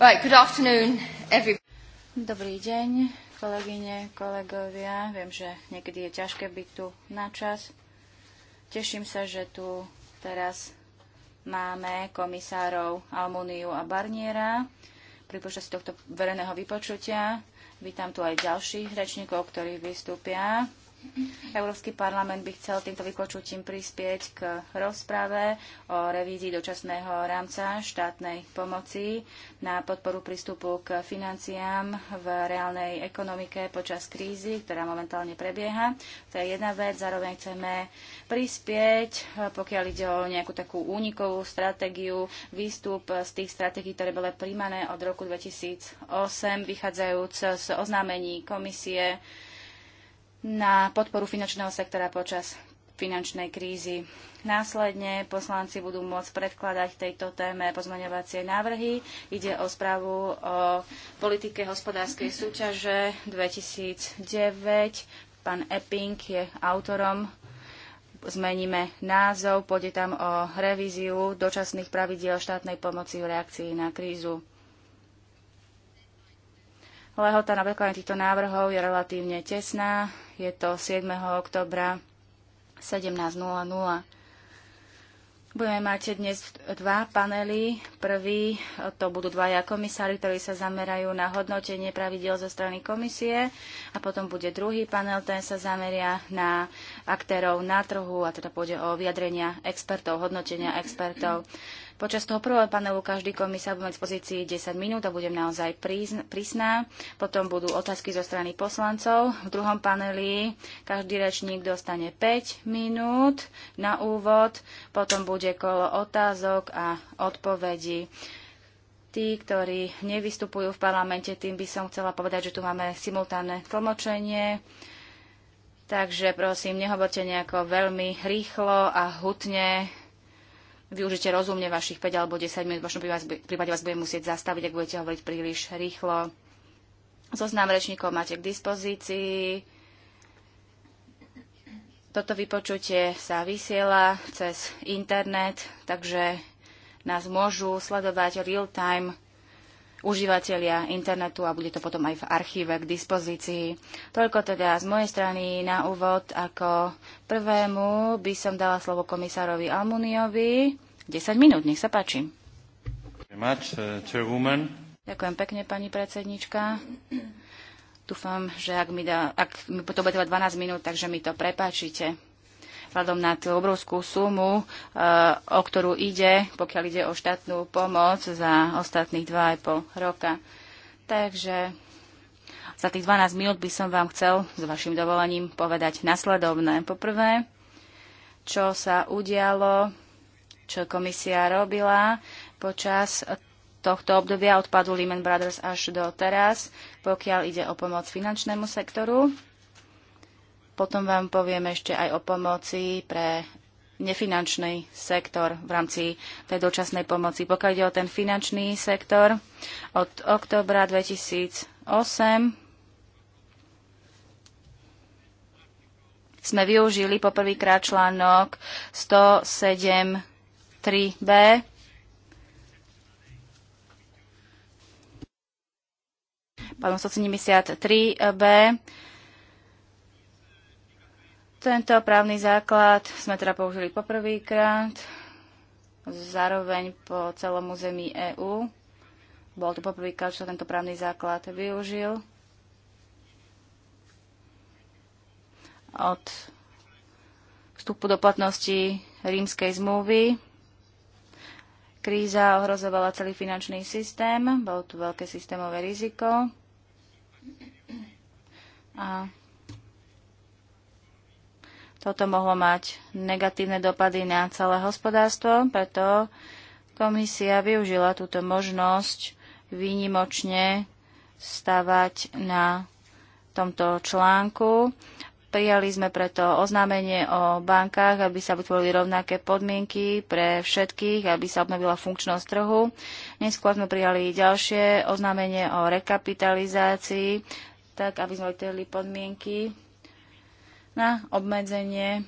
Right, good afternoon, everybody. Dobrý deň, kolegyne, kolegovia. Viem, že niekedy je ťažké byť tu na čas. Teším sa, že tu teraz máme komisárov Almuniu a Barniera pri počasí tohto verejného vypočutia. Vítam tu aj ďalších rečníkov, ktorí vystúpia Európsky parlament by chcel týmto vypočutím prispieť k rozprave o revízii dočasného rámca štátnej pomoci na podporu prístupu k financiám v reálnej ekonomike počas krízy, ktorá momentálne prebieha. To je jedna vec. Zároveň chceme prispieť, pokiaľ ide o nejakú takú únikovú stratégiu, výstup z tých stratégií, ktoré boli príjmané od roku 2008, vychádzajúc z oznámení komisie na podporu finančného sektora počas finančnej krízy. Následne poslanci budú môcť predkladať tejto téme pozmaňovacie návrhy. Ide o správu o politike hospodárskej súťaže 2009. Pán Epping je autorom. Zmeníme názov, pôjde tam o revíziu dočasných pravidiel štátnej pomoci v reakcii na krízu. Lehota na prekladanie týchto návrhov je relatívne tesná. Je to 7. oktobra 17.00. Budeme mať dnes dva panely. Prvý to budú dvaja komisári, ktorí sa zamerajú na hodnotenie pravidel zo strany komisie a potom bude druhý panel, ten sa zameria na aktérov na trhu a teda pôjde o vyjadrenia expertov, hodnotenia expertov. Počas toho prvého panelu každý komisár bude mať v pozícii 10 minút a budem naozaj prísna. Potom budú otázky zo strany poslancov. V druhom paneli každý rečník dostane 5 minút na úvod. Potom bude kolo otázok a odpovedí tí, ktorí nevystupujú v parlamente, tým by som chcela povedať, že tu máme simultánne tlmočenie. Takže prosím, nehovorte nejako veľmi rýchlo a hutne, využite rozumne vašich 5 alebo 10 minút, možno vašom prípade vás budem musieť zastaviť, ak budete hovoriť príliš rýchlo. Zoznam rečníkov máte k dispozícii. Toto vypočutie sa vysiela cez internet, takže nás môžu sledovať real-time užívateľia internetu a bude to potom aj v archíve k dispozícii. Toľko teda z mojej strany na úvod. Ako prvému by som dala slovo komisárovi Almuniovi. 10 minút, nech sa páči. Uh, Ďakujem pekne, pani predsednička. Dúfam, že ak mi, dá, ak mi to bude 12 minút, takže mi to prepáčite vzhľadom na tú obrovskú sumu, e, o ktorú ide, pokiaľ ide o štátnu pomoc za ostatných 2,5 roka. Takže za tých 12 minút by som vám chcel s vašim dovolením povedať nasledovné. Poprvé, čo sa udialo, čo komisia robila počas tohto obdobia odpadu Lehman Brothers až do teraz, pokiaľ ide o pomoc finančnému sektoru. Potom vám poviem ešte aj o pomoci pre nefinančný sektor v rámci tej dočasnej pomoci. Pokiaľ ide o ten finančný sektor, od oktobra 2008 sme využili poprvýkrát článok 107.3b pardon, 173b tento právny základ sme teda použili poprvýkrát, zároveň po celom území EÚ. Bol to poprvýkrát, čo tento právny základ využil. Od vstupu do platnosti rímskej zmluvy kríza ohrozovala celý finančný systém, bolo tu veľké systémové riziko. A toto mohlo mať negatívne dopady na celé hospodárstvo, preto komisia využila túto možnosť výnimočne stavať na tomto článku. Prijali sme preto oznámenie o bankách, aby sa vytvorili rovnaké podmienky pre všetkých, aby sa obnovila funkčnosť trhu. Neskôr sme prijali ďalšie oznámenie o rekapitalizácii, tak aby sme vytvorili podmienky na obmedzenie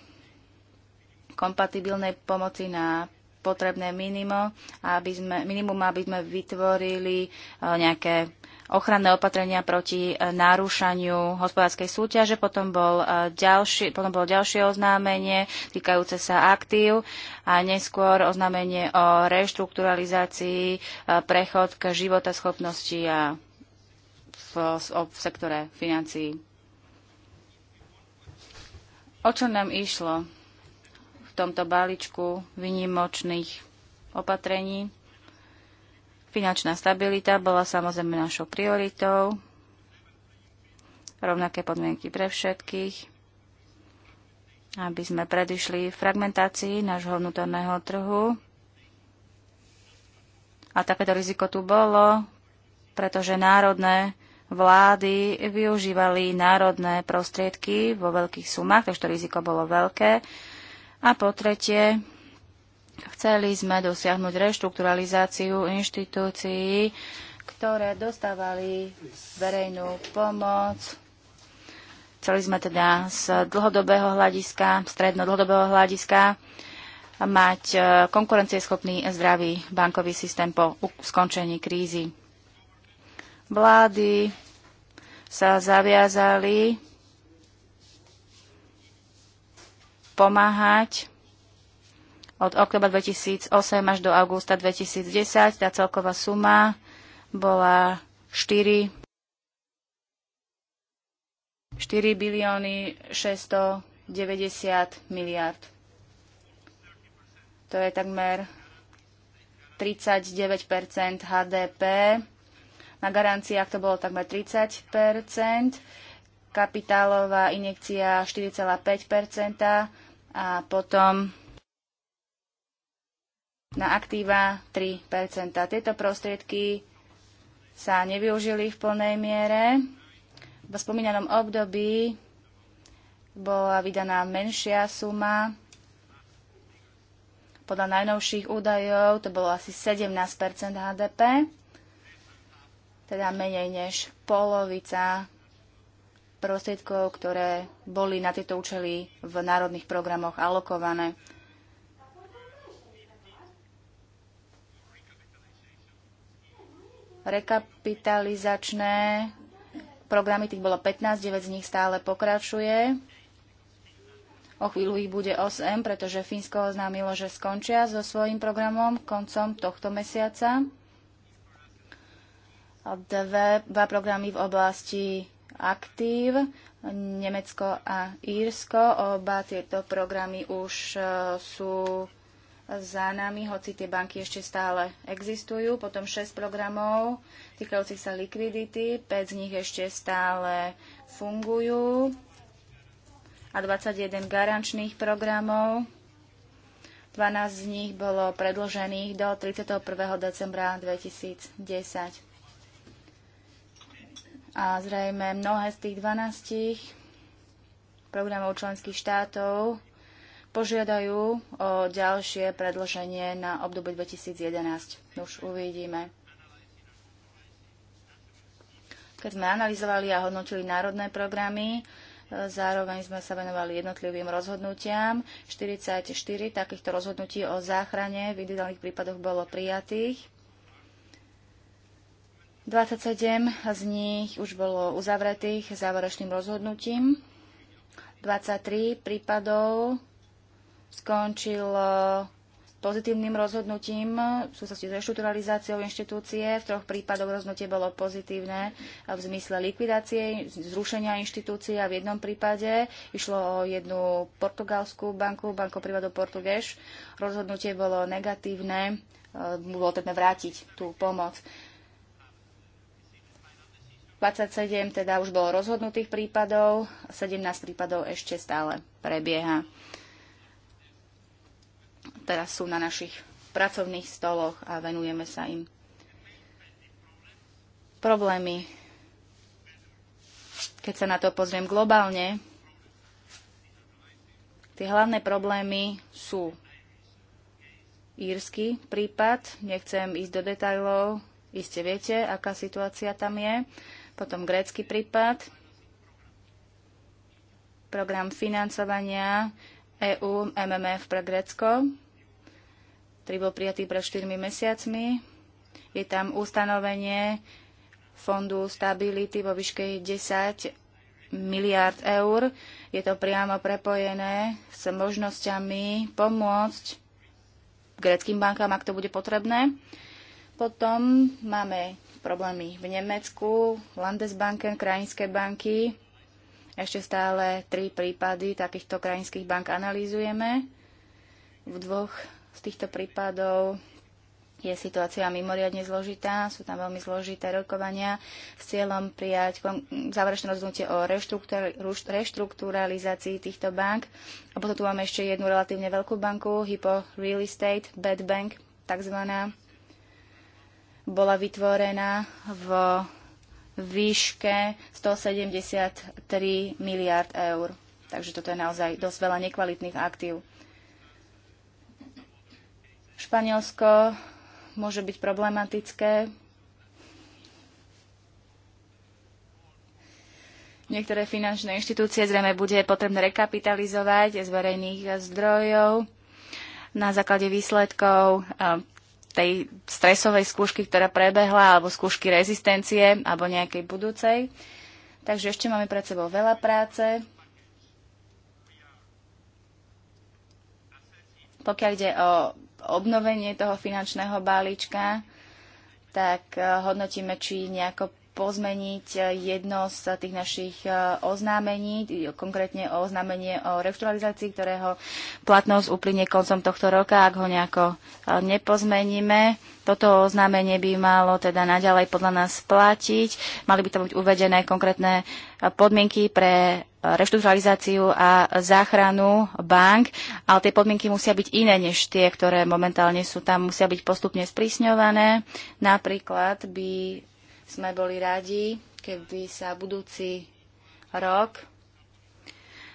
kompatibilnej pomoci na potrebné minimo, aby sme, minimum, aby sme vytvorili e, nejaké ochranné opatrenia proti e, narúšaniu hospodárskej súťaže. Potom, bol e, ďalší, potom bolo ďalšie oznámenie týkajúce sa aktív a neskôr oznámenie o reštrukturalizácii prechod k životaschopnosti a v, v sektore financií. O čo nám išlo v tomto balíčku vynimočných opatrení? Finančná stabilita bola samozrejme našou prioritou, rovnaké podmienky pre všetkých, aby sme predišli fragmentácii nášho vnútorného trhu. A takéto riziko tu bolo, pretože národné vlády využívali národné prostriedky vo veľkých sumách, takže to riziko bolo veľké. A po tretie, chceli sme dosiahnuť reštrukturalizáciu inštitúcií, ktoré dostávali verejnú pomoc. Chceli sme teda z dlhodobého hľadiska, stredno-dlhodobého hľadiska mať eh, konkurencieschopný zdravý bankový systém po skončení krízy. Vlády sa zaviazali pomáhať od oktobra 2008 až do augusta 2010. Tá celková suma bola 4 4 bilióny 690 miliard. To je takmer 39 HDP na garanciách to bolo takmer 30 kapitálová injekcia 4,5 a potom na aktíva 3 Tieto prostriedky sa nevyužili v plnej miere. V spomínanom období bola vydaná menšia suma. Podľa najnovších údajov to bolo asi 17 HDP teda menej než polovica prostriedkov, ktoré boli na tieto účely v národných programoch alokované. Rekapitalizačné programy, tých bolo 15, 9 z nich stále pokračuje. O chvíľu ich bude 8, pretože Fínsko oznámilo, že skončia so svojím programom koncom tohto mesiaca dve, dva programy v oblasti aktív, Nemecko a Írsko. Oba tieto programy už e, sú za nami, hoci tie banky ešte stále existujú. Potom 6 programov týkajúcich sa likvidity, 5 z nich ešte stále fungujú a 21 garančných programov. 12 z nich bolo predložených do 31. decembra 2010 a zrejme mnohé z tých 12 programov členských štátov požiadajú o ďalšie predloženie na obdobie 2011. Už uvidíme. Keď sme analyzovali a hodnotili národné programy, e, Zároveň sme sa venovali jednotlivým rozhodnutiam. 44 takýchto rozhodnutí o záchrane v individuálnych prípadoch bolo prijatých. 27 z nich už bolo uzavretých záverečným rozhodnutím. 23 prípadov skončilo e, pozitívnym rozhodnutím v súvislosti s reštrukturalizáciou inštitúcie. V troch prípadoch rozhodnutie bolo pozitívne v zmysle likvidácie, zrušenia inštitúcie a v jednom prípade išlo o jednu portugalskú banku, Banco Privado Portugues. Rozhodnutie bolo negatívne, e, bolo teda vrátiť tú pomoc. 27 teda už bolo rozhodnutých prípadov, 17 prípadov ešte stále prebieha. Teraz sú na našich pracovných stoloch a venujeme sa im. Problémy. Keď sa na to pozriem globálne, tie hlavné problémy sú írsky prípad, nechcem ísť do detajlov, iste viete, aká situácia tam je potom grécky prípad, program financovania EU MMF pre Grécko, ktorý bol prijatý pred 4 mesiacmi. Je tam ustanovenie fondu stability vo výške 10 miliard eur. Je to priamo prepojené s možnosťami pomôcť greckým bankám, ak to bude potrebné. Potom máme problémy v Nemecku, Landesbanken, krajinské banky. Ešte stále tri prípady takýchto krajinských bank analýzujeme. V dvoch z týchto prípadov je situácia mimoriadne zložitá, sú tam veľmi zložité rokovania s cieľom prijať záverečné rozhodnutie o reštrukturalizácii týchto bank. A potom tu máme ešte jednu relatívne veľkú banku, Hypo Real Estate, Bad Bank, takzvaná bola vytvorená v výške 173 miliard eur. Takže toto je naozaj dosť veľa nekvalitných aktív. Španielsko môže byť problematické. Niektoré finančné inštitúcie zrejme bude potrebné rekapitalizovať z verejných zdrojov na základe výsledkov tej stresovej skúšky, ktorá prebehla, alebo skúšky rezistencie, alebo nejakej budúcej. Takže ešte máme pred sebou veľa práce. Pokiaľ ide o obnovenie toho finančného balíčka, tak eh, hodnotíme, či nejako pozmeniť jedno z tých našich e, oznámení, konkrétne o oznámenie o reštrualizácii, ktorého platnosť uplynie koncom tohto roka, ak ho nejako e, nepozmeníme. Toto oznámenie by malo teda naďalej podľa nás platiť. Mali by tam byť uvedené konkrétne e, podmienky pre reštrukturalizáciu a záchranu bank, ale tie podmienky musia byť iné než tie, ktoré momentálne sú tam, musia byť postupne sprísňované. Napríklad by sme boli radi, keby sa budúci rok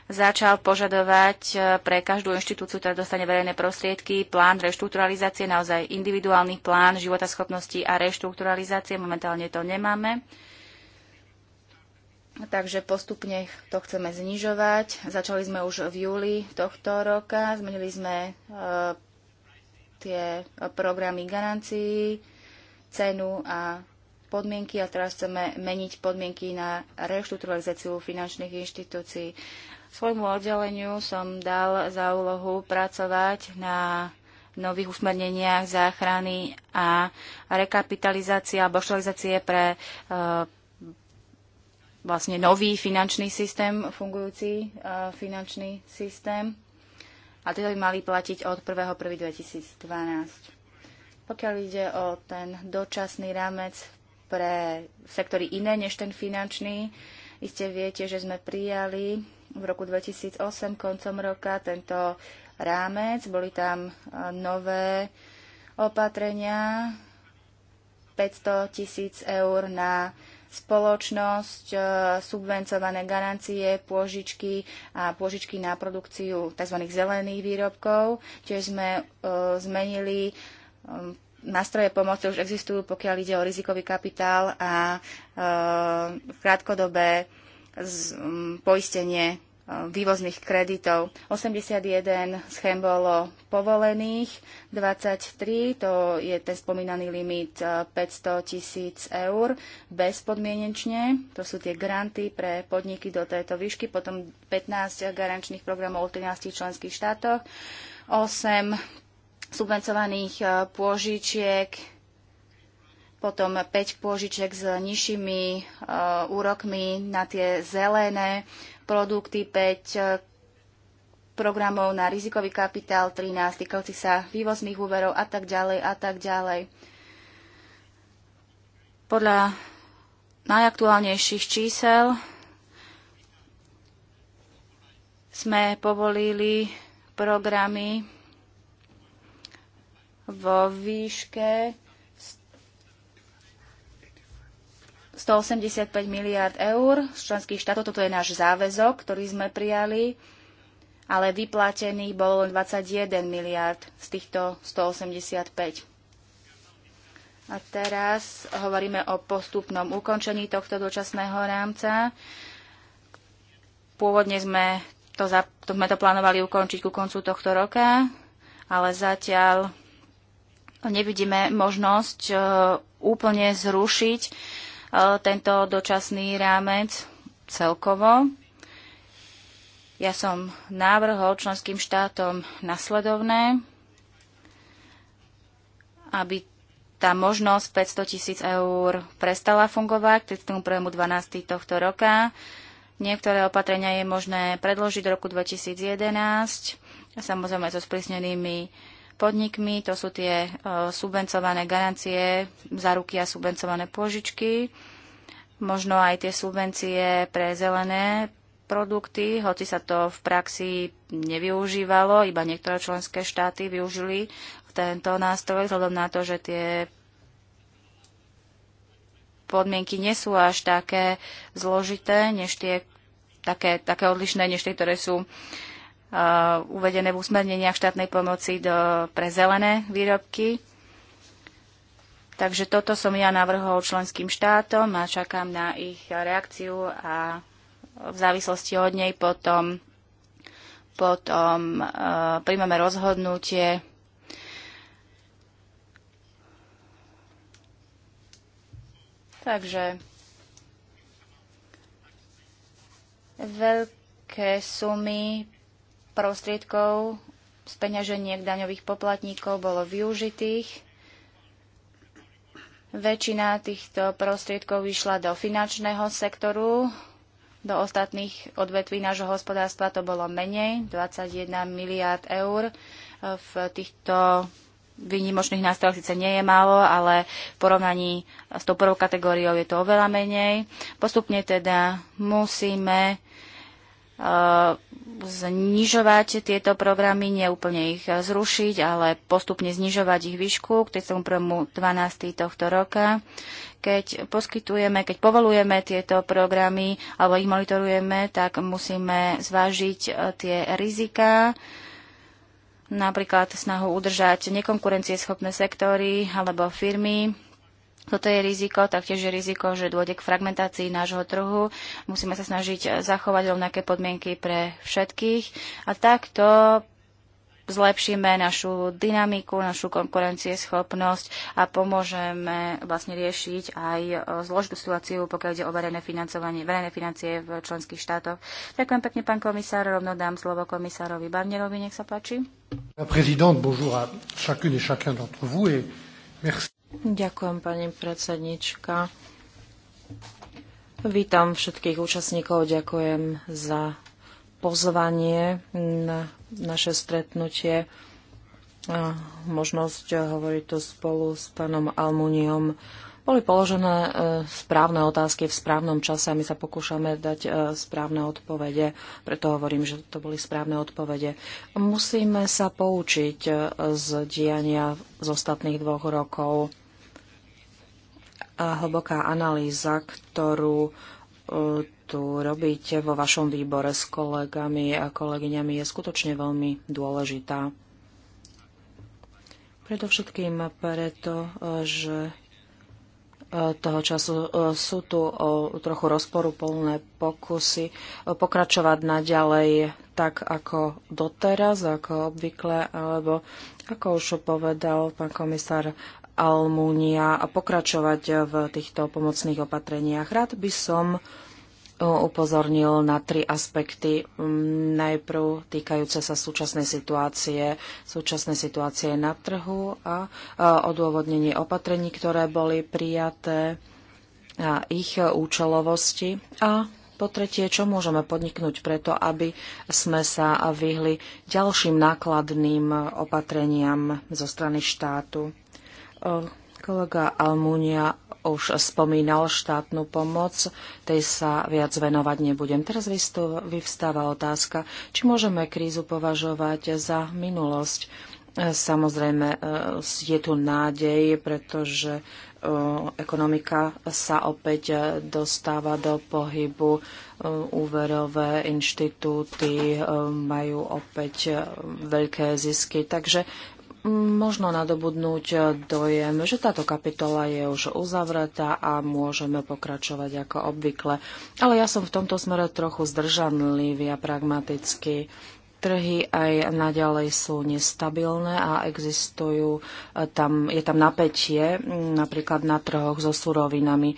začal požadovať e, pre každú inštitúciu, ktorá dostane verejné prostriedky, plán reštrukturalizácie, naozaj individuálny plán schopnosti a reštrukturalizácie. Momentálne to nemáme. Takže postupne to chceme znižovať. Začali sme už v júli tohto roka. Zmenili sme e, tie programy garancií, cenu a podmienky a teraz chceme meniť podmienky na reštrukturalizáciu finančných inštitúcií. Svojmu oddeleniu som dal za úlohu pracovať na nových usmerneniach záchrany a rekapitalizácie alebo štralizácie pre e, vlastne nový finančný systém, fungujúci e, finančný systém. A tieto by mali platiť od 1.1.2012. Pokiaľ ide o ten dočasný rámec pre sektory iné než ten finančný. Iste viete, že sme prijali v roku 2008 koncom roka tento rámec. Boli tam e, nové opatrenia, 500 tisíc eur na spoločnosť, e, subvencované garancie, pôžičky a pôžičky na produkciu tzv. zelených výrobkov. Tiež sme e, zmenili nástroje pomoci už existujú, pokiaľ ide o rizikový kapitál a v e, krátkodobé poistenie e, vývozných kreditov. 81 schém bolo povolených, 23, to je ten spomínaný limit 500 e, tisíc eur bezpodmienečne, to sú tie granty pre podniky do tejto výšky, potom 15 garančných programov v 13 členských štátoch, 8 subvencovaných e, pôžičiek, potom 5 pôžičiek s nižšími e, úrokmi na tie zelené produkty, 5 e, programov na rizikový kapitál, 13 týkajúcich sa vývozných úverov a tak ďalej a tak ďalej. Podľa najaktuálnejších čísel sme povolili programy vo výške 185 miliard eur z členských štátov. Toto je náš záväzok, ktorý sme prijali, ale vyplatených bolo len 21 miliard z týchto 185. A teraz hovoríme o postupnom ukončení tohto dočasného rámca. Pôvodne sme to, za, to, sme to plánovali ukončiť ku koncu tohto roka, ale zatiaľ nevidíme možnosť e, úplne zrušiť e, tento dočasný rámec celkovo. Ja som návrhol členským štátom nasledovné, aby tá možnosť 500 tisíc eur prestala fungovať tomu 12. tohto roka. Niektoré opatrenia je možné predložiť do roku 2011, a samozrejme so sprísnenými podnikmi. To sú tie e, subvencované garancie, záruky a subvencované pôžičky. Možno aj tie subvencie pre zelené produkty, hoci sa to v praxi nevyužívalo, iba niektoré členské štáty využili tento nástroj, vzhľadom na to, že tie podmienky nie sú až také zložité, než tie, také, také odlišné, než tie, ktoré sú uh, Uh, uvedené v usmerneniach štátnej pomoci do, pre zelené výrobky. Takže toto som ja navrhol členským štátom a čakám na ich reakciu a v závislosti od nej potom, potom uh, príjmeme rozhodnutie. Takže veľké sumy prostriedkov z peňaženiek daňových poplatníkov bolo využitých. Väčšina týchto prostriedkov išla do finančného sektoru, do ostatných odvetví nášho hospodárstva to bolo menej, 21 miliard eur. V týchto výnimočných nástrojoch síce nie je málo, ale v porovnaní s tou prvou kategóriou je to oveľa menej. Postupne teda musíme E, znižovať tieto programy, neúplne ich zrušiť, ale postupne znižovať ich výšku k 12. tohto roka. Keď poskytujeme, keď povolujeme tieto programy alebo ich monitorujeme, tak musíme zvážiť e, tie rizika, napríklad snahu udržať nekonkurencieschopné sektory alebo firmy, toto je riziko, taktiež je riziko, že dôjde k fragmentácii nášho trhu. Musíme sa snažiť eh, zachovať rovnaké podmienky pre všetkých a takto zlepšíme našu dynamiku, našu konkurencieschopnosť a pomôžeme vlastne riešiť aj eh, zložitú situáciu, pokiaľ ide o verejné, financovanie, verejné financie v členských štátoch. Ďakujem pekne, pán komisár. Rovno dám slovo komisárovi Barnerovi, nech sa páči. Prezident, bonjour a chacune et chacun d'entre vous et merci. Ďakujem, pani predsednička. Vítam všetkých účastníkov, ďakujem za pozvanie na naše stretnutie a možnosť hovoriť tu spolu s pánom Almuniom boli položené e, správne otázky v správnom čase a my sa pokúšame dať e, správne odpovede. Preto hovorím, že to boli správne odpovede. Musíme sa poučiť e, z diania z ostatných dvoch rokov. A hlboká analýza, ktorú tu robíte vo vašom výbore s kolegami a kolegyňami, je skutočne veľmi dôležitá. Predovšetkým preto, že toho času. E, sú tu e, trochu rozporuplné pokusy e, pokračovať naďalej tak ako doteraz, ako obvykle, alebo ako už povedal pán komisár Almúnia, pokračovať v týchto pomocných opatreniach. Rád by som upozornil na tri aspekty. Mm, najprv týkajúce sa súčasnej situácie, súčasnej situácie na trhu a odôvodnenie opatrení, ktoré boli prijaté a ich účelovosti a po tretie, čo môžeme podniknúť preto, aby sme sa vyhli ďalším nákladným opatreniam zo strany štátu. Kolega Almunia už spomínal štátnu pomoc, tej sa viac venovať nebudem. Teraz vyvstáva otázka, či môžeme krízu považovať za minulosť. E, samozrejme, e, je tu nádej, pretože e, ekonomika sa opäť dostáva do pohybu. Úverové inštitúty majú opäť veľké zisky. Takže možno nadobudnúť dojem, že táto kapitola je už uzavretá a môžeme pokračovať ako obvykle. Ale ja som v tomto smere trochu zdržanlivý a pragmatický trhy aj naďalej sú nestabilné a existujú e, tam, je tam napätie napríklad na trhoch so surovinami. E,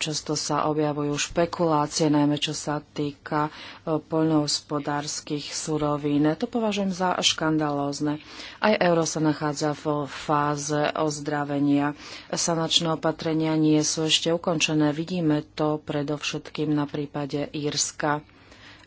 Často sa objavujú špekulácie, najmä čo sa týka e, poľnohospodárskych surovín. To považujem za škandalózne. Aj euro sa nachádza v fáze ozdravenia. Sanačné opatrenia nie sú ešte ukončené. Vidíme to predovšetkým na prípade Írska.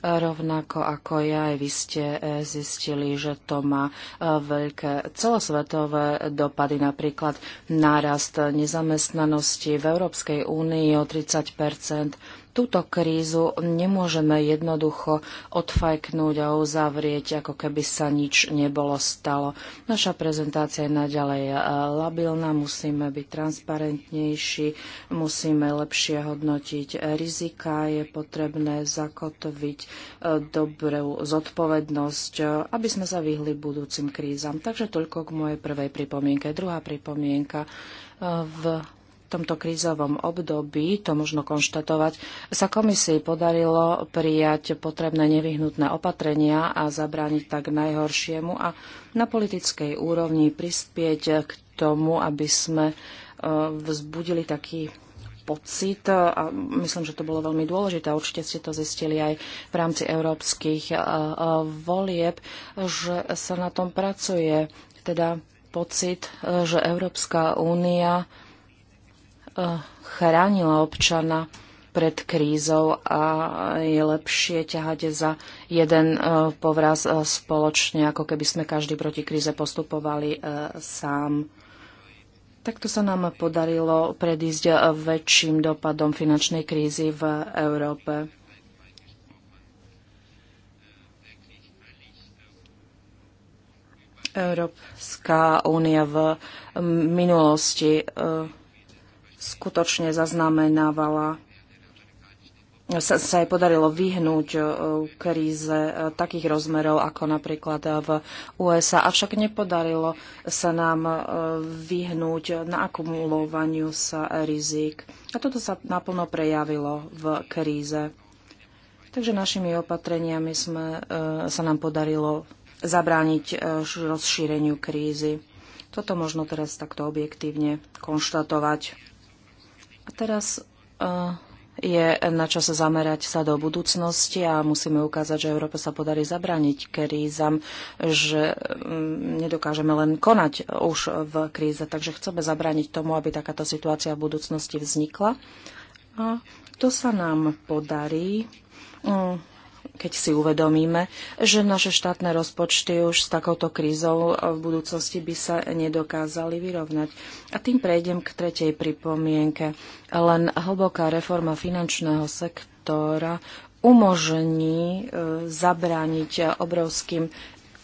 Rovnako ako ja aj vy ste eh, zistili, že to má eh, veľké celosvetové dopady, napríklad nárast nezamestnanosti v Európskej únii o 30 túto krízu nemôžeme jednoducho odfajknúť a uzavrieť, ako keby sa nič nebolo stalo. Naša prezentácia je naďalej eh, labilná, musíme byť transparentnejší, musíme lepšie hodnotiť rizika, je potrebné zakotviť eh, dobrú zodpovednosť, eh, aby sme sa vyhli budúcim krízam. Takže toľko k mojej prvej pripomienke. Druhá pripomienka v tomto krízovom období, to možno konštatovať, sa komisii podarilo prijať potrebné nevyhnutné opatrenia a zabrániť tak najhoršiemu a na politickej úrovni prispieť k tomu, aby sme e, vzbudili taký pocit a myslím, že to bolo veľmi dôležité, určite ste to zistili aj v rámci európskych e, e, volieb, že sa na tom pracuje. Teda pocit, že Európska únia chránila občana pred krízou a je lepšie ťahať za jeden e, povraz e, spoločne, ako keby sme každý proti kríze postupovali e, sám. Takto sa nám podarilo predísť väčším dopadom finančnej krízy v Európe. Európska únia v minulosti skutočne zaznamenávala sa, sa jej podarilo vyhnúť e, kríze e, takých rozmerov ako napríklad e, v USA. Avšak nepodarilo sa nám vyhnúť na akumulovaniu sa rizik. A toto sa naplno prejavilo v kríze. Takže našimi opatreniami sme, sa nám podarilo zabrániť rozšíreniu krízy. Toto možno teraz takto objektívne konštatovať. A teraz e, je na čase zamerať sa do budúcnosti a musíme ukázať, že Európe sa podarí zabrániť, krízam, že mm, nedokážeme len konať už v kríze, takže chceme zabrániť tomu, aby takáto situácia v budúcnosti vznikla. A to sa nám podarí mm, keď si uvedomíme, že naše štátne rozpočty už s takouto krízou v budúcnosti by sa nedokázali vyrovnať. A tým prejdem k tretej pripomienke. Len hlboká reforma finančného sektora umožní e, zabrániť obrovským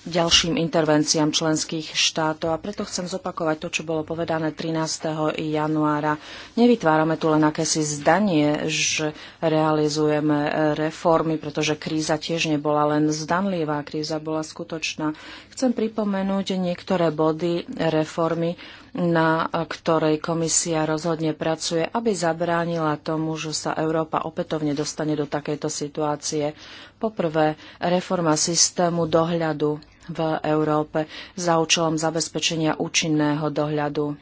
ďalším intervenciám členských štátov. A preto chcem zopakovať to, čo bolo povedané 13. januára. Nevytvárame tu len akési zdanie, že realizujeme reformy, pretože kríza tiež nebola len zdanlivá, kríza bola skutočná. Chcem pripomenúť niektoré body reformy, na ktorej komisia rozhodne pracuje, aby zabránila tomu, že sa Európa opätovne dostane do takejto situácie. Poprvé, reforma systému dohľadu v Európe za účelom zabezpečenia účinného dohľadu.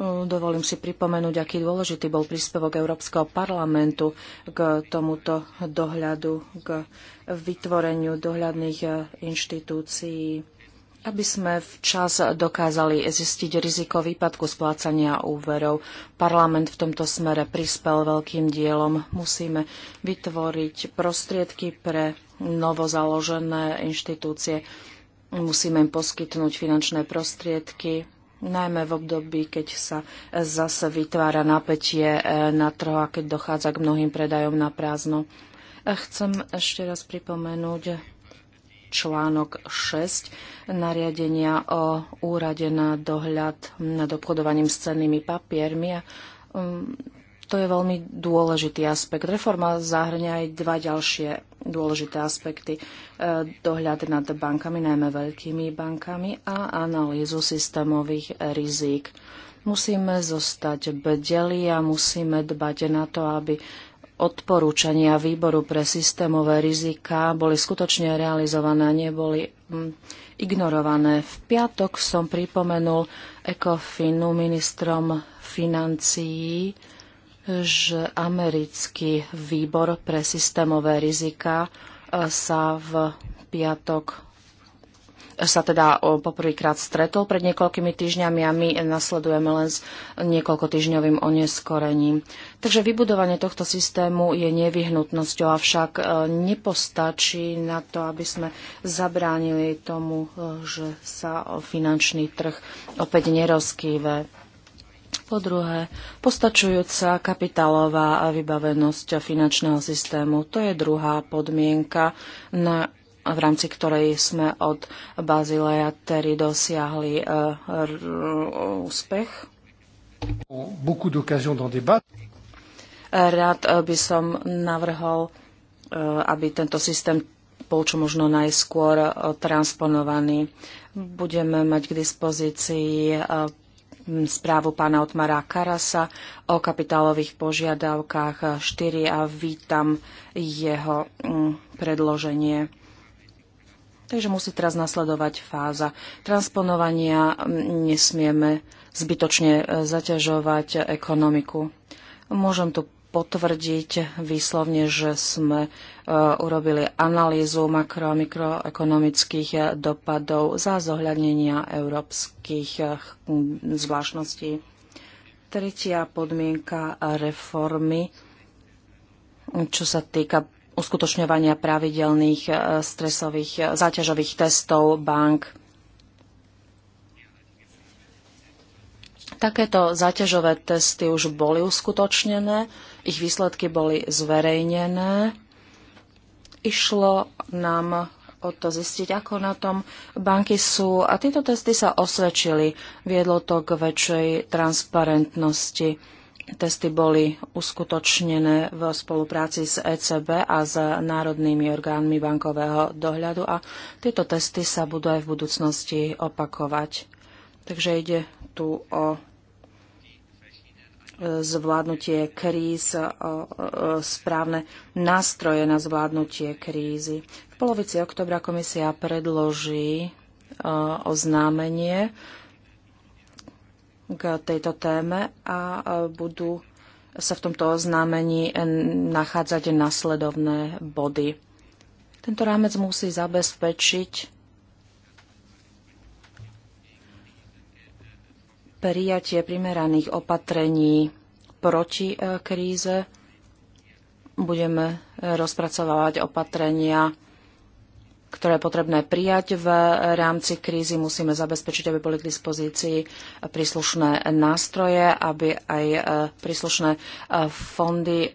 Dovolím si pripomenúť, aký dôležitý bol príspevok Európskeho parlamentu k tomuto dohľadu, k vytvoreniu dohľadných inštitúcií, aby sme včas dokázali zistiť riziko výpadku splácania úverov. Parlament v tomto smere prispel veľkým dielom. Musíme vytvoriť prostriedky pre novozaložené inštitúcie. Musíme im poskytnúť finančné prostriedky, najmä v období, keď sa zase vytvára napätie eh, na trhu a keď dochádza k mnohým predajom na prázdno. Eh, chcem ešte raz pripomenúť článok 6 nariadenia o úrade na dohľad nad obchodovaním s cennými papiermi. A mm, to je veľmi dôležitý aspekt. Reforma zahrňa aj dva ďalšie dôležité aspekty. E, dohľad nad bankami, najmä veľkými bankami a analýzu systémových rizík. Musíme zostať bdeli a musíme dbať na to, aby odporúčania výboru pre systémové rizika boli skutočne realizované a neboli mm, ignorované. V piatok som pripomenul ECOFINu ministrom financií, že americký výbor pre systémové rizika e, sa v piatok e, sa teda poprvýkrát stretol pred niekoľkými týždňami a my nasledujeme len s niekoľko týždňovým oneskorením. Takže vybudovanie tohto systému je nevyhnutnosťou, avšak e, nepostačí na to, aby sme zabránili tomu, že sa finančný trh opäť nerozkýve. Po druhé, postačujúca kapitálová vybavenosť finančného systému. To je druhá podmienka, na v rámci ktorej sme od Bazileja Terry dosiahli e, úspech. Rád e, by som navrhol, e, aby tento systém bol čo možno najskôr transponovaný. Budeme mať k dispozícii správu pána Otmara Karasa o kapitálových požiadavkách 4 a vítam jeho predloženie. Takže musí teraz nasledovať fáza transponovania. Nesmieme zbytočne e, zaťažovať ekonomiku. Môžem tu potvrdiť výslovne, že sme e, urobili analýzu makro- a mikroekonomických dopadov za zohľadnenia európskych e, zvláštností. Tretia podmienka reformy, čo sa týka uskutočňovania pravidelných e, stresových záťažových testov bank. Takéto záťažové testy už boli uskutočnené ich výsledky boli zverejnené. Išlo nám o to zistiť, ako na tom banky sú. A tieto testy sa osvedčili. Viedlo to k väčšej transparentnosti. Testy boli uskutočnené v spolupráci s ECB a s národnými orgánmi bankového dohľadu a tieto testy sa budú aj v budúcnosti opakovať. Takže ide tu o zvládnutie kríz, správne nástroje na zvládnutie krízy. V polovici oktobra komisia predloží oznámenie k tejto téme a budú sa v tomto oznámení nachádzať nasledovné body. Tento rámec musí zabezpečiť prijatie primeraných opatrení proti e, kríze. Budeme e, rozpracovávať opatrenia, ktoré je potrebné prijať v rámci krízy. Musíme zabezpečiť, aby boli k dispozícii príslušné nástroje, aby aj e, príslušné fondy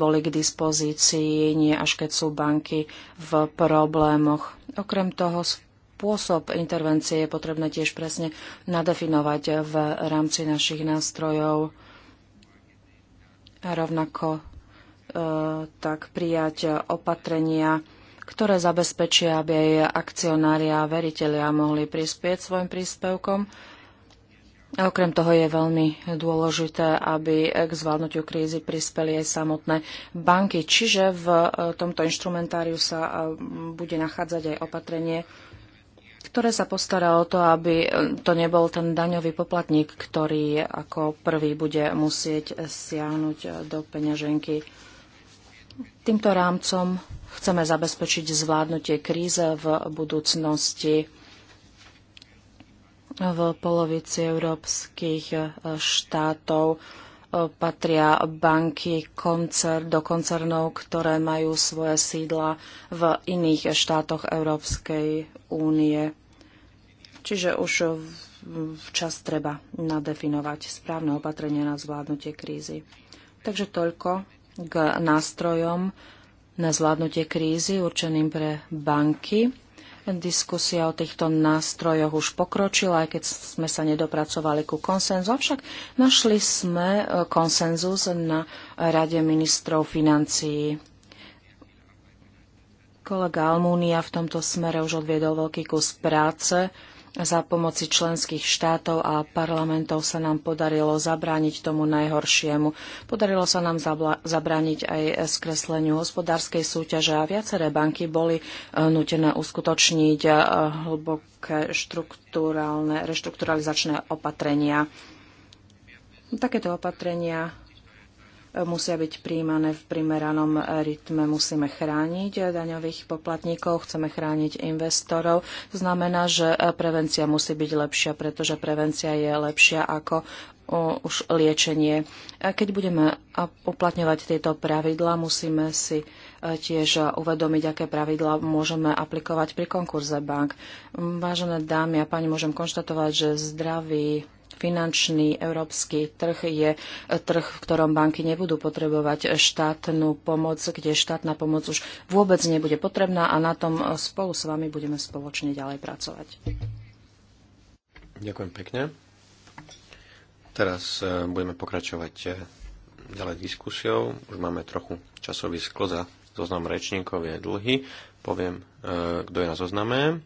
boli k dispozícii, nie až keď sú banky v problémoch. Okrem toho spôsob intervencie je potrebné tiež presne nadefinovať v rámci našich nástrojov. A rovnako e, tak prijať opatrenia, ktoré zabezpečia, aby aj akcionári a veriteľia mohli prispieť svojim príspevkom. A okrem toho je veľmi dôležité, aby k zvládnutiu krízy prispeli aj samotné banky. Čiže v e, tomto inštrumentáriu sa e, bude nachádzať aj opatrenie ktoré sa postará o to, aby e, to nebol ten daňový poplatník, ktorý ako prvý bude musieť siahnuť e, do peňaženky. Týmto rámcom chceme zabezpečiť zvládnutie kríze v budúcnosti v polovici európskych e, štátov patria banky koncern, do koncernov, ktoré majú svoje sídla v iných štátoch Európskej únie. Čiže už včas treba nadefinovať správne opatrenia na zvládnutie krízy. Takže toľko k nástrojom na zvládnutie krízy určeným pre banky. Diskusia o týchto nástrojoch už pokročila, aj keď sme sa nedopracovali ku konsenzu. Avšak našli sme e, konsenzus na Rade ministrov financií. Kolega Almúnia v tomto smere už odviedol veľký kus práce za pomoci členských štátov a parlamentov sa nám podarilo zabrániť tomu najhoršiemu. Podarilo sa nám zabrániť aj skresleniu hospodárskej súťaže a viaceré banky boli eh, nutené uskutočniť eh, hlboké štrukturálne reštrukturalizačné opatrenia. Takéto opatrenia musia byť príjmané v primeranom rytme. Musíme chrániť daňových poplatníkov, chceme chrániť investorov. To znamená, že prevencia musí byť lepšia, pretože prevencia je lepšia ako už liečenie. Keď budeme uplatňovať tieto pravidla, musíme si e, tiež uvedomiť, aké pravidla môžeme aplikovať pri konkurze bank. Vážené dámy a páni, môžem konštatovať, že zdravý finančný európsky trh je trh, v ktorom banky nebudú potrebovať štátnu pomoc, kde štátna pomoc už vôbec nebude potrebná a na tom spolu s vami budeme spoločne ďalej pracovať. Ďakujem pekne. Teraz e, budeme pokračovať e, ďalej diskusiou. Už máme trochu časový skloza. Zoznam rečníkov je dlhý. Poviem, e, kto je na zozname.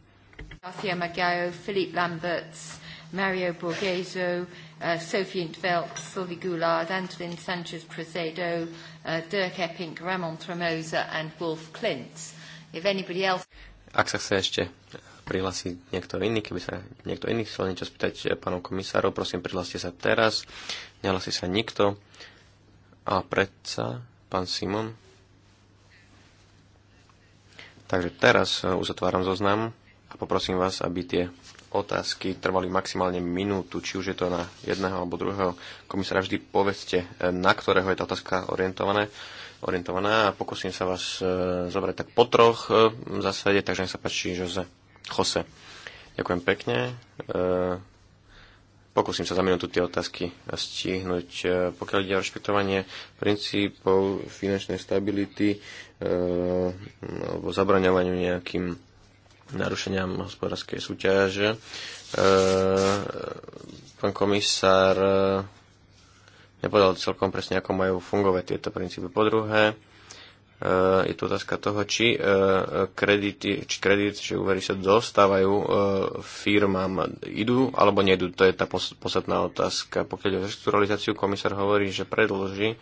Garcia Magallo, Philippe Lamberts, Mario Borghese, uh, Sophie Intveld, Sylvie Goulard, Antolin Sanchez Prezedo, uh, Dirk Epping, Ramon Tremosa and Wolf Klintz. If anybody else... Ak sa chce ešte prihlásiť niekto iný, keby sa niekto iný chcel niečo spýtať eh, pánov komisárov, prosím, prihláste sa teraz. Nehlasí sa nikto. A predsa, pán Simon. Takže teraz eh, uzatváram zoznam a poprosím vás, aby tie otázky trvali maximálne minútu, či už je to na jedného alebo druhého komisára. Vždy povedzte, eh, na ktorého je tá otázka orientovaná. orientovaná a pokúsim sa vás eh, zobrať tak po troch eh, v zásade, takže nech sa páči Jose. Jose. Ďakujem pekne. Pokúsim sa za minútu tie otázky stihnúť. Pokiaľ ide o rešpektovanie princípov finančnej stability alebo zabraňovaniu nejakým narušeniam hospodárskej súťaže. E, pán komisár e, nepovedal celkom presne, ako majú fungovať tieto princípy. Po druhé, e, je tu otázka toho, či kredity, či kredit, či úvery sa dostávajú firmám, idú alebo nedú. To je tá podstatná otázka. Pokiaľ o reštrukturalizáciu, komisár hovorí, že predlží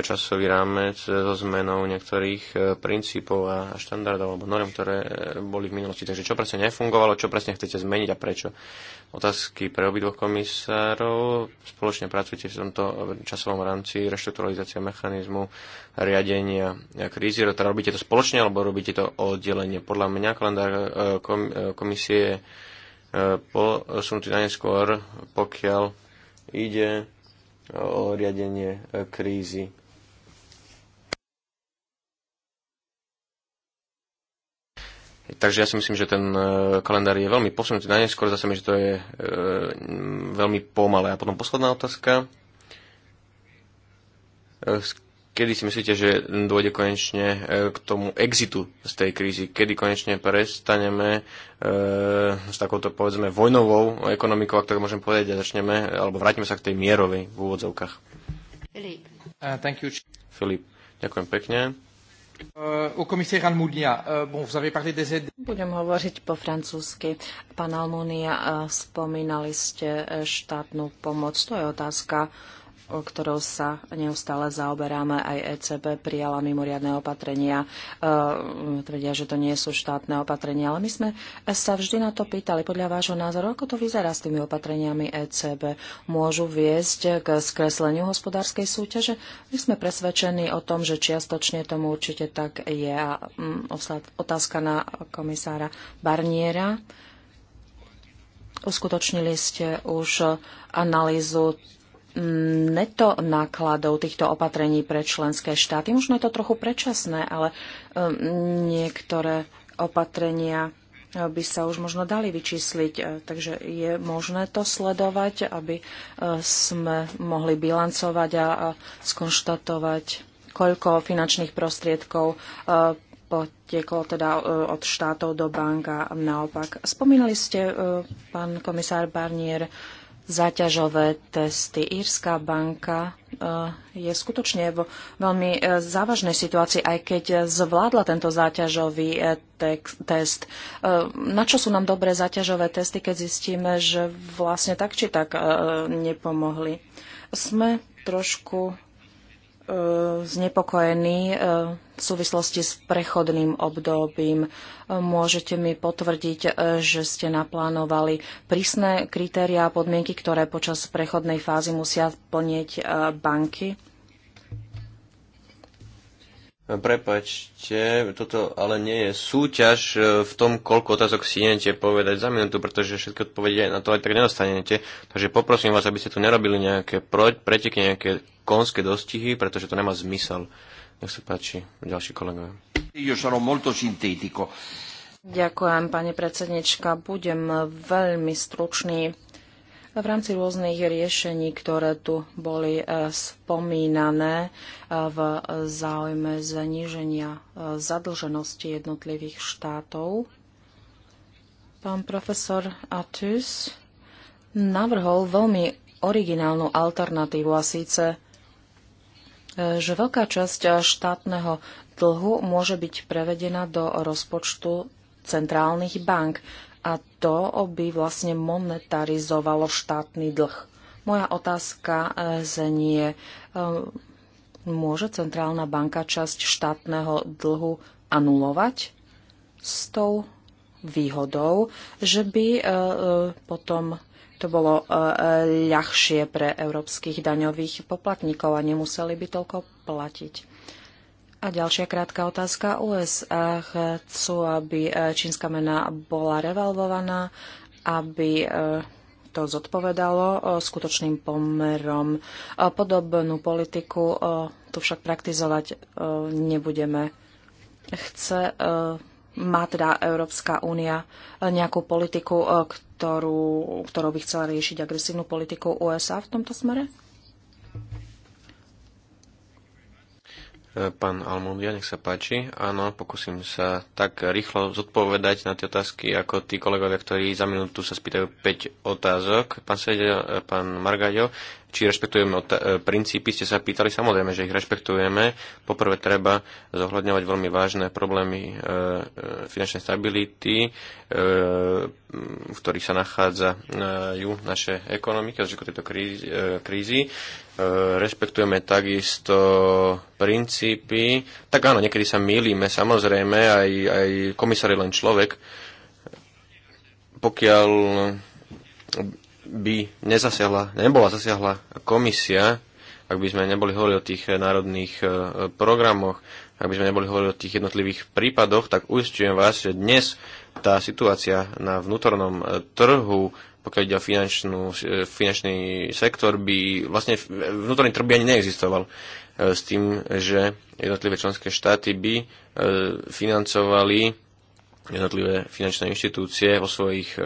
časový rámec e, so zmenou niektorých e, princípov a štandardov alebo norm, ktoré e, boli v minulosti. Takže čo presne nefungovalo, čo presne chcete zmeniť a prečo? Otázky pre obidvoch komisárov. Spoločne pracujete v tomto časovom rámci reštrukturalizácia mechanizmu riadenia krízy. Teda robíte to spoločne alebo robíte to oddelenie? Podľa mňa kalendár komisie posunutý na neskôr, pokiaľ ide o riadenie krízy. Takže ja si myslím, že ten e, kalendár je veľmi posunutý na neskôr, zase mi, že to je e, veľmi pomalé. A potom posledná otázka. E, kedy si myslíte, že dôjde konečne e, k tomu exitu z tej krízy? Kedy konečne prestaneme e, s takouto, povedzme, vojnovou ekonomikou, ak to môžem povedať, a začneme, alebo vrátime sa k tej mierovej v úvodzovkách? Filip. Uh, Filip, ďakujem pekne. Euh, euh, Budem hovoriť po francúzsky. Pán Almunia, eh, spomínali ste eh, štátnu pomoc. To je otázka ktorou sa neustále zaoberáme. Aj ECB prijala mimoriadne opatrenia. E, tvrdia, že to nie sú štátne opatrenia, ale my sme sa vždy na to pýtali. Podľa vášho názoru, ako to vyzerá s tými opatreniami ECB? Môžu viesť k skresleniu hospodárskej súťaže? My sme presvedčení o tom, že čiastočne tomu určite tak je. A mm, otázka na komisára Barniera. Uskutočnili ste už analýzu neto nákladov týchto opatrení pre členské štáty. Možno je to trochu predčasné, ale um, niektoré opatrenia uh, by sa už možno dali vyčísliť. Uh, takže je možné to sledovať, aby uh, sme mohli bilancovať a skonštatovať, koľko finančných prostriedkov potieklo teda od štátov do banka a naopak. Spomínali ste, pán komisár Barnier, záťažové testy. Írska banka eh, je skutočne vo veľmi eh, závažnej situácii, aj keď zvládla tento záťažový eh, test. Na čo sú nám dobré záťažové testy, keď zistíme, že vlastne tak či tak nepomohli? Sme trošku E, znepokojení e, v súvislosti s prechodným obdobím. E, môžete mi potvrdiť, že ste naplánovali prísne kritériá a podmienky, ktoré počas prechodnej fázy musia plniť banky? Prepačte, toto ale nie je súťaž e, v tom, koľko otázok si povedať za minútu, pretože všetky odpovede na to aj tak nedostanete. Takže poprosím vás, aby ste tu nerobili nejaké preteky, nejaké konské dostihy, pretože to nemá zmysel. Nech sa páči, ďalší kolegovia. Ďakujem, pani predsednička. Budem veľmi stručný v rámci rôznych riešení, ktoré tu boli e, spomínané e, v záujme zníženia e, zadlženosti jednotlivých štátov. Pán profesor Atus navrhol veľmi originálnu alternatívu a síce že veľká časť štátneho dlhu môže byť prevedená do rozpočtu centrálnych bank a to by vlastne monetarizovalo štátny dlh. Moja otázka e, znie, e, môže centrálna banka časť štátneho dlhu anulovať s tou výhodou, že by e, potom to bolo ľahšie pre európskych daňových poplatníkov a nemuseli by toľko platiť. A ďalšia krátka otázka. USA chcú, aby e, čínska mena bola revalvovaná, aby e, to zodpovedalo e, skutočným pomerom. Podobnú politiku tu však praktizovať nebudeme. Chce, má teda Európska únia nejakú politiku, ktorú, ktorou by chcela riešiť agresívnu politiku USA v tomto smere? Pán Almundia, nech sa páči. Áno, pokúsim sa tak rýchlo zodpovedať na tie otázky, ako tí kolegovia, ktorí za minútu sa spýtajú 5 otázok. Pán Sedia, eh, pán Margaďo, či rešpektujeme e, princípy, ste sa pýtali, samozrejme, že ich rešpektujeme. Poprvé treba zohľadňovať veľmi vážne problémy e, e finančnej stability, e, v ktorých sa nachádzajú e, naše ekonomiky, začiatku tejto krízy. E, krízy. E, rešpektujeme takisto princípy. Tak áno, niekedy sa mýlime, samozrejme, aj, aj komisár je len človek. Pokiaľ by nezasiahla, nebola zasiahla komisia, ak by sme neboli hovorili o tých národných e, programoch, ak by sme neboli hovorili o tých jednotlivých prípadoch, tak uistujem vás, že dnes tá situácia na vnútornom e, trhu, pokiaľ ide o finančnú, e, finančný sektor, by vlastne vnútorný trh by ani neexistoval s tým, že jednotlivé členské štáty by financovali jednotlivé finančné inštitúcie vo svojich e,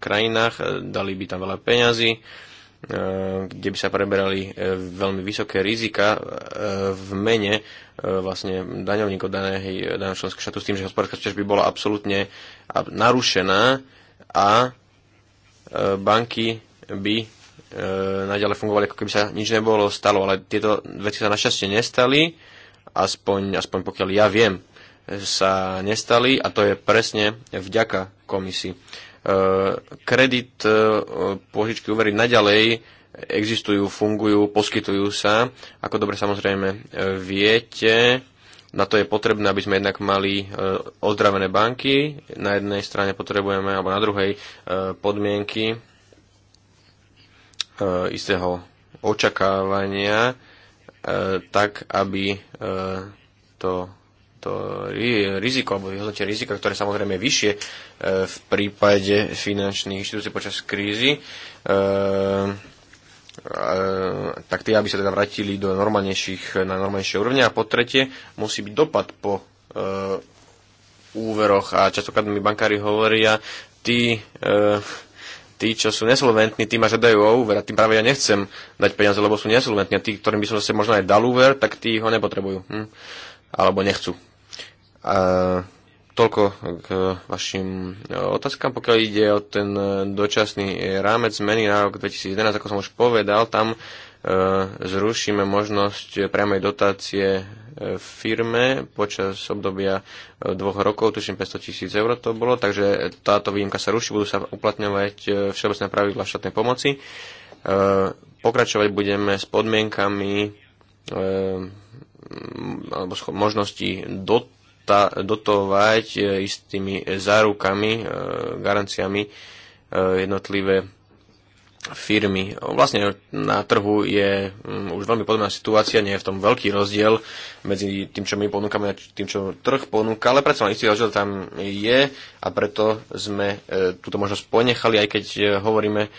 krajinách, e, dali by tam veľa peňazí, e, kde by sa preberali veľmi vysoké rizika v mene vlastne daňovníkov daného, daného členského štátu s tým, že hospodárska súťaž by bola absolútne narušená a banky by naďalej fungovali, ako keby sa nič nebolo stalo, ale tieto veci sa našťastie nestali, aspoň, aspoň pokiaľ ja viem sa nestali a to je presne vďaka komisii. E, kredit, e, požičky úvery naďalej existujú, fungujú, poskytujú sa. Ako dobre samozrejme e, viete, na to je potrebné, aby sme jednak mali ozdravené banky. Na jednej strane potrebujeme, alebo na druhej, podmienky istého očakávania, tak aby to to riziko, alebo vyhodnotie rizika, ktoré samozrejme je vyššie e, v prípade finančných inštitúcií počas krízy, e, e, tak tie, aby sa teda vrátili do normálnejších, na normálnejšie úrovne. A po tretie, musí byť dopad po úveroch. A častokrát mi bankári hovoria, tí tí, čo sú nesolventní, tí ma žiadajú o úver a tým práve ja nechcem dať peniaze, lebo sú nesolventní a tí, ktorým by som zase možno aj dal úver, tak tí ho nepotrebujú. Hm? Alebo nechcú toľko k vašim e, otázkam. Pokiaľ ide o ten e, dočasný e, rámec zmeny na rok 2011, ako som už povedal, tam zrušíme možnosť priamej dotácie firme počas obdobia dvoch rokov, tuším 500 tisíc eur to bolo, takže táto výnimka sa ruší, budú sa uplatňovať všeobecné pravidla štátnej pomoci. Pokračovať budeme s podmienkami alebo možnosti dot, dotovať e, istými e, zárukami, e, garanciami jednotlivé firmy. Vlastne na trhu je mm, už veľmi podobná situácia, nie je v tom veľký rozdiel medzi tým, čo my ponúkame a tým, čo trh ponúka, ale predsa len istý rozdiel tam je a preto sme e, túto možnosť ponechali, aj keď e, hovoríme e,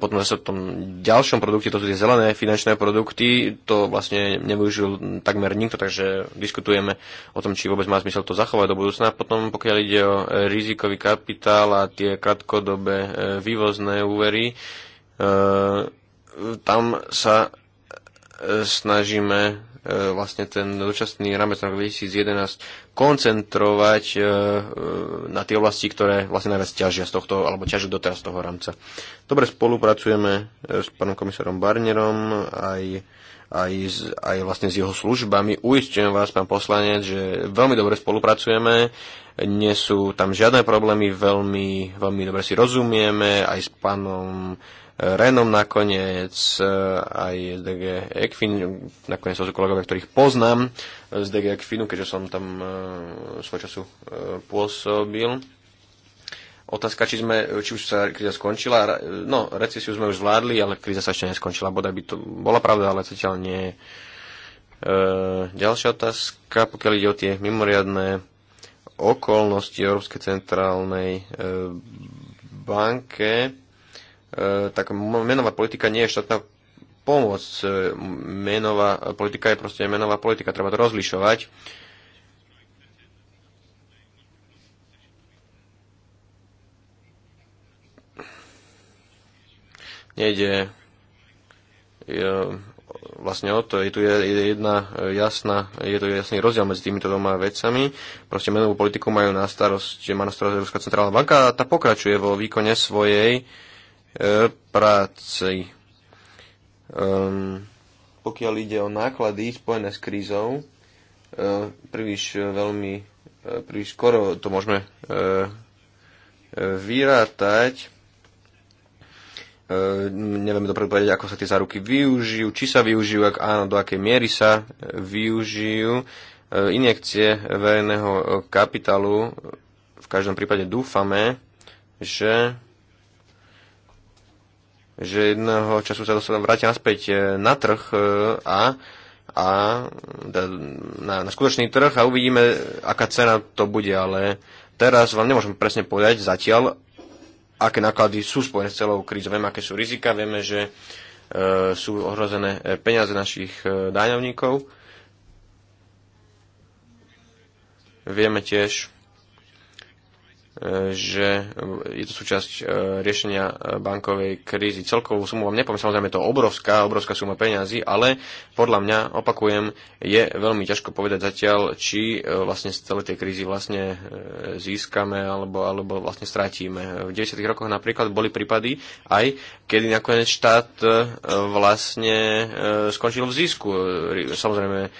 potom zase o tom ďalšom produkte, to sú tie zelené finančné produkty, to vlastne nevyužil takmer nikto, takže diskutujeme o tom, či vôbec má zmysel to zachovať do budúcna. Potom, pokiaľ ide o rizikový kapitál a tie krátkodobé vývozné úvery, E, tam sa e, snažíme e, vlastne ten dočasný rámec rok 2011 koncentrovať na tie oblasti, ktoré vlastne najviac ťažia z tohto, alebo ťažia doteraz z toho rámca. Dobre spolupracujeme s pánom komisárom Barnerom aj aj, z, aj vlastne s jeho službami. Uistujem vás, pán poslanec, že veľmi dobre spolupracujeme, nie sú tam žiadne problémy, veľmi, veľmi dobre si rozumieme, aj s pánom uh, Renom nakoniec, e, aj DG Equin, nakoniec sú kolegovia, ktorých poznám e, z DG Equinu, keďže som tam e, svoj času pôsobil. Otázka, či, sme, či už sa kríza skončila. No, recesiu sme už zvládli, ale kríza sa ešte neskončila. Bodaj by to bola pravda, ale zatiaľ nie. E, ďalšia otázka, pokiaľ ide o tie mimoriadné okolnosti Európskej centrálnej e, banke E, tak menová politika nie je štátna pomoc. E, menová politika je proste menová politika, treba to rozlišovať. Nejde e, vlastne o to, je tu jedna jasná, je tu jasný rozdiel medzi týmito dvoma vecami. Proste menovú politiku majú na starosť, má na starosť Európska centrálna banka a tá pokračuje vo výkone svojej uh, E, práci. Um, pokiaľ ide o náklady spojené s krízou, e, príliš veľmi, e, príliš skoro to môžeme vyrátať. Nevieme dobre povedať, ako sa tie záruky využijú, či sa využijú, ak áno, do akej miery sa využijú. Injekcie verejného kapitálu v každom prípade dúfame, že že jedného času sa dostanú vráti naspäť e, na trh e, a, a na, na skutočný trh a uvidíme, aká cena to bude, ale teraz vám nemôžem presne povedať zatiaľ, aké náklady sú spojené s celou krízou. Vieme, aké sú rizika, vieme, že e, sú ohrozené e, peniaze našich e, daňovníkov. Vieme tiež, že je to súčasť e, riešenia e, bankovej krízy. Celkovú sumu vám nepoviem, samozrejme je to obrovská, obrovská suma peňazí, ale podľa mňa, opakujem, je veľmi ťažko povedať zatiaľ, či e, vlastne z celej tej krízy vlastne získame alebo, alebo vlastne stratíme. V 90. rokoch napríklad boli prípady aj, kedy nakoniec štát vlastne skončil v zisku. Samozrejme,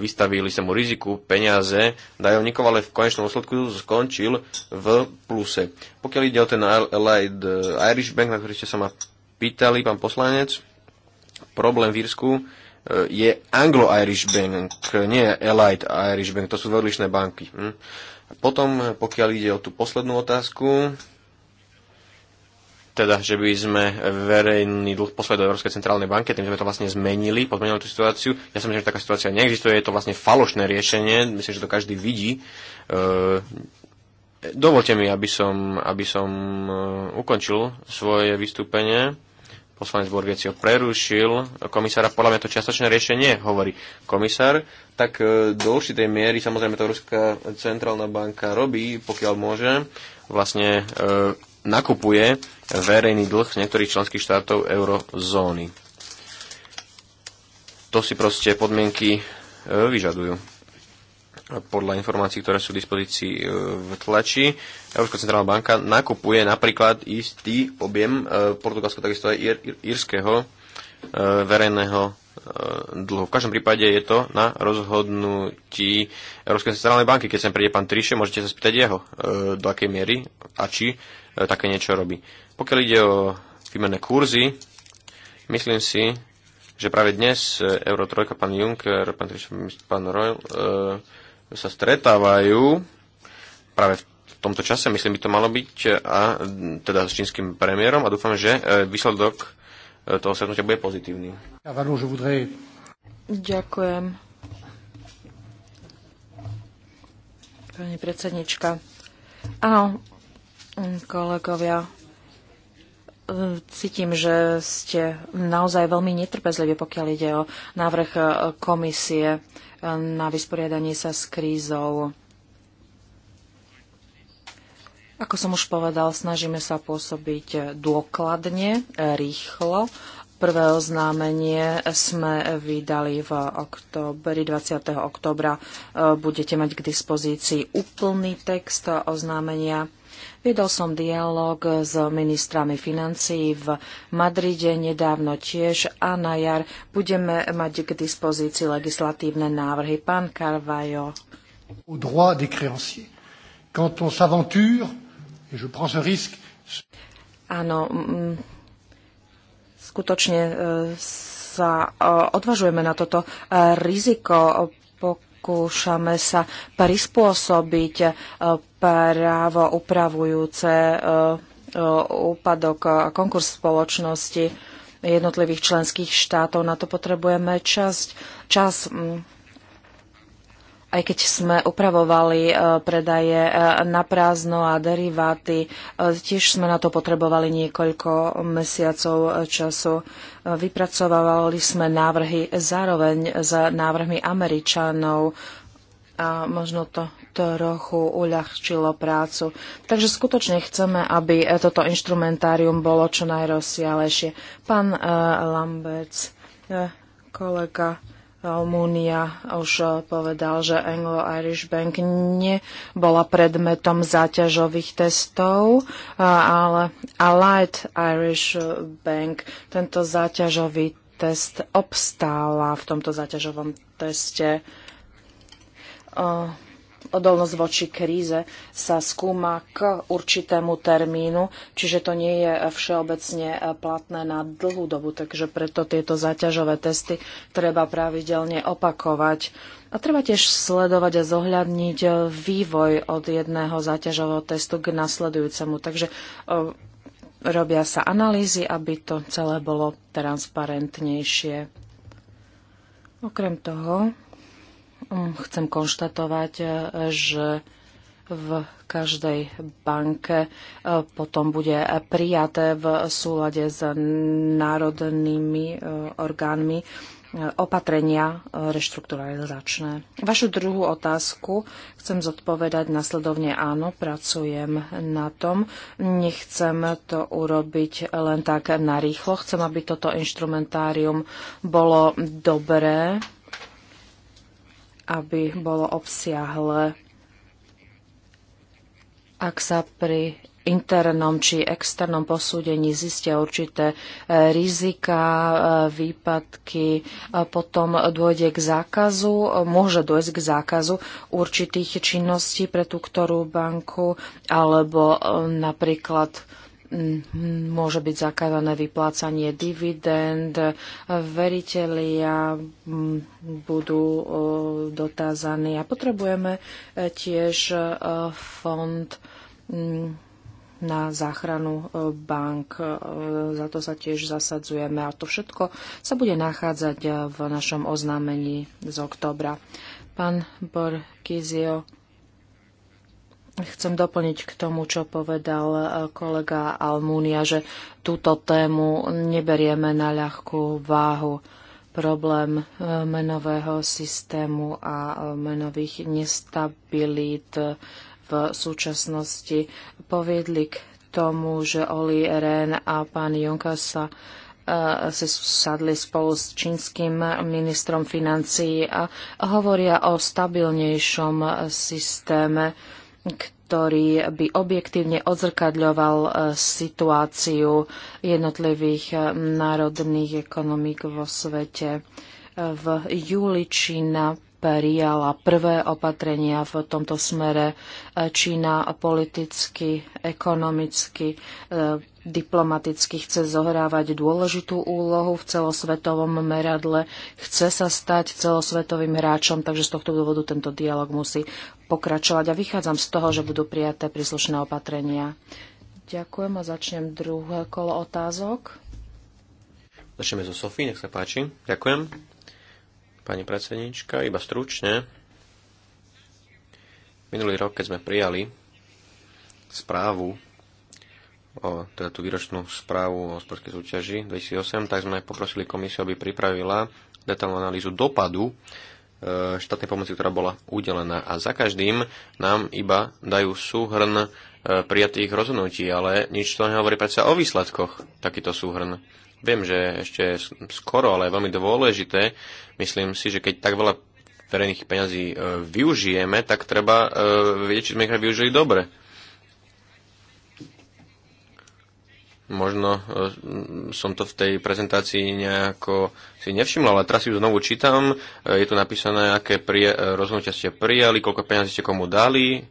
vystavili sa mu riziku, peniaze, dajovníkov, ale v konečnom dôsledku skončil v pluse. Pokiaľ ide o ten Allied e, Irish Bank, na ktorý ste sa ma pýtali, pán poslanec, problém v Írsku e, je Anglo-Irish Bank, nie Allied Irish Bank, to sú dve odlišné banky. Hm? A potom, e, pokiaľ ide o tú poslednú otázku, teda, že by sme verejný dlh poslali do Európskej centrálnej banky, tým sme to vlastne zmenili, podmenili tú situáciu. Ja si myslím, že taká situácia neexistuje, je to vlastne falošné riešenie, myslím, že to každý vidí. E, Dovolte mi, aby som, aby som eh, ukončil svoje vystúpenie. Poslanec ho prerušil komisára. Podľa mňa to čiastočné riešenie, hovorí komisár. Tak eh, do určitej miery samozrejme to Ruská centrálna banka robí, pokiaľ môže. Vlastne e, nakupuje verejný dlh z niektorých členských štátov eurozóny. To si proste podmienky vyžadujú podľa informácií, ktoré sú v dispozícii e, v tlači, Európska centrálna banka nakupuje napríklad istý objem e, portugalského, takisto aj írskeho e, verejného dlhu. V každom prípade je to na rozhodnutí Európskej centrálnej banky. Keď sem príde pán Triše, môžete sa spýtať jeho, do akej miery a či také niečo robí. Pokiaľ ide o výmenné kurzy, myslím si, že práve dnes 3, pán Juncker, pán Triše, pán Royal, sa stretávajú práve v tomto čase, myslím, by to malo byť, e, a teda s čínskym premiérom a dúfam, že e, výsledok e, toho stretnutia bude pozitívny. Ďakujem. Pani predsednička. Áno, kolegovia, cítim, že ste naozaj veľmi netrpezliví, pokiaľ ide o návrh komisie na vysporiadanie sa s krízou. Ako som už povedal, snažíme sa pôsobiť dôkladne, rýchlo. Prvé oznámenie sme vydali v oktobri, 20. oktobra. Budete mať k dispozícii úplný text oznámenia Viedol som dialog s ministrami financií v Madride nedávno tiež a na jar budeme mať k dispozícii legislatívne návrhy. Pán Carvajo. Au droit des créanciers. Quand on s'aventure, et je prends ce risque, Áno, skutočne e, sa e, odvažujeme na toto e, riziko pokúšame sa prispôsobiť e, právo upravujúce e, e, úpadok a konkurs spoločnosti jednotlivých členských štátov. Na to potrebujeme časť, čas aj keď sme upravovali e, predaje e, na prázdno a deriváty, e, tiež sme na to potrebovali niekoľko mesiacov času. Vypracovávali sme návrhy zároveň s návrhmi Američanov a možno to trochu uľahčilo prácu. Takže skutočne chceme, aby toto inštrumentárium bolo čo najrozsialejšie. Pán uh, Lambec, uh, kolega Almunia už eh, povedal, že Anglo-Irish Bank nebola predmetom záťažových testov, eh, ale Allied Irish Bank tento záťažový test obstála v tomto záťažovom teste. Eh, odolnosť voči kríze sa skúma k určitému termínu, čiže to nie je všeobecne platné na dlhú dobu, takže preto tieto záťažové testy treba pravidelne opakovať. A treba tiež sledovať a zohľadniť vývoj od jedného záťažového testu k nasledujúcemu. Takže robia sa analýzy, aby to celé bolo transparentnejšie. Okrem toho, Chcem konštatovať, e, že v každej banke e, potom bude prijaté v súlade s národnými e, orgánmi opatrenia reštrukturalizačné. Vašu druhú otázku chcem zodpovedať nasledovne áno, pracujem na tom. Nechcem to urobiť len tak narýchlo. Chcem, aby toto inštrumentárium bolo dobré aby bolo obsiahle. Ak sa pri internom či externom posúdení zistia určité e, rizika, e, výpadky, e, potom dôjde k zákazu, môže dôjsť k zákazu určitých činností pre tú ktorú banku, alebo napríklad Mhm, môže byť zakázané vyplácanie dividend, veritelia mm, budú dotázaní a potrebujeme e, tiež e, fond mm, na záchranu e, bank. Za to sa tiež zasadzujeme a to všetko sa bude nachádzať v našom oznámení z oktobra. Pán Borkizio, Chcem doplniť k tomu, čo povedal e, kolega Almúnia, že túto tému neberieme na ľahkú váhu. Problém e, menového systému a e, menových nestabilít v súčasnosti poviedli k tomu, že Oli Rehn a pán Juncker sa si sadli spolu s čínskym ministrom financií a hovoria o stabilnejšom systéme ktorý by objektívne odzrkadľoval e, situáciu jednotlivých e, národných ekonomík vo svete. E, v júli Čína prijala prvé opatrenia v tomto smere. E, Čína politicky, ekonomicky, e, diplomaticky chce zohrávať dôležitú úlohu v celosvetovom meradle, chce sa stať celosvetovým hráčom, takže z tohto dôvodu tento dialog musí pokračovať a vychádzam z toho, že budú prijaté príslušné opatrenia. Ďakujem a začnem druhé kolo otázok. Začneme so Sofí, nech sa páči. Ďakujem pani predsednička, iba stručne. Minulý rok, keď sme prijali správu, o, teda tú výročnú správu o sportskej súťaži 2008, tak sme poprosili komisiu, aby pripravila detálnu analýzu dopadu e, štátnej pomoci, ktorá bola udelená. A za každým nám iba dajú súhrn e, prijatých rozhodnutí, ale nič to nehovorí predsa o výsledkoch takýto súhrn. Viem, že ešte skoro, ale je veľmi dôležité. Myslím si, že keď tak veľa verejných peňazí e, využijeme, tak treba e, vedieť, či sme ich využili dobre. Možno e, som to v tej prezentácii nejako si nevšimla, ale teraz si ju znovu čítam. Je tu napísané, aké prie, rozhodnutia ste prijali, koľko peňazí ste komu dali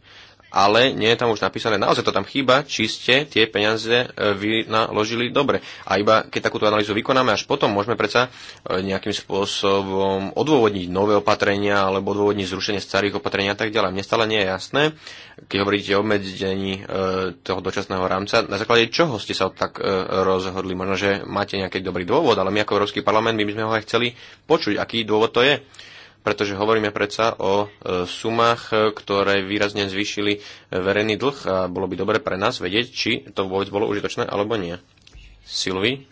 ale nie je tam už napísané, naozaj to tam chýba, či ste tie peniaze e, vynaložili dobre. A iba keď takúto analýzu vykonáme, až potom môžeme predsa e, nejakým spôsobom odôvodniť nové opatrenia alebo odôvodniť zrušenie starých opatrenia a tak ďalej. Mne stále nie je jasné, keď hovoríte o obmedzení e, toho dočasného rámca, na základe čoho ste sa tak rozhodli? Možno, že máte nejaký dobrý dôvod, ale my ako Európsky parlament my by sme ho aj chceli počuť, aký dôvod to je pretože hovoríme predsa o e, sumách, e, ktoré výrazne zvýšili e, verejný dlh a bolo by dobre pre nás vedieť, či to vôbec bolo užitočné alebo nie. Silvi?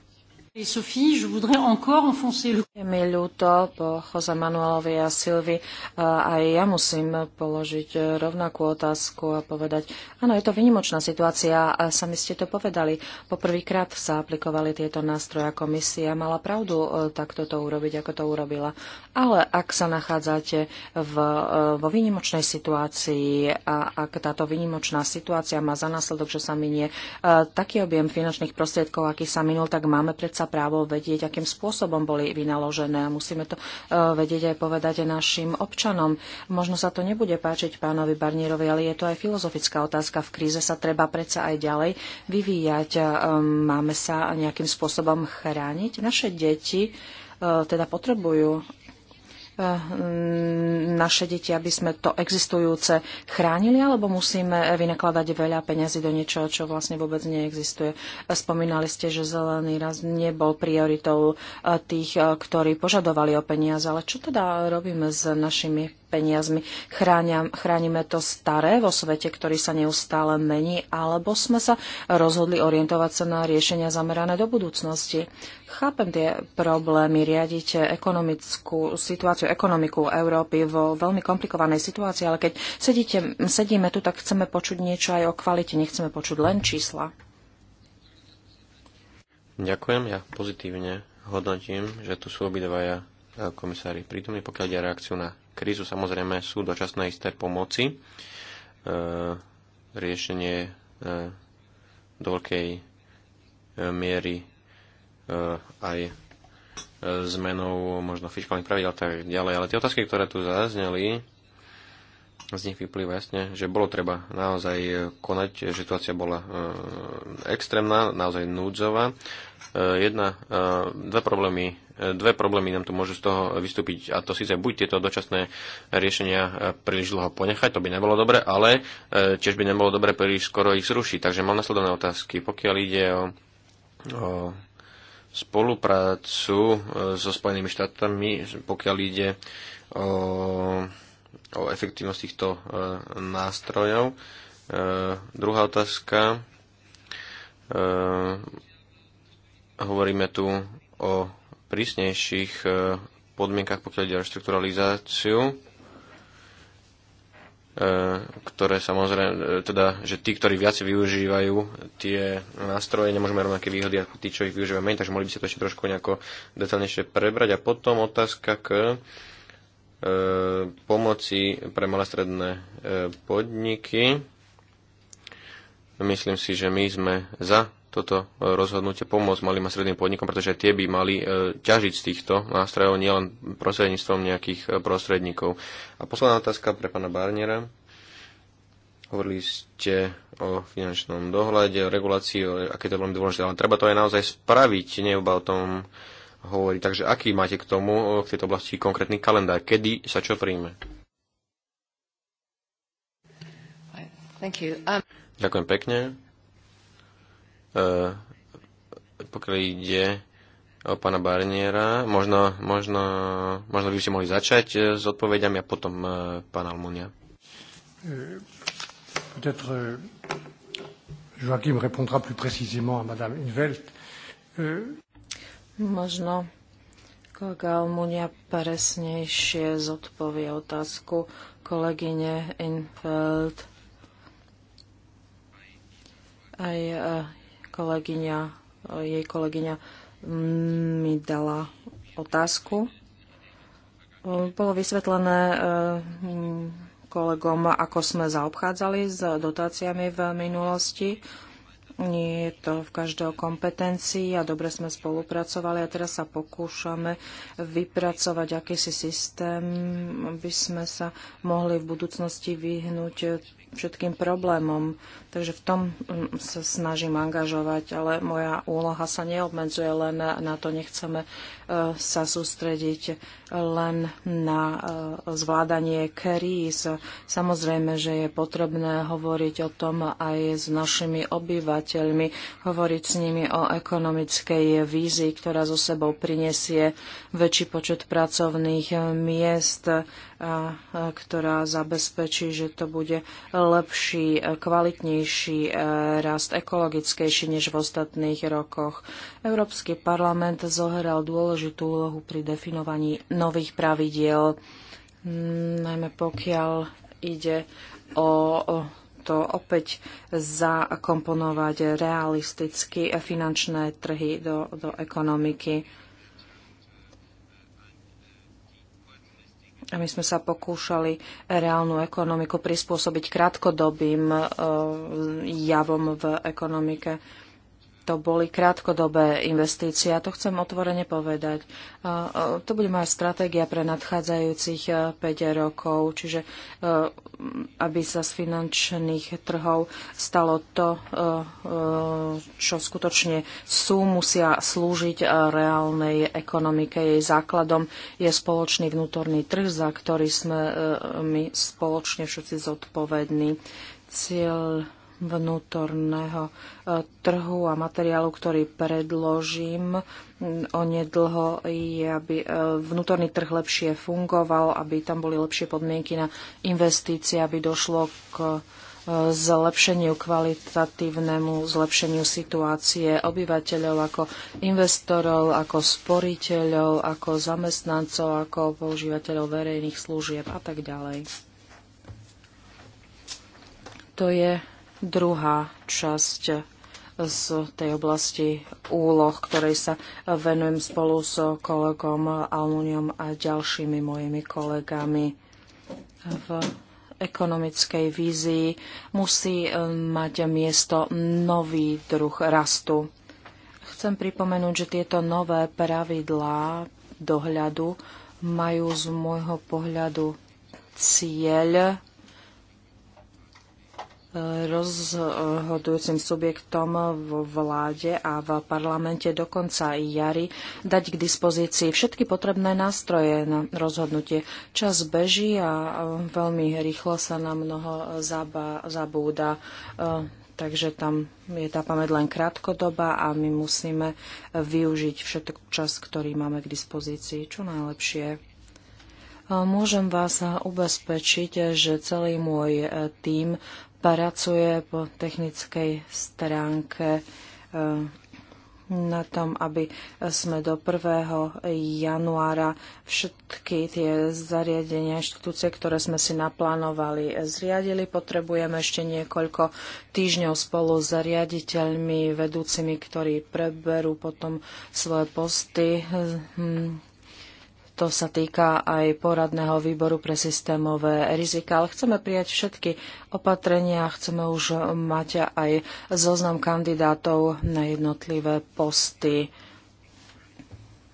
Sophie, je voudrais encore enfoncer le... Je mi ľúto po Jose Manuelovi a Silvi. Eh, aj ja musím položiť eh, rovnakú otázku a povedať, áno, je to vynimočná situácia a sami ste to povedali. Poprvýkrát sa aplikovali tieto nástroje a komisia mala pravdu eh, takto to urobiť, ako to urobila. Ale ak sa nachádzate v, vo vynimočnej situácii a ak táto vynimočná situácia má za následok, že sa minie taký objem finančných prostriedkov, aký sa minul, tak máme predsa predsa právo vedieť, akým spôsobom boli vynaložené. A musíme to e, vedieť aj povedať aj našim občanom. Možno sa to nebude páčiť pánovi Barnierovi, ale je to aj filozofická otázka. V kríze sa treba predsa aj ďalej vyvíjať. E, máme sa nejakým spôsobom chrániť. Naše deti e, teda potrebujú Eh, naše deti, aby sme to existujúce chránili, alebo musíme vynakladať veľa peňazí do niečoho, čo vlastne vôbec neexistuje. Eh, spomínali ste, že zelený raz nebol prioritou eh, tých, ktorí požadovali o peniaze, ale čo teda robíme s našimi peniazmi. Chráňam, chránime to staré vo svete, ktorý sa neustále mení, alebo sme sa rozhodli orientovať sa na riešenia zamerané do budúcnosti. Chápem tie problémy, riadite ekonomickú situáciu, ekonomiku Európy vo veľmi komplikovanej situácii, ale keď sedíte, sedíme tu, tak chceme počuť niečo aj o kvalite, nechceme počuť len čísla. Ďakujem, ja pozitívne hodnotím, že tu sú obidvaja eh, komisári prítomní, pokiaľ ide reakciu na krízu samozrejme sú dočasné isté pomoci. E, riešenie e, do veľkej e, miery aj zmenou možno fiskálnych pravidel a tak ďalej. Ale tie otázky, ktoré tu zazneli, z nich vyplýva jasne, že bolo treba naozaj konať, že situácia bola e, extrémna, naozaj núdzová Eh, jedna, eh, dva problémy, eh, dve problémy nám tu môžu z toho vystúpiť a to síce buď tieto dočasné riešenia príliš dlho ponechať, to by nebolo dobre, ale tiež by nebolo dobre príliš skoro ich zrušiť. Takže mám nasledovné otázky. Pokiaľ ide o, o spoluprácu so Spojenými štátami, pokiaľ ide o, o efektívnosť týchto nástrojov. Druhá otázka Hovoríme tu o prísnejších e, podmienkach, pokiaľ ide o reštrukturalizáciu, e, ktoré samozrejme, e, teda, že tí, ktorí viac využívajú tie nástroje, nemôžeme rovnaké výhody ako tí, čo ich využívajú menej, takže mohli by ste to ešte trošku nejako detaľnejšie prebrať. A potom otázka k pomoci pre malé stredné podniky. Myslím si, že my sme za toto e, rozhodnutie pomôcť malým a stredným podnikom, pretože tie by mali e, ťažiť z týchto nástrojov nielen prostredníctvom nejakých e, prostredníkov. A posledná otázka pre pána Barniera. Hovorili ste o finančnom dohľade, o regulácii, o aké to je veľmi dôležité, ale treba to aj naozaj spraviť, nie iba o tom hovorí. Takže aký máte k tomu, k tejto oblasti konkrétny kalendár? Kedy sa čo príjme? Um... Ďakujem pekne. E, pokiaľ ide o pána Barniera, možno, možno, možno by ste mohli začať e, s odpovediami a potom e, pán Almunia. Peut-être Joachim répondra plus précisément à Madame Invelt. Možno kolega Almunia presnejšie zodpovie otázku kolegyne Infeld. Aj kolegyňa, jej kolegyňa mm, mi dala otázku. Bolo vysvetlené eh, kolegom, ako sme zaobchádzali s dotáciami v minulosti. Nie je to v každého kompetencii a dobre sme spolupracovali a teraz sa pokúšame vypracovať akýsi systém, aby sme sa mohli v budúcnosti vyhnúť všetkým problémom. Takže v tom mm, sa snažím angažovať, ale moja úloha sa neobmedzuje len na, to, nechceme e, sa sústrediť len na e, zvládanie kríz. Samozrejme, že je potrebné hovoriť o tom aj s našimi obyvateľmi, hovoriť s nimi o ekonomickej vízii, ktorá zo sebou prinesie väčší počet pracovných miest, ktorá zabezpečí, že to bude lepší, kvalitnejší e, rast, ekologickejší než v ostatných rokoch. Európsky parlament zohral dôležitú úlohu pri definovaní nových pravidiel, najmä pokiaľ ide o to opäť zakomponovať realisticky finančné trhy do, do ekonomiky. A my sme sa pokúšali reálnu ekonomiku prispôsobiť krátkodobým eh, javom v ekonomike to boli krátkodobé investície. A to chcem otvorene povedať. To bude moja stratégia pre nadchádzajúcich 5 rokov, čiže aby sa z finančných trhov stalo to, čo skutočne sú, musia slúžiť reálnej ekonomike. Jej základom je spoločný vnútorný trh, za ktorý sme my spoločne všetci zodpovední. Cieľ vnútorného e, trhu a materiálu, ktorý predložím onedlho, je, aby e, vnútorný trh lepšie fungoval, aby tam boli lepšie podmienky na investície, aby došlo k e, zlepšeniu, kvalitatívnemu zlepšeniu situácie obyvateľov ako investorov, ako sporiteľov, ako zamestnancov, ako používateľov verejných služieb a tak ďalej. To je druhá časť z tej oblasti úloh, ktorej sa venujem spolu s so kolegom Almuniom a ďalšími mojimi kolegami v ekonomickej vízii musí e, mať miesto nový druh rastu. Chcem pripomenúť, že tieto nové pravidlá dohľadu majú z môjho pohľadu cieľ rozhodujúcim subjektom vo vláde a v parlamente do konca jary dať k dispozícii všetky potrebné nástroje na rozhodnutie. Čas beží a veľmi rýchlo sa na mnoho zabúda. E, takže tam je tá pamäť len krátkodoba a my musíme využiť všetok čas, ktorý máme k dispozícii, čo najlepšie. E, môžem vás ubezpečiť, že celý môj e, tím pracuje po technickej stránke e, na tom, aby sme do 1. januára všetky tie zariadenia, inštitúcie, ktoré sme si naplánovali, zriadili. Potrebujeme ešte niekoľko týždňov spolu s riaditeľmi, vedúcimi, ktorí preberú potom svoje posty hm, to sa týka aj poradného výboru pre systémové rizika, ale chceme prijať všetky opatrenia, chceme už mať aj zoznam kandidátov na jednotlivé posty.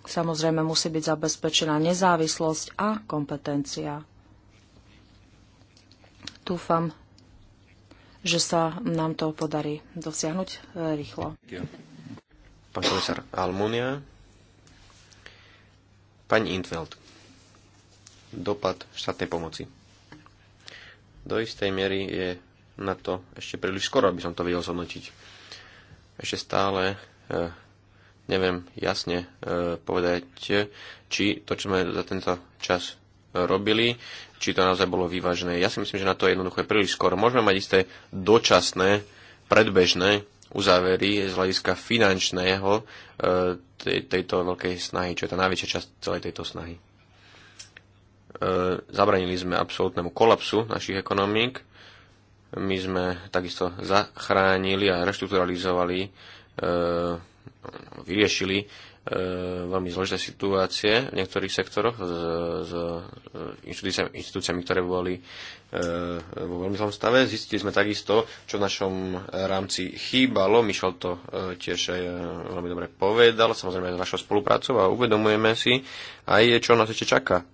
Samozrejme musí byť zabezpečená nezávislosť a kompetencia. Dúfam, že sa nám to podarí dosiahnuť eh, rýchlo. Pán komisár Almunia. Pani Intveld. Dopad štátnej pomoci. Do istej miery je na to ešte príliš skoro, aby som to vedel zhodnotiť. Ešte stále e, neviem jasne e, povedať, či to, čo sme za tento čas robili, či to naozaj bolo vyvážené. Ja si myslím, že na to je príliš skoro. Môžeme mať isté dočasné, predbežné uzávery z hľadiska finančného e, tej, tejto veľkej snahy, čo je tá najväčšia časť celej tejto snahy. E, zabranili sme absolútnemu kolapsu našich ekonomík. My sme takisto zachránili a reštrukturalizovali, e, vyriešili E, veľmi zložité situácie v niektorých sektoroch s, s e, inštitúciami, inštitúciami, ktoré boli e, vo veľmi zlom stave. Zistili sme takisto, čo v našom rámci chýbalo. Mišel to tiež veľmi dobre povedal, samozrejme s našou spoluprácou a uvedomujeme si aj, čo nás ešte čaká,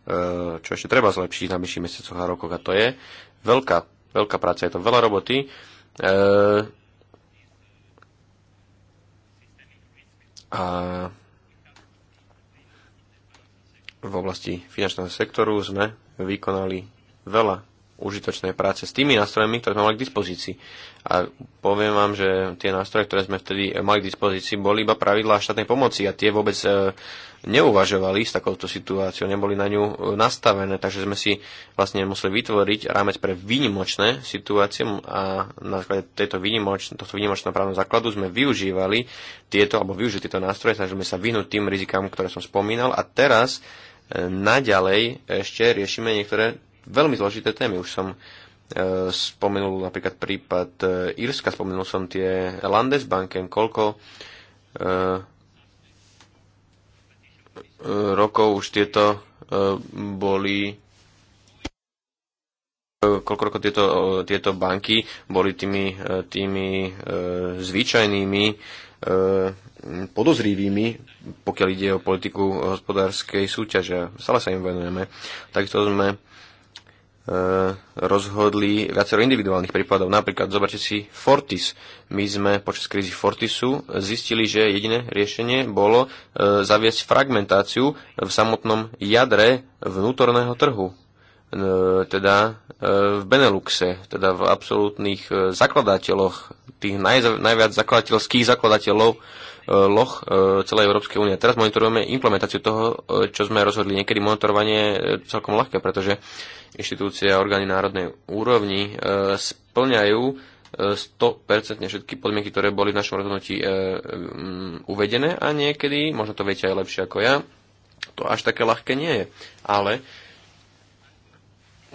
čo ešte treba zlepšiť na myšších mesiacoch a rokoch. A to je veľká, veľká práca, je to veľa roboty. A v oblasti finančného sektoru sme vykonali veľa užitočnej práce s tými nástrojmi, ktoré sme mali k dispozícii. A poviem vám, že tie nástroje, ktoré sme vtedy mali k dispozícii, boli iba pravidlá štátnej pomoci a tie vôbec e, neuvažovali s takouto situáciou, neboli na ňu e, nastavené, takže sme si vlastne museli vytvoriť rámec pre výnimočné situácie a na základe tejto výnimočn- tohto výnimočného právneho základu sme využívali tieto, alebo využili tieto nástroje, snažili sme sa vyhnúť tým rizikám, ktoré som spomínal a teraz naďalej ešte riešime niektoré veľmi zložité témy. Už som e, spomenul napríklad prípad Irska, e, spomenul som tie Landesbanken, koľko e, rokov už tieto boli koľko rokov tieto, tieto banky boli tými, tými zvyčajnými E, podozrivými, pokiaľ ide o politiku hospodárskej súťaže. Stále sa im venujeme. Takisto sme e, rozhodli viacero individuálnych prípadov. Napríklad, zoberte si Fortis. My sme počas krízy Fortisu zistili, že jediné riešenie bolo e, zaviesť fragmentáciu v samotnom jadre vnútorného trhu. E, teda e, v Beneluxe, teda v absolútnych e, zakladateľoch, tých naj, najviac zakladateľských zakladateľov loh celej Európskej únie. Teraz monitorujeme implementáciu toho, čo sme rozhodli. Niekedy monitorovanie je celkom ľahké, pretože inštitúcie a orgány národnej úrovni splňajú 100% všetky podmienky, ktoré boli v našom rozhodnutí uvedené a niekedy, možno to viete aj lepšie ako ja, to až také ľahké nie je. Ale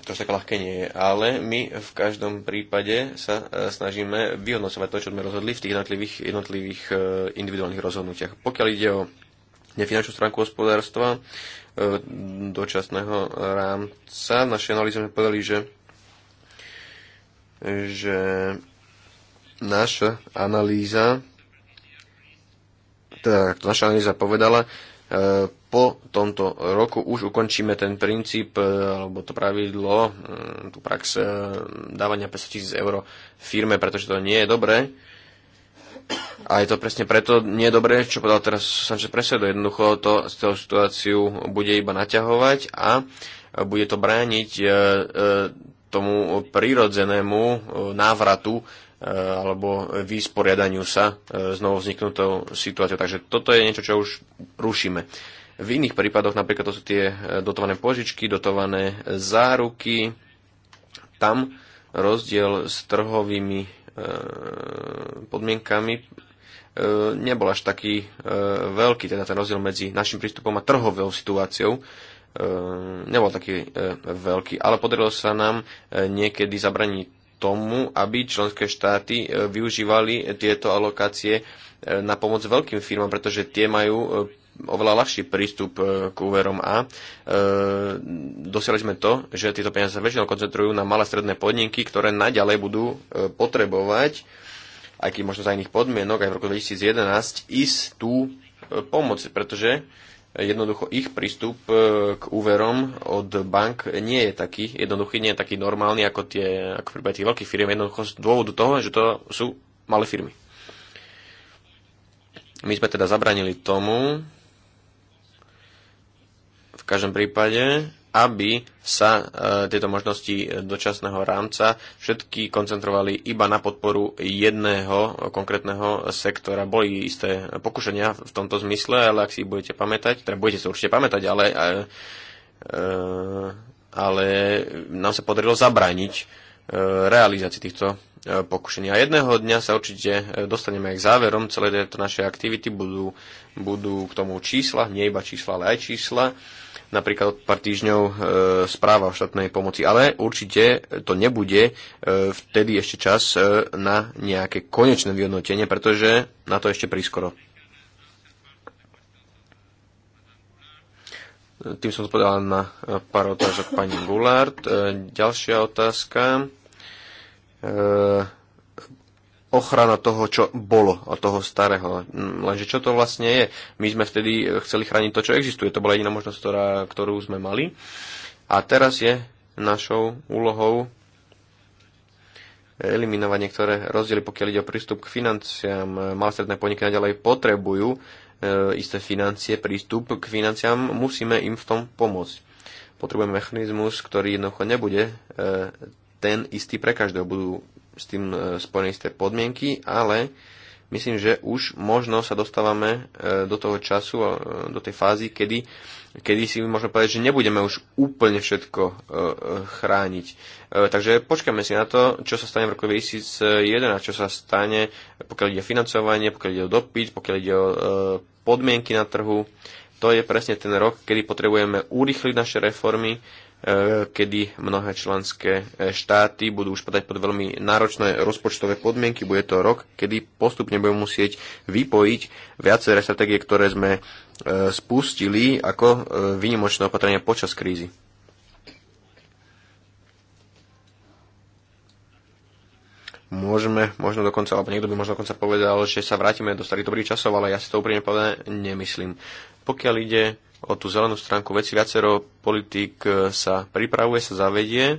to až také ľahké nie je. Ale my v každom prípade sa e, snažíme vyhodnocovať to, čo sme rozhodli v tých jednotlivých, jednotlivých e, individuálnych rozhodnutiach. Pokiaľ ide o nefinančnú stránku hospodárstva, e, dočasného rámca. V našej analýze sme povedali, že, že naša analýza teda, naša analýza povedala, E, po tomto roku už ukončíme ten princíp e, alebo to pravidlo, e, tú prax dávania 500 tisíc eur firme, pretože to nie je dobré. A je to presne preto nie je dobré, čo povedal teraz Sanchez Presedo. Jednoducho to z toho situáciu bude iba naťahovať a bude to brániť tomu prirodzenému návratu Eh, alebo vysporiadaniu sa eh, s novou vzniknutou situáciou. Takže toto je niečo, čo už rušíme. V iných prípadoch, napríklad to sú tie eh, dotované požičky, dotované záruky, tam rozdiel s trhovými podmienkami nebol až taký veľký, teda ten rozdiel medzi našim prístupom a trhovou situáciou nebol taký veľký, ale podarilo sa nám niekedy zabraniť tomu, aby členské štáty e, využívali tieto alokácie e, na pomoc veľkým firmám, pretože tie majú e, oveľa ľahší prístup k úverom a e, dosiahli sme to, že tieto peniaze sa väčšinou koncentrujú na malé stredné podniky, ktoré naďalej budú potrebovať, aj keď možno za iných podmienok, aj v roku 2011, tú pomoc, pretože e, jednoducho ich prístup e, k úverom od bank nie je taký jednoduchý, nie je taký normálny ako, tie, ako prípade tých veľkých firiem, jednoducho z dôvodu toho, že to sú malé firmy. My sme teda zabranili tomu, v každom prípade, aby sa e, tieto možnosti e, dočasného rámca všetky koncentrovali iba na podporu jedného konkrétneho sektora. Boli isté pokušenia v tomto zmysle, ale ak si budete pamätať, teda budete sa určite pamätať, ale, e, ale nám sa podarilo zabrániť realizácii týchto pokušení. A jedného dňa sa určite dostaneme aj k záverom. Celé tieto naše aktivity budú, budú k tomu čísla, nie iba čísla, ale aj čísla napríklad od pár týždňov e, správa o štátnej pomoci, ale určite to nebude e, vtedy ešte čas e, na nejaké konečné vyhodnotenie, pretože na to ešte prískoro. Tým som spodal na pár otázok pani Gulard. Ďalšia otázka ochrana toho, čo bolo a toho starého. Mm, lenže čo to vlastne je? My sme vtedy chceli chrániť to, čo existuje. To bola jediná možnosť, ktorá, ktorú sme mali. A teraz je našou úlohou eliminovať niektoré rozdiely, pokiaľ ide o prístup k financiám. Malostredné podniky naďalej potrebujú e, isté financie, prístup k financiám. Musíme im v tom pomôcť. Potrebujeme mechanizmus, ktorý jednoducho nebude e, ten istý pre každého. Budú s tým e, spojené isté podmienky, ale myslím, že už možno sa dostávame e, do toho času, e, do tej fázy, kedy, kedy si môžeme povedať, že nebudeme už úplne všetko chrániť. Takže počkáme si na to, čo sa stane v roku 2011, čo sa stane, pokiaľ ide o financovanie, pokiaľ ide o dopyt, pokiaľ ide o podmienky na trhu. To je presne ten rok, kedy potrebujeme urýchliť naše reformy E, kedy mnohé členské e, štáty budú už padať pod veľmi náročné rozpočtové podmienky. Bude to rok, kedy postupne budeme musieť vypojiť viaceré stratégie, ktoré sme e, spustili ako výnimočné opatrenia počas krízy. môžeme, možno dokonca, alebo niekto by možno dokonca povedal, že sa vrátime do starých dobrých časov, ale ja si to úprimne povedané nemyslím. Pokiaľ ide o tú zelenú stránku veci. Viacero politík e, sa pripravuje, sa zavedie. E,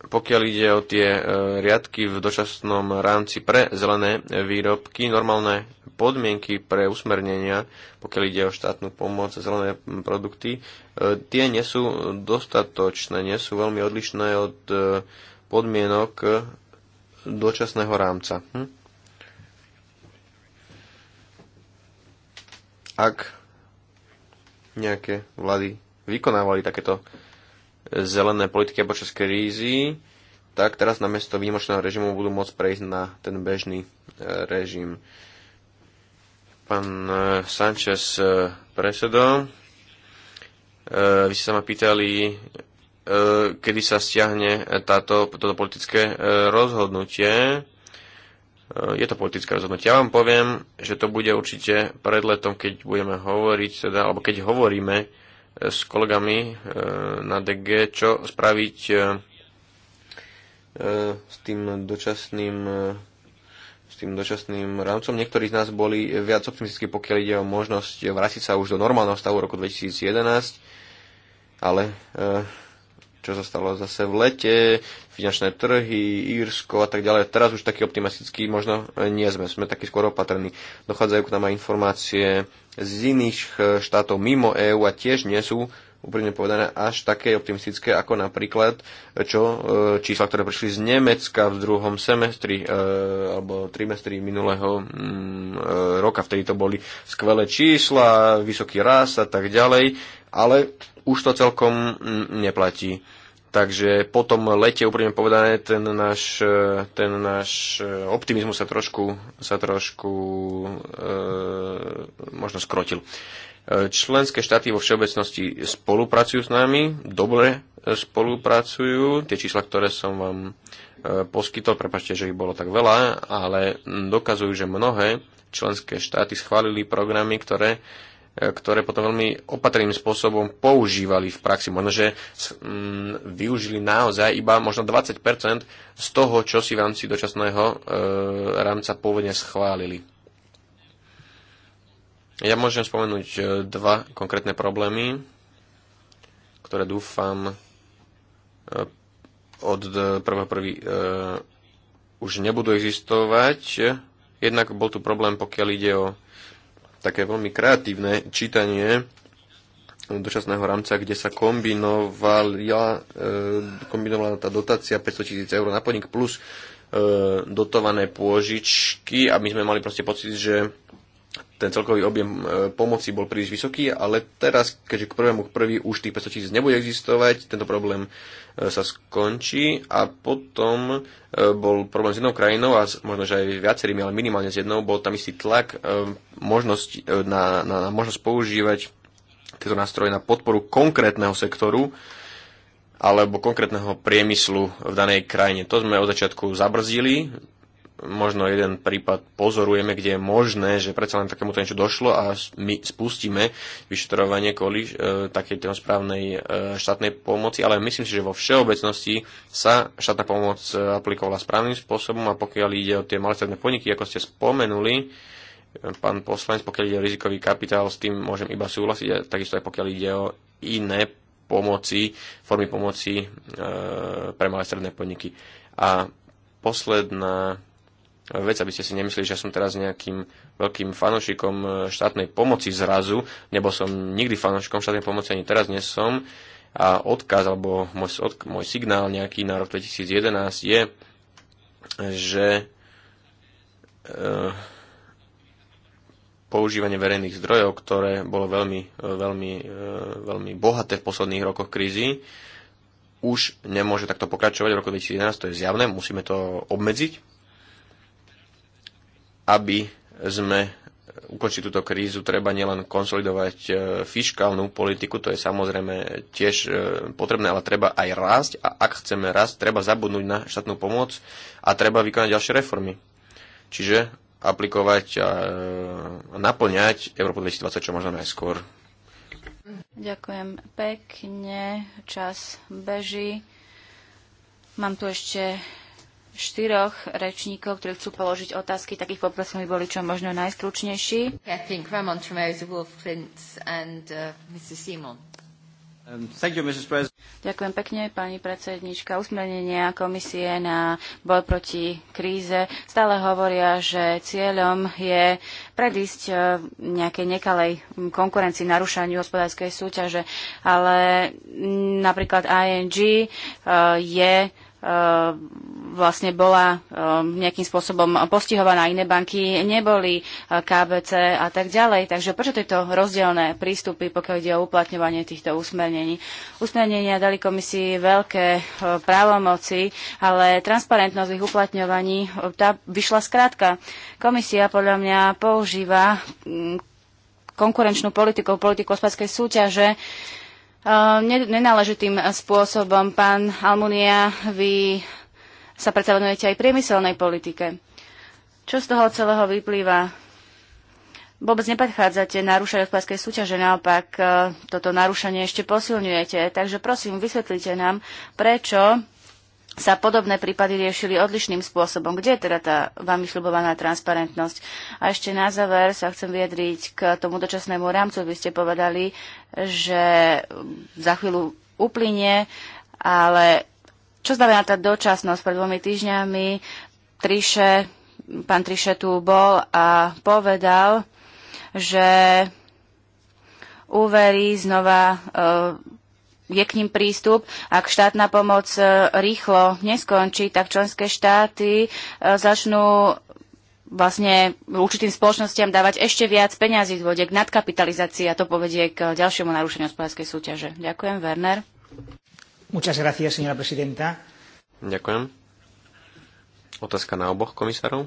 pokiaľ ide o tie e, riadky v dočasnom rámci pre zelené výrobky, normálne podmienky pre usmernenia, pokiaľ ide o štátnu pomoc a zelené produkty, tie nie sú dostatočné, nie sú veľmi odlišné od podmienok dočasného rámca. Hm? ak nejaké vlády vykonávali takéto zelené politiky počas krízy, tak teraz na mesto výnimočného režimu budú môcť prejsť na ten bežný e, režim. Pán e, Sanchez e, presedo, vy ste sa ma pýtali, kedy sa stiahne táto, toto politické rozhodnutie. Eh, je to politické rozhodnutie. Ja vám poviem, že to bude určite pred letom, keď budeme hovoriť, teda, alebo keď hovoríme eh, s kolegami eh, na DG, čo spraviť s tým dočasným s tým dočasným rámcom. Niektorí z nás boli viac optimistickí, pokiaľ ide o možnosť vrátiť sa už do normálneho stavu roku 2011, ale čo sa stalo zase v lete, finančné trhy, Írsko a tak ďalej. Teraz už taký optimistický možno nie sme, sme takí skôr opatrní. Dochádzajú k nám aj informácie z iných e, štátov mimo EÚ a tiež nie sú úprimne povedané, až také optimistické ako napríklad e, čo, e, čísla, ktoré prišli z Nemecka v druhom semestri alebo trimestri minulého mm, roka. Vtedy to boli skvelé čísla, vysoký rast a tak ďalej, ale už to celkom neplatí. Takže po tom lete, úprimne povedané, ten náš, e, ten náš e, optimizmus sa trošku, sa trošku e, možno skrotil. E, členské štáty vo všeobecnosti spolupracujú s nami, dobre spolupracujú. Tie čísla, ktoré som vám poskytol, prepačte, že ich bolo tak veľa, ale dokazujú, že mnohé členské štáty schválili programy, ktoré ktoré potom veľmi opatrným spôsobom používali v praxi. Možno, že mm, využili naozaj iba možno 20% z toho, čo si v rámci dočasného e, rámca pôvodne schválili. Ja môžem spomenúť e, dva konkrétne problémy, ktoré dúfam e, od 1.1. už nebudú existovať. Jednak bol tu problém, pokiaľ ide o také veľmi kreatívne čítanie dočasného rámca, kde sa kombinovala, e, kombinovala tá dotácia 500 tisíc eur na podnik plus e, dotované pôžičky a my sme mali proste pocit, že ten celkový objem e, pomoci bol príliš vysoký, ale teraz, keďže k prvému k prvý už tých 500 tisíc nebude existovať, tento problém e, sa skončí a potom e, bol problém s jednou krajinou a možno, že aj viacerými, ale minimálne s jednou, bol tam istý tlak možnosť, na, na, na možnosť používať tieto nástroje na podporu konkrétneho sektoru alebo konkrétneho priemyslu v danej krajine. To sme od začiatku zabrzili možno jeden prípad pozorujeme, kde je možné, že predsa len takémuto niečo došlo a my spustíme vyšetrovanie kvôli e, takej správnej e, štátnej pomoci, ale myslím si, že vo všeobecnosti sa štátna pomoc e, aplikovala správnym spôsobom a pokiaľ ide o tie malé podniky, ako ste spomenuli, e, pán poslanec, pokiaľ ide o rizikový kapitál, s tým môžem iba súhlasiť, a takisto aj pokiaľ ide o iné pomoci, formy pomoci e, pre malé stredné podniky. A posledná vec, aby ste si nemysleli, že som teraz nejakým veľkým fanošikom e, štátnej pomoci zrazu. nebo som nikdy fanošikom štátnej pomoci, ani teraz nie som. A odkaz, alebo môj, môj signál nejaký na rok 2011 je, že e, používanie verejných zdrojov, ktoré bolo veľmi, e, veľmi, e, veľmi bohaté v posledných rokoch krízy, už nemôže takto pokračovať v roku 2011, to je zjavné, musíme to obmedziť aby sme ukončiť túto krízu, treba nielen konsolidovať e, fiskálnu politiku, to je samozrejme tiež e, potrebné, ale treba aj rásť a ak chceme rásť, treba zabudnúť na štátnu pomoc a treba vykonať ďalšie reformy. Čiže aplikovať a e, naplňať Európu 2020 čo možno najskôr. Ďakujem pekne, čas beží. Mám tu ešte štyroch rečníkov, ktorí chcú položiť otázky, tak ich poprosím, aby boli čo možno najstručnejší. Yeah, and, uh, um, you, Ďakujem pekne, pani predsednička. Usmernenia komisie na boj proti kríze stále hovoria, že cieľom je predísť uh, nejakej nekalej um, konkurencii, narušaniu hospodárskej súťaže, ale mm, napríklad ING uh, je E, vlastne bola e, nejakým spôsobom postihovaná, iné banky neboli, e, KBC a tak ďalej. Takže prečo tieto rozdielne prístupy, pokiaľ ide o uplatňovanie týchto usmernení? Usmernenia dali komisii veľké právomoci, ale transparentnosť ich uplatňovaní tá vyšla skrátka. Komisia podľa mňa používa konkurenčnú politiku, politiku hospodárskej súťaže Eh, nenáležitým spôsobom. Pán Almunia, vy sa predsa venujete aj priemyselnej politike. Čo z toho celého vyplýva? Vôbec nepredchádzate narúšať hospodárskej súťaže, naopak eh, toto narušenie ešte posilňujete. Takže prosím, vysvetlite nám, prečo sa podobné prípady riešili odlišným spôsobom. Kde je teda tá vám vyšľubovaná transparentnosť? A ešte na záver sa chcem vyjadriť k tomu dočasnému rámcu. Vy ste povedali, že za chvíľu uplynie, ale čo znamená tá dočasnosť? Pred dvomi týždňami Triše, pán Triše tu bol a povedal, že úvery znova e, je k ním prístup. Ak štátna pomoc e, rýchlo neskončí, tak členské štáty e, začnú vlastne určitým spoločnostiam dávať ešte viac peňazí, dôjde k nadkapitalizácii a to povedie k ďalšiemu narušeniu hospodárskej súťaže. Ďakujem, Werner. Muchas gracias, señora presidenta. Ďakujem. Otázka na oboch komisárov.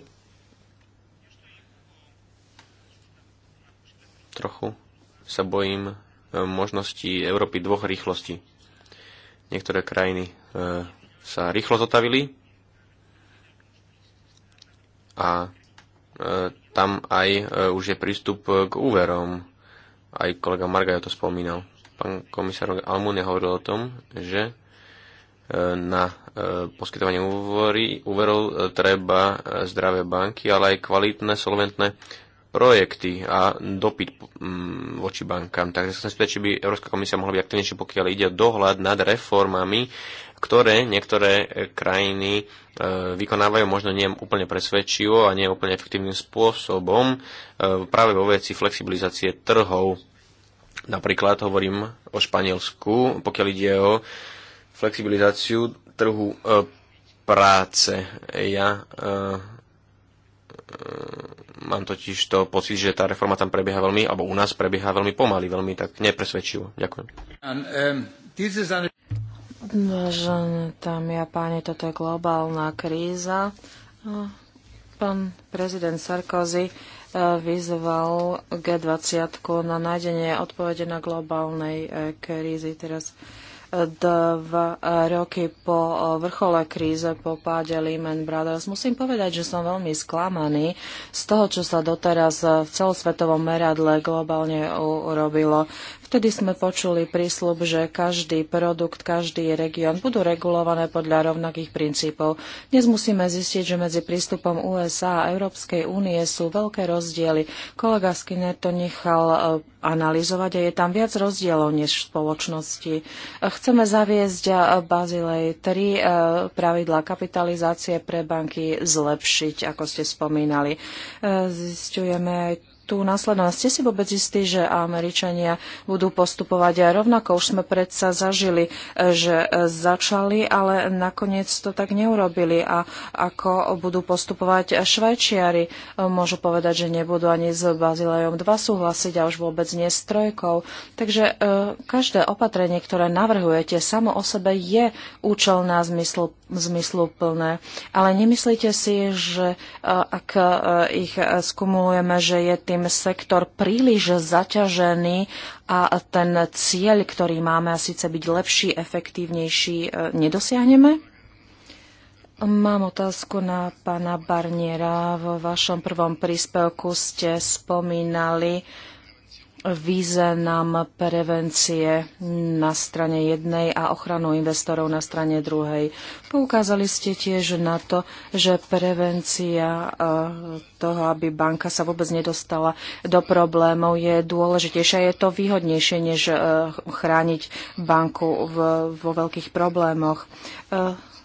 Trochu sa bojím e, možnosti Európy dvoch rýchlostí. Niektoré krajiny e, sa rýchlo zotavili, a E, tam aj e, už je prístup k úverom. Aj kolega Margajo to spomínal. Pán komisár Almúne hovoril o tom, že e, na poskytovanie úvory úverov treba zdravé banky, ale aj kvalitné, solventné projekty a dopyt mm, voči bankám. Takže sa chcem či by Európska komisia mohla byť aktivnejšia, pokiaľ ide dohľad nad reformami ktoré niektoré e, krajiny e, vykonávajú možno nie úplne presvedčivo a nie úplne efektívnym spôsobom e, práve vo veci flexibilizácie trhov. Napríklad hovorím o Španielsku, pokiaľ ide o flexibilizáciu trhu práce. Ja mám totiž to pocit, že tá reforma tam prebieha veľmi, alebo u nás prebieha veľmi pomaly, veľmi tak nepresvedčivo. Ďakujem. Um, Vážené dámy a páni, toto je globálna kríza. Pán prezident Sarkozy e, vyzval G20 na nájdenie odpovede na globálnej e, krízy. Teraz e, dva roky po vrchole kríze, po páde Lehman Brothers. Musím povedať, že som veľmi sklamaný z toho, čo sa doteraz v celosvetovom meradle globálne urobilo. Vtedy sme počuli prísľub, že každý produkt, každý región budú regulované podľa rovnakých princípov. Dnes musíme zistiť, že medzi prístupom USA a Európskej únie sú veľké rozdiely. Kolega Skinner to nechal e, analyzovať a je tam viac rozdielov než v spoločnosti. Chceme zaviesť e, Bazilej 3 e, pravidla kapitalizácie pre banky zlepšiť, ako ste spomínali. Zistujeme aj tú následnosť. Ste si vôbec istí, že Američania budú postupovať aj rovnako? Už sme predsa zažili, e, že e, začali, ale nakoniec to tak neurobili. A ako budú postupovať Švajčiari? E, môžu povedať, že nebudú ani s Bazilejom 2 súhlasiť a už vôbec nie s trojkou. Takže každé opatrenie, ktoré navrhujete, samo o sebe je účelné a zmyslu plné. Ale nemyslíte si, že ak ich skumulujeme, že je tým ím sektor príliš zaťažený a ten cieľ, ktorý máme, a síce byť lepší, efektívnejší, e, nedosiahneme? Mám otázku na pána Barniera. V vašom prvom príspevku ste spomínali, význam prevencie na strane jednej a ochranu investorov na strane druhej. Poukázali ste tiež na to, že prevencia e, toho, aby banka sa vôbec nedostala do problémov, je dôležitejšia. Je to výhodnejšie, než e, chrániť banku vo veľkých problémoch.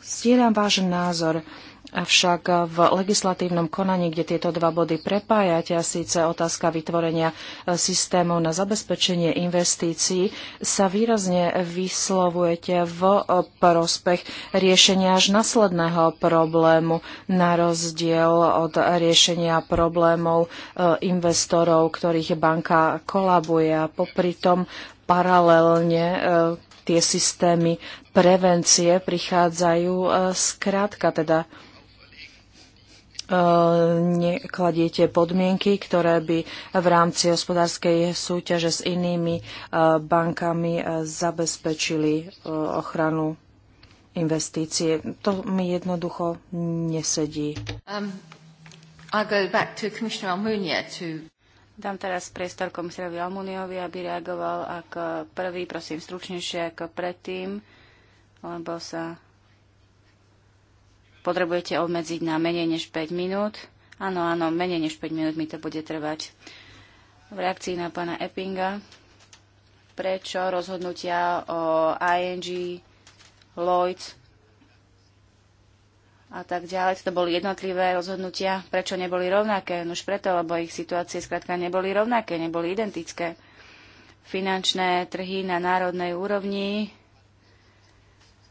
Zdieľam e, váš názor Avšak v legislatívnom konaní, kde tieto dva body prepájate, a síce otázka vytvorenia e, systémov na zabezpečenie investícií, sa výrazne vyslovujete v e, prospech riešenia až nasledného problému, na rozdiel od riešenia problémov e, investorov, ktorých banka kolabuje a popri tom paralelne tie systémy prevencie prichádzajú skrátka, teda nekladiete podmienky, ktoré by v rámci hospodárskej súťaže s inými e, bankami e, zabezpečili e, ochranu investície. To mi jednoducho nesedí. Um, to... Dám teraz priestor komisárovi Almuniovi, aby reagoval ako prvý, prosím, stručnejšie ako predtým, lebo sa potrebujete obmedziť na menej než 5 minút. Áno, áno, menej než 5 minút mi to bude trvať. V reakcii na pána Eppinga, prečo rozhodnutia o ING, Lloyds a tak ďalej, to boli jednotlivé rozhodnutia, prečo neboli rovnaké? No už preto, lebo ich situácie skrátka neboli rovnaké, neboli identické. Finančné trhy na národnej úrovni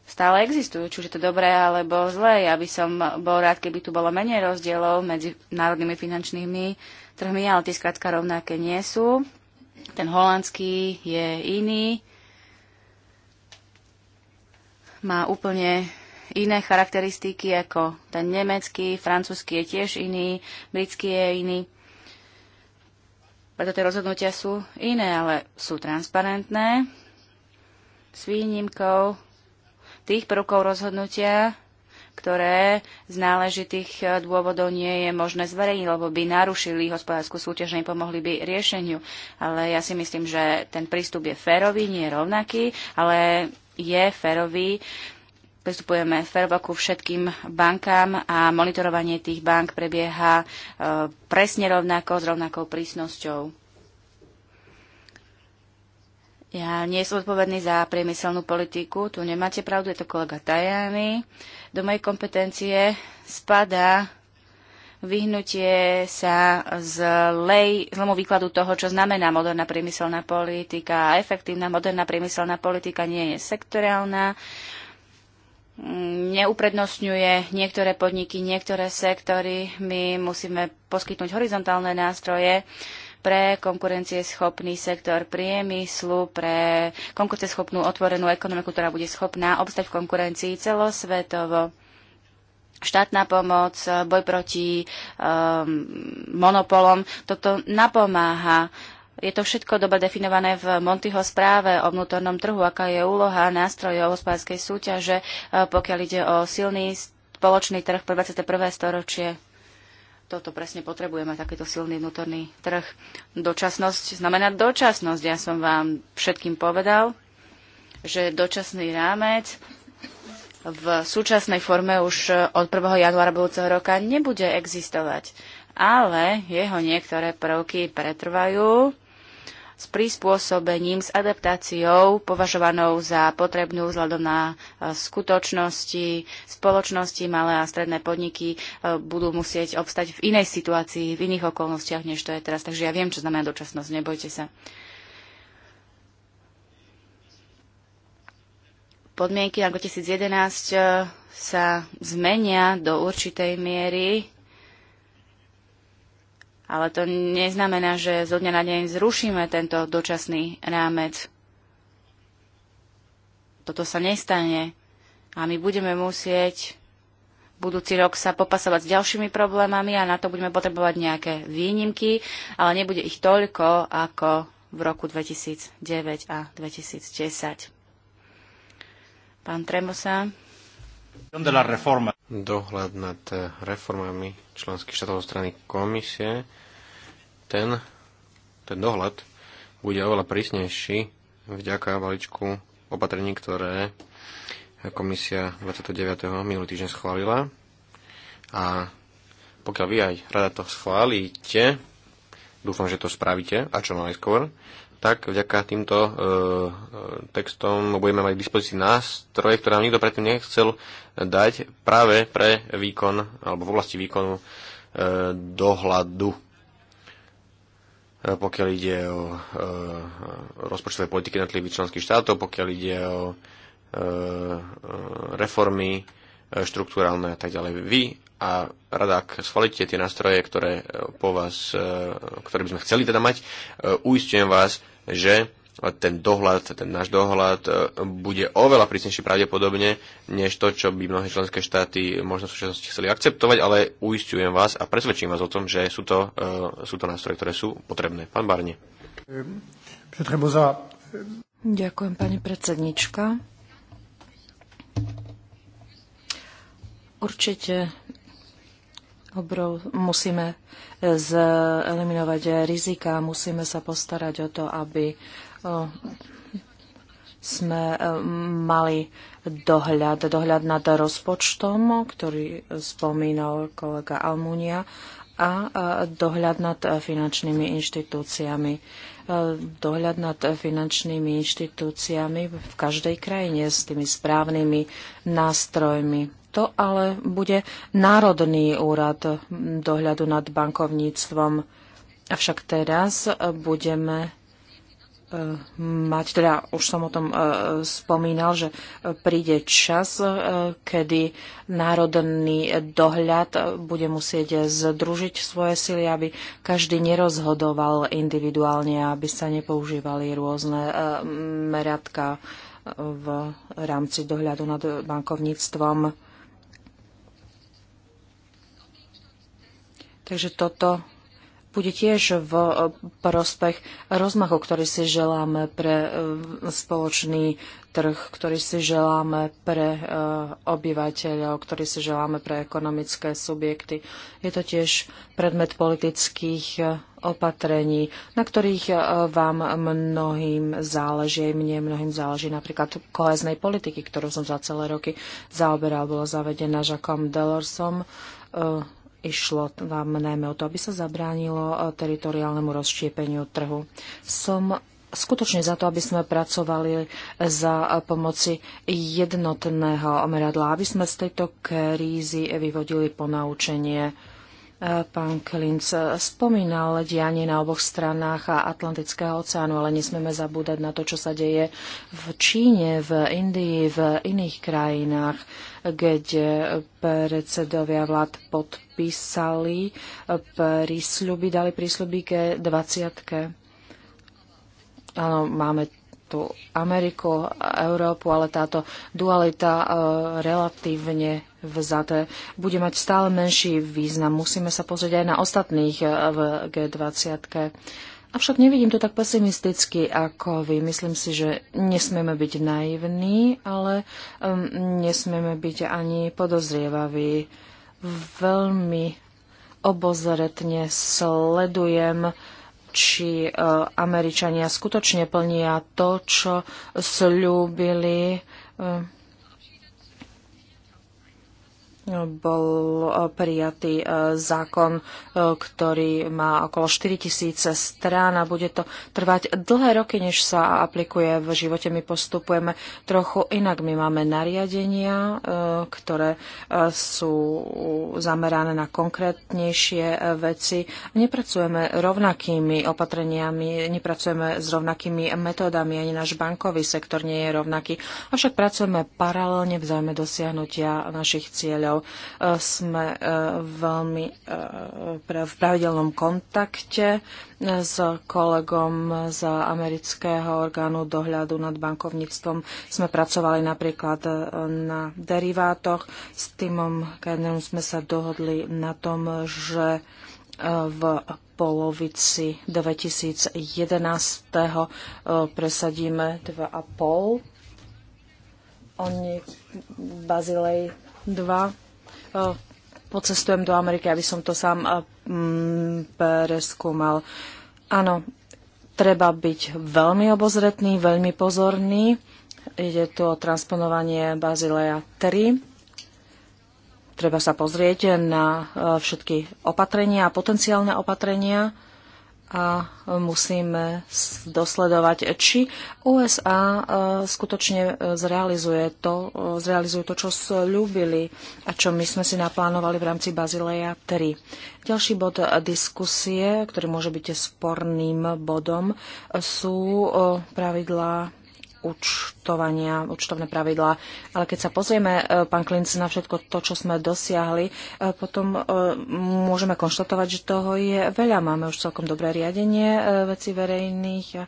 stále existujú, či už je to dobré alebo zlé. Ja by som bol rád, keby tu bolo menej rozdielov medzi národnými finančnými trhmi, ale tie skrátka rovnaké nie sú. Ten holandský je iný, má úplne iné charakteristiky ako ten nemecký, francúzsky je tiež iný, britský je iný. Preto tie rozhodnutia sú iné, ale sú transparentné. S výnimkou tých prvkov rozhodnutia, ktoré z náležitých e, dôvodov nie je možné zverejniť, lebo by narušili hospodárskú súťaž, nepomohli by riešeniu. Ale ja si myslím, že ten prístup je férový, nie je rovnaký, ale je férový. Pristupujeme férovo ku všetkým bankám a monitorovanie tých bank prebieha e, presne rovnako, s rovnakou prísnosťou. Ja nie som odpovedný za priemyselnú politiku, tu nemáte pravdu, je to kolega Tajany. Do mojej kompetencie spadá vyhnutie sa lej, zlomu výkladu toho, čo znamená moderná priemyselná politika. A efektívna moderná priemyselná politika nie je sektoriálna, neuprednostňuje niektoré podniky, niektoré sektory. My musíme poskytnúť horizontálne nástroje, pre konkurencieschopný sektor priemyslu, pre konkurencieschopnú otvorenú ekonomiku, ktorá bude schopná obstať v konkurencii celosvetovo štátna pomoc, boj proti um, monopolom, toto napomáha je to všetko dobre definované v Montyho správe o vnútornom trhu, aká je úloha nástrojov hospodárskej súťaže, eh, pokiaľ ide o silný spoločný trh pre 21. storočie toto presne potrebujeme, takýto silný vnútorný trh. Dočasnosť znamená dočasnosť. Ja som vám všetkým povedal, že dočasný rámec v súčasnej forme už od 1. januára budúceho roka nebude existovať. Ale jeho niektoré prvky pretrvajú s prispôsobením, s adaptáciou považovanou za potrebnú vzhľadom na e, skutočnosti spoločnosti, malé a stredné podniky e, budú musieť obstať v inej situácii, v iných okolnostiach, než to je teraz. Takže ja viem, čo znamená dočasnosť, nebojte sa. Podmienky na 2011 e, sa zmenia do určitej miery ale to neznamená, že zo dňa na deň zrušíme tento dočasný rámec. Toto sa nestane. A my budeme musieť budúci rok sa popasovať s ďalšími problémami a na to budeme potrebovať nejaké výnimky, ale nebude ich toľko ako v roku 2009 a 2010. Pán Tremosa. Dohľad nad reformami členských štátov zo strany komisie, ten, ten dohľad bude oveľa prísnejší vďaka balíčku opatrení, ktoré komisia 29. minulý týždeň schválila. A pokiaľ vy aj rada to schválite, dúfam, že to spravíte, a čo najskôr, tak vďaka týmto e, e, textom budeme mať k dispozícii nástroje, ktoré nám nikto predtým nechcel dať práve pre výkon alebo v oblasti výkonu e, dohľadu e, pokiaľ ide o e, rozpočtové politiky jednotlivých členských štátov, pokiaľ ide o e, e reformy e, štruktúralne a tak ďalej. Vy a rada, ak schvalíte tie nástroje, ktoré e, po vás, e, ktoré by sme chceli teda mať, e, uistujem vás, že ten dohľad, ten náš dohľad bude oveľa prísnejší pravdepodobne, než to, čo by mnohé členské štáty možno v súčasnosti chceli akceptovať, ale uistujem vás a presvedčím vás o tom, že sú to, sú to nástroje, ktoré sú potrebné. Pán Barne. Ďakujem, pani predsednička. Určite obrov, musíme e, zeliminovať rizika, musíme sa postarať o to, aby sme e, mali dohľad, dohľad nad rozpočtom, ktorý spomínal kolega Almunia, a dohľad nad e, finančnými inštitúciami dohľad nad finančnými inštitúciami v každej krajine s tými správnymi nástrojmi. To ale bude Národný úrad dohľadu nad bankovníctvom. Avšak teraz budeme Eh, mať, teda už som o tom eh, spomínal, že eh, príde čas, kedy národný dohľad bude musieť združiť svoje sily, aby každý nerozhodoval individuálne, aby sa nepoužívali rôzne meratka v rámci dohľadu nad bankovníctvom. Takže toto bude tiež v eh, prospech rozmachu, ktorý si želáme pre eh, spoločný trh, ktorý si želáme pre eh, obyvateľov, ktorý si želáme pre ekonomické subjekty. Je to tiež predmet politických opatrení, na ktorých vám mnohým záleží, mne mnohým záleží napríklad koheznej politiky, ktorú som za celé roky zaoberal, bola zavedená Žakom Delorsom Išlo vám najmä o to, aby sa zabránilo e, teritoriálnemu rozštiepeniu trhu. Som skutočne za to, aby sme pracovali za e, pomoci jednotného meradla, aby sme z tejto krízy vyvodili ponaučenie pán Klinc spomínal dianie na oboch stranách Atlantického oceánu, ale nesmieme zabúdať na to, čo sa deje v Číne, v Indii, v iných krajinách, kde predsedovia vlád podpísali prísľuby, dali prísľuby ke 20. Áno, máme tú Ameriku, Európu, ale táto dualita e, relatívne vzaté bude mať stále menší význam. Musíme sa pozrieť aj na ostatných e, v G20. Avšak nevidím to tak pesimisticky ako vy. Myslím si, že nesmieme byť naivní, ale um, nesmieme byť ani podozrievaví. Veľmi obozretne sledujem uh, či e, Američania skutočne plnia to, čo slúbili e, bol e, prijatý e, zákon, e, ktorý má okolo 4000 strán a bude to trvať dlhé roky, než sa aplikuje. V živote my postupujeme trochu inak. My máme nariadenia, ktoré sú zamerané na konkrétnejšie veci. Nepracujeme rovnakými opatreniami, nepracujeme s rovnakými metódami, ani náš bankový sektor nie je rovnaký. Avšak pracujeme paralelne v dosiahnutia našich cieľov komisiou e, sme e, veľmi e, v pravidelnom kontakte s kolegom z amerického orgánu dohľadu nad bankovníctvom. Sme pracovali napríklad na derivátoch. S týmom Kajnerom sme sa dohodli na tom, že v polovici 2011. presadíme 2,5. Oni Bazilej 2 pocestujem eh, do Ameriky, aby som to sám eh, mm, preskúmal. Áno, treba byť veľmi obozretný, veľmi pozorný. Ide tu o transponovanie Bazileja 3 treba sa pozrieť na eh, všetky opatrenia a potenciálne opatrenia a musíme dosledovať, či USA e, skutočne e, zrealizuje to, e, zrealizuje to, čo slúbili a čo my sme si naplánovali v rámci Bazileja 3. Ďalší bod diskusie, ktorý môže byť sporným bodom, sú pravidlá účtovania, účtovné pravidlá. Ale keď sa pozrieme, e, pán Klinc, na všetko to, čo sme dosiahli, e, potom e, môžeme konštatovať, že toho je veľa. Máme už celkom dobré riadenie veci verejných a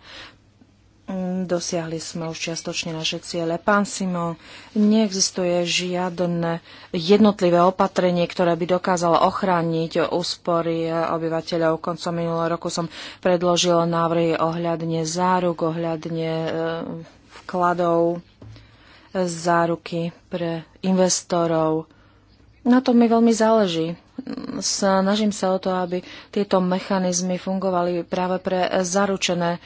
mm, Dosiahli sme už čiastočne naše ciele. Pán Simo, neexistuje žiadne jednotlivé opatrenie, ktoré by dokázalo ochrániť úspory obyvateľov. Koncom minulého roku som predložil návrhy ohľadne záruk, ohľadne nákladov, záruky pre investorov. Na to mi veľmi záleží. Snažím sa o to, aby tieto mechanizmy fungovali práve pre zaručené e,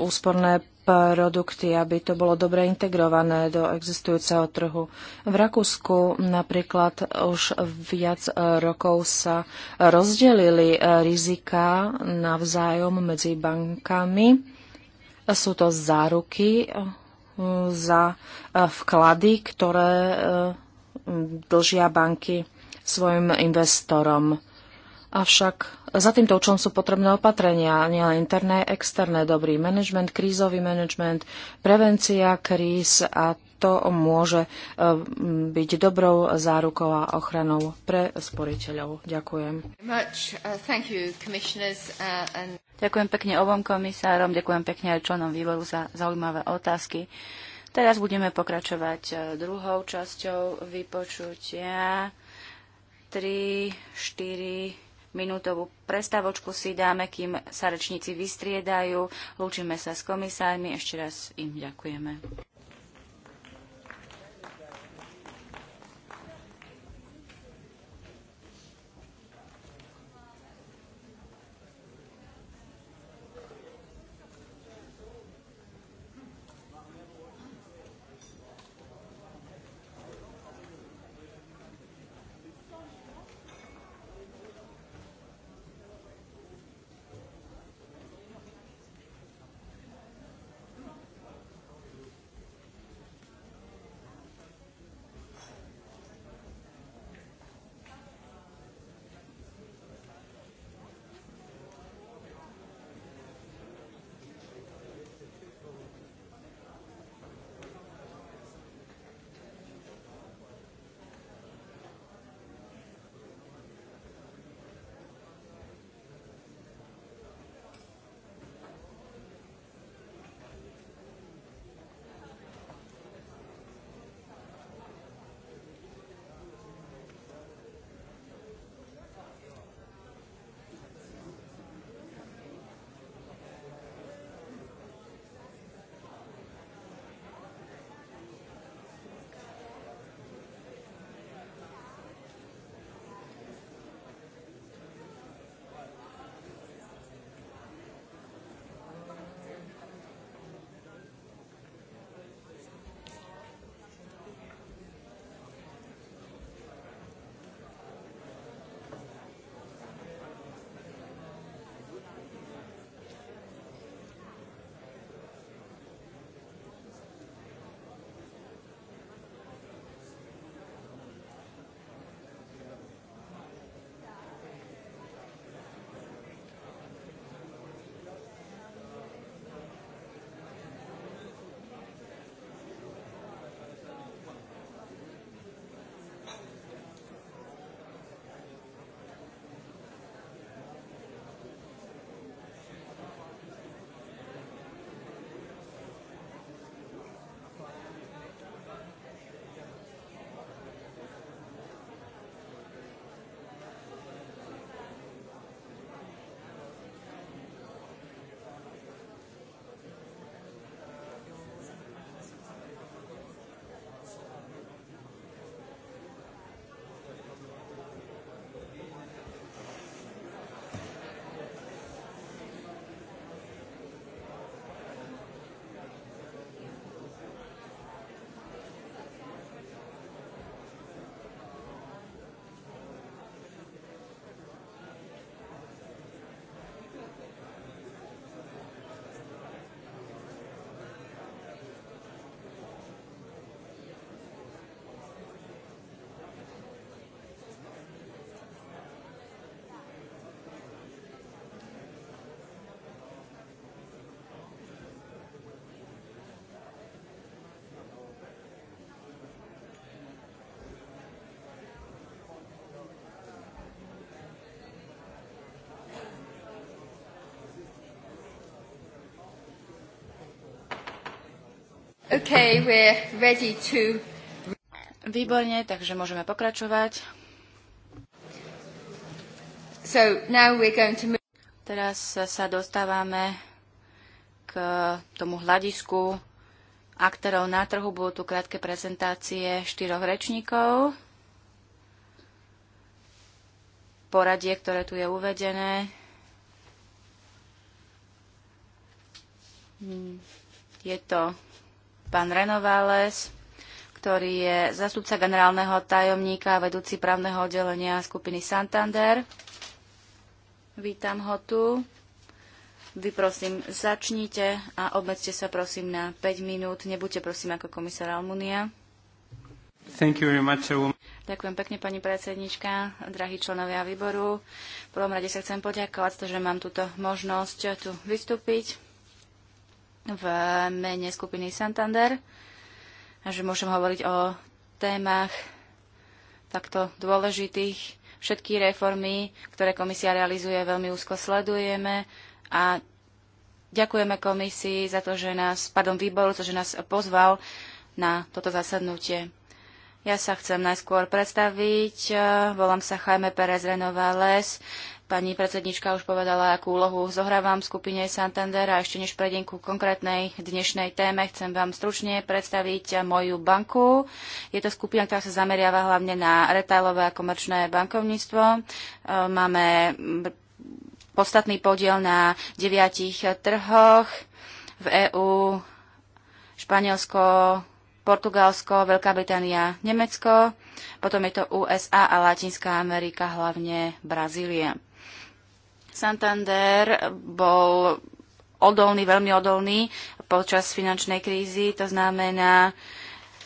úsporné produkty, aby to bolo dobre integrované do existujúceho trhu. V Rakúsku napríklad už viac e, rokov sa rozdelili e, rizika navzájom medzi bankami sú to záruky eh, za eh, vklady, ktoré eh, dlžia banky svojim investorom. Avšak za týmto účelom sú potrebné opatrenia, nielen interné, externé, dobrý management, krízový management, prevencia kríz a to môže e, byť dobrou zárukou a ochranou pre sporiteľov. Ďakujem. Uh, uh, ďakujem pekne obom komisárom, ďakujem pekne aj členom výboru za zaujímavé otázky. Teraz budeme pokračovať e, druhou časťou vypočutia. 3, 4 minútovú prestavočku si dáme, kým sa rečníci vystriedajú. Lúčime sa s komisármi. Ešte raz im ďakujeme. Okay, we're ready to... Výborne, takže môžeme pokračovať. So now we're going to move... Teraz sa dostávame k tomu hľadisku aktérov na trhu. Budú tu krátke prezentácie štyroch rečníkov. Poradie, ktoré tu je uvedené. Hmm. Je to pán Renovales, ktorý je zastupca generálneho tajomníka a vedúci právneho oddelenia skupiny Santander. Vítam ho tu. Vy prosím začnite a obmedzte sa prosím na 5 minút. Nebuďte prosím ako komisár Almunia. Thank you very much, Ďakujem pekne, pani predsednička, drahí členovia výboru. V prvom rade sa chcem poďakovať, to, že mám túto možnosť tu vystúpiť v mene skupiny Santander a že môžem hovoriť o témach takto dôležitých. Všetky reformy, ktoré komisia realizuje, veľmi úzko sledujeme a ďakujeme komisii za to, že nás, pardon, výboru, to, že nás pozval na toto zasadnutie. Ja sa chcem najskôr predstaviť. Volám sa Jaime Pérez Les. Pani predsednička už povedala, akú úlohu zohrávam v skupine Santander a ešte než prejdem ku konkrétnej dnešnej téme, chcem vám stručne predstaviť moju banku. Je to skupina, ktorá sa zameriava hlavne na retailové a komerčné bankovníctvo. E, máme podstatný podiel na deviatich trhoch v EÚ, Španielsko, Portugalsko, Veľká Británia, Nemecko, potom je to USA a Latinská Amerika, hlavne Brazília. Santander bol odolný, veľmi odolný počas finančnej krízy. To znamená,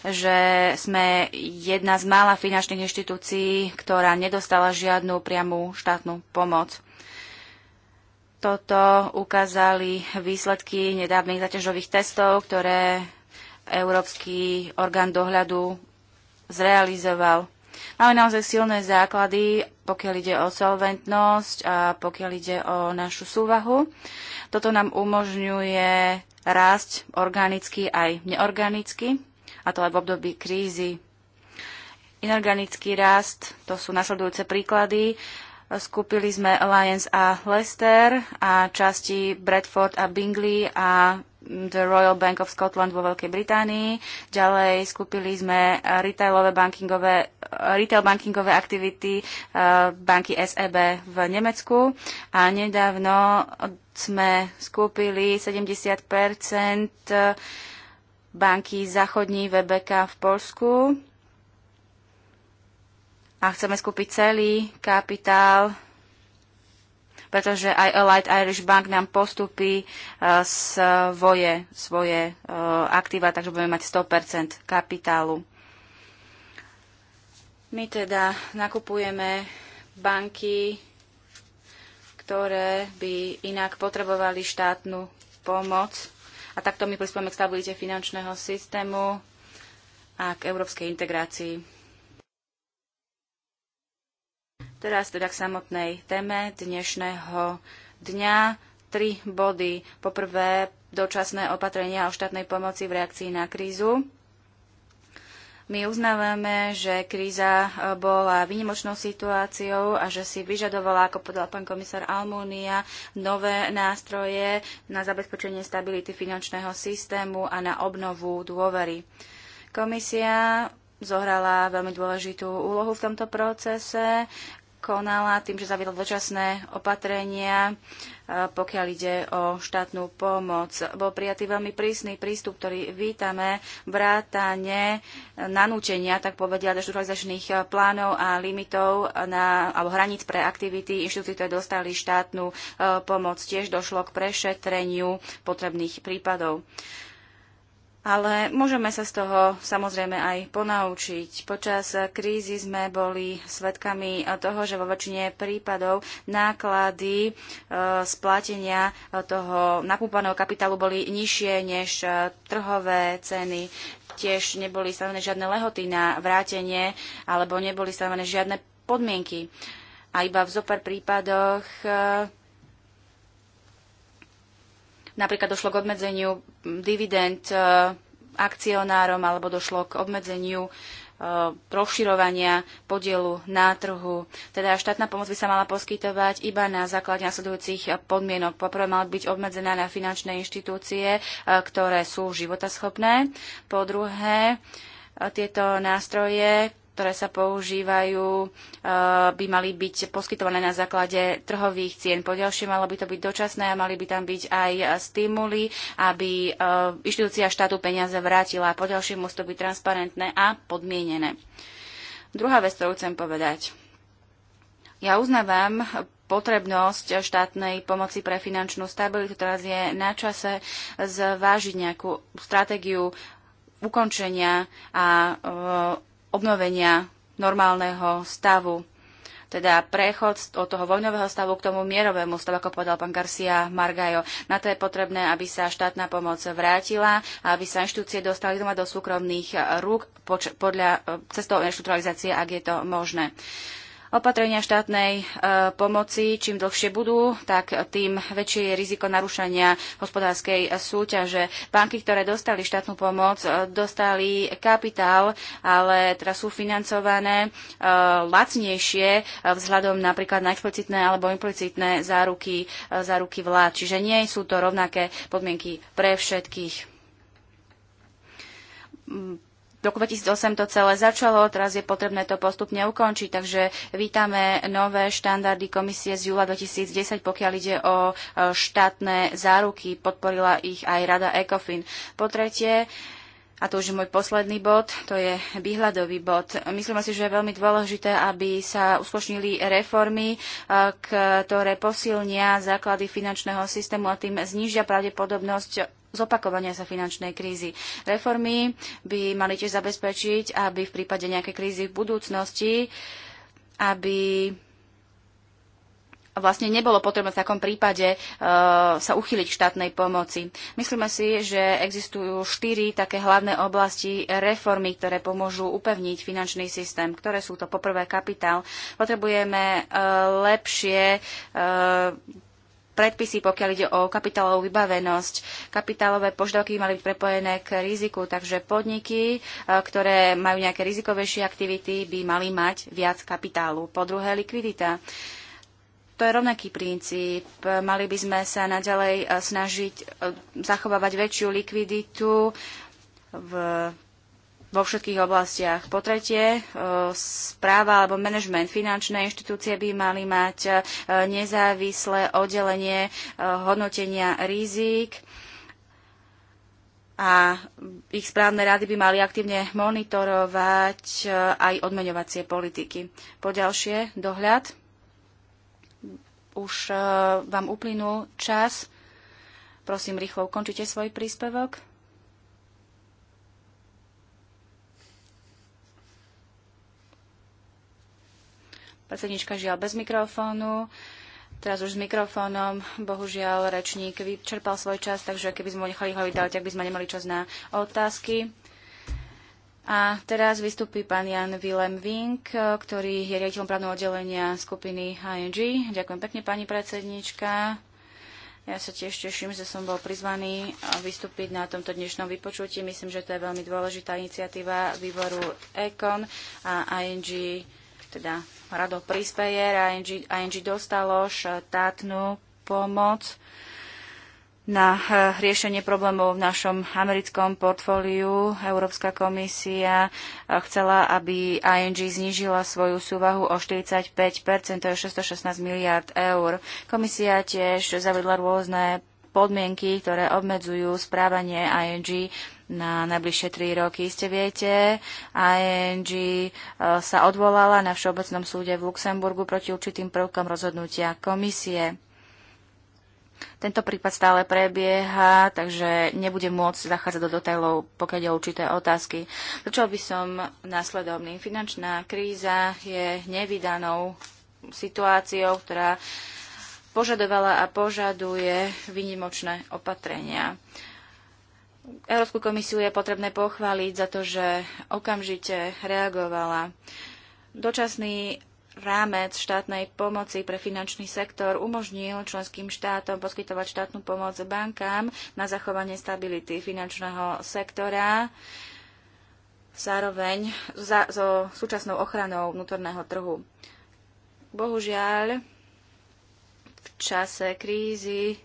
že sme jedna z mála finančných inštitúcií, ktorá nedostala žiadnu priamu štátnu pomoc. Toto ukázali výsledky nedávnych zaťažových testov, ktoré Európsky orgán dohľadu zrealizoval. Máme naozaj silné základy, pokiaľ ide o solventnosť a pokiaľ ide o našu súvahu. Toto nám umožňuje rásť organicky aj neorganicky, a to aj v období krízy. Inorganický rast, to sú nasledujúce príklady. Skúpili sme Alliance a Lester a časti Bradford a Bingley a The Royal Bank of Scotland vo Veľkej Británii. Ďalej skupili sme retailové bankingové, retail bankingové aktivity eh, banky SEB v Nemecku a nedávno sme skúpili 70 eh, banky Zachodní VBK v Polsku a chceme skúpiť celý kapitál pretože aj Allied Irish Bank nám postupí e, svoje, svoje e, aktíva, takže budeme mať 100% kapitálu. My teda nakupujeme banky, ktoré by inak potrebovali štátnu pomoc. A takto my prispieme k stabilite finančného systému a k európskej integrácii. Teraz teda k samotnej téme dnešného dňa. Tri body. Poprvé, dočasné opatrenia o štátnej pomoci v reakcii na krízu. My uznávame, že kríza eh, bola výnimočnou situáciou a že si vyžadovala, ako podal pán komisár Almúnia, nové nástroje na zabezpečenie stability finančného systému a na obnovu dôvery. Komisia zohrala veľmi dôležitú úlohu v tomto procese konala tým, že zaviedla dočasné opatrenia, e, pokiaľ ide o štátnu pomoc. Bol prijatý veľmi prísny prístup, ktorý vítame, vrátane nanúčenia, tak povedia, deštrukturalizačných e, plánov a limitov na, alebo hraníc pre aktivity inštitúcií, ktoré dostali štátnu e, pomoc. Tiež došlo k prešetreniu potrebných prípadov ale môžeme sa z toho samozrejme aj ponaučiť. Počas krízy sme boli svedkami toho, že vo väčšine prípadov náklady e, splatenia e, toho napúpaného kapitálu boli nižšie než e, trhové ceny. Tiež neboli stavené žiadne lehoty na vrátenie alebo neboli stavené žiadne podmienky. A iba v zopár prípadoch e, Napríklad došlo k obmedzeniu dividend e, akcionárom alebo došlo k obmedzeniu e, rozširovania podielu na trhu. Teda štátna pomoc by sa mala poskytovať iba na základe nasledujúcich podmienok. Poprvé mala byť obmedzená na finančné inštitúcie, e, ktoré sú životaschopné. Po druhé, tieto nástroje ktoré sa používajú, e, by mali byť poskytované na základe trhových cien. Po ďalšie malo by to byť dočasné a mali by tam byť aj stimuly, aby e, inštitúcia štátu peniaze vrátila. Po ďalšie musí to byť transparentné a podmienené. Druhá vec, ktorú chcem povedať. Ja uznávam potrebnosť štátnej pomoci pre finančnú stabilitu. Teraz je na čase zvážiť nejakú stratégiu ukončenia a e, obnovenia normálneho stavu, teda prechod od toho vojnového stavu k tomu mierovému stavu, ako povedal pán Garcia Margajo. Na to je potrebné, aby sa štátna pomoc vrátila a aby sa inštitúcie dostali doma do súkromných rúk podľa e, cestou reštrukturalizácie, ak je to možné. Uh, Opatrenia štátnej e, pomoci, čím dlhšie budú, tak tým väčšie je riziko narušania hospodárskej súťaže. Banky, ktoré dostali štátnu pomoc, e, dostali kapitál, ale teraz sú financované e, lacnejšie vzhľadom napríklad na explicitné alebo implicitné záruky, záruky vlád. Čiže nie sú to rovnaké podmienky pre všetkých v roku 2008 to celé začalo, teraz je potrebné to postupne ukončiť, takže vítame nové štandardy komisie z júla 2010, pokiaľ ide o e, štátne záruky. Podporila ich aj Rada ECOFIN. Po tretie, a to už je môj posledný bod, to je výhľadový bod. Myslím si, že je veľmi dôležité, aby sa uskočnili reformy, e, ktoré posilnia základy finančného systému a tým znižia pravdepodobnosť zopakovania sa finančnej krízy. Reformy by mali tiež zabezpečiť, aby v prípade nejakej krízy v budúcnosti, aby vlastne nebolo potrebné v takom prípade uh, sa uchyliť k štátnej pomoci. Myslíme si, že existujú štyri také hlavné oblasti reformy, ktoré pomôžu upevniť finančný systém, ktoré sú to poprvé kapitál. Potrebujeme uh, lepšie uh, predpisy, pokiaľ ide o kapitálovú vybavenosť. Kapitálové požiadavky mali byť prepojené k riziku, takže podniky, e, ktoré majú nejaké rizikovejšie aktivity, by mali mať viac kapitálu. Po druhé, likvidita. To je rovnaký princíp. Mali by sme sa naďalej e, snažiť e, zachovávať väčšiu likviditu v vo všetkých oblastiach. Po tretie, e, správa alebo manažment finančné inštitúcie by mali mať e, nezávislé oddelenie e, hodnotenia rizik a ich správne rady by mali aktívne monitorovať aj odmeňovacie politiky. Po ďalšie, dohľad. Už vám uplynul čas. Prosím, rýchlo ukončite svoj príspevok. Predsednička žiaľ bez mikrofónu. Teraz už s mikrofónom, bohužiaľ, rečník vyčerpal svoj čas, takže keby sme ho nechali hlaviť dať, tak by sme nemali čas na otázky. A teraz vystupí pán Jan Willem Wink, ktorý je riaditeľom právneho oddelenia skupiny ING. Ďakujem pekne, pani predsednička. Ja sa tiež teším, že som bol prizvaný vystúpiť na tomto dnešnom vypočutí. Myslím, že to je veľmi dôležitá iniciatíva výboru ECON a ING, teda rado prispeje. a ING dostalo štátnu pomoc na eh, riešenie problémov v našom americkom portfóliu. Európska komisia eh, chcela, aby ING znížila svoju súvahu o 45 to je 616 miliard eur. Komisia tiež zavedla rôzne podmienky, ktoré obmedzujú správanie ING na najbližšie tri roky. Iste viete, ING eh, sa odvolala na Všeobecnom súde v Luxemburgu proti určitým prvkom rozhodnutia komisie. Tento prípad stále prebieha, takže nebudem môcť zachádzať do detailov, pokiaľ je určité otázky. Začal by som následovný. Finančná kríza je nevydanou situáciou, ktorá požadovala a požaduje vynimočné opatrenia. Európsku komisiu je potrebné pochváliť za to, že okamžite reagovala. Dočasný rámec štátnej pomoci pre finančný sektor umožnil členským štátom poskytovať štátnu pomoc bankám na zachovanie stability finančného sektora zároveň za, so súčasnou ochranou vnútorného trhu. Bohužiaľ, v čase krízy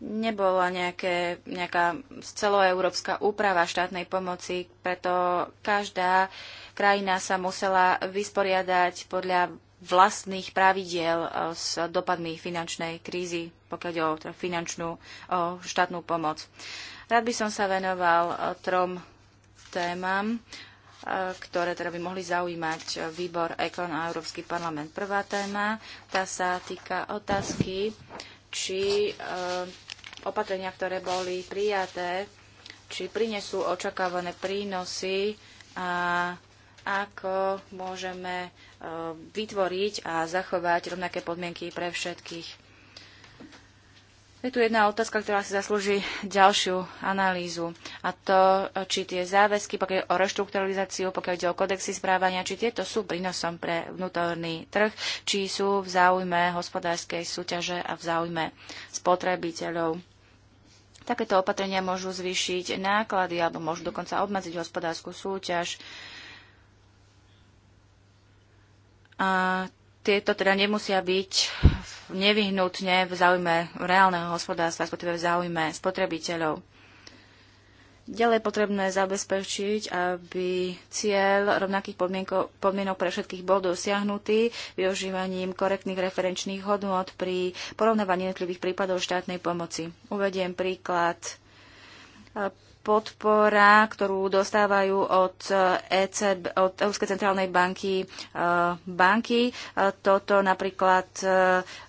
nebola nejaké, nejaká celoeurópska úprava štátnej pomoci, preto každá krajina sa musela vysporiadať podľa vlastných pravidiel eh, s dopadmi finančnej krízy, pokiaľ o teda finančnú o štátnu pomoc. Rád by som sa venoval eh, trom témam, eh, ktoré teda by mohli zaujímať výbor Ekon a Európsky parlament. Prvá téma, tá sa týka otázky, či opatrenia, ktoré boli prijaté, či prinesú očakávané prínosy a ako môžeme e, vytvoriť a zachovať rovnaké podmienky pre všetkých. Je tu jedna otázka, ktorá si zaslúži ďalšiu analýzu. A to, či tie záväzky, pokiaľ ide o reštrukturalizáciu, pokiaľ ide o kodexy správania, či tieto sú prínosom pre vnútorný trh, či sú v záujme hospodárskej súťaže a v záujme spotrebiteľov. Takéto opatrenia môžu zvýšiť náklady alebo môžu dokonca obmedziť hospodárskú súťaž. A tieto teda nemusia byť nevyhnutne v záujme reálneho hospodárstva, respektíve v záujme spotrebiteľov. Ďalej potrebné zabezpečiť, aby cieľ rovnakých podmienok pre všetkých bol dosiahnutý využívaním korektných referenčných hodnot pri porovnávaní jednotlivých prípadov štátnej pomoci. Uvediem príklad podpora, ktorú dostávajú od, ECB, od Európskej centrálnej banky e, banky. E, toto napríklad e,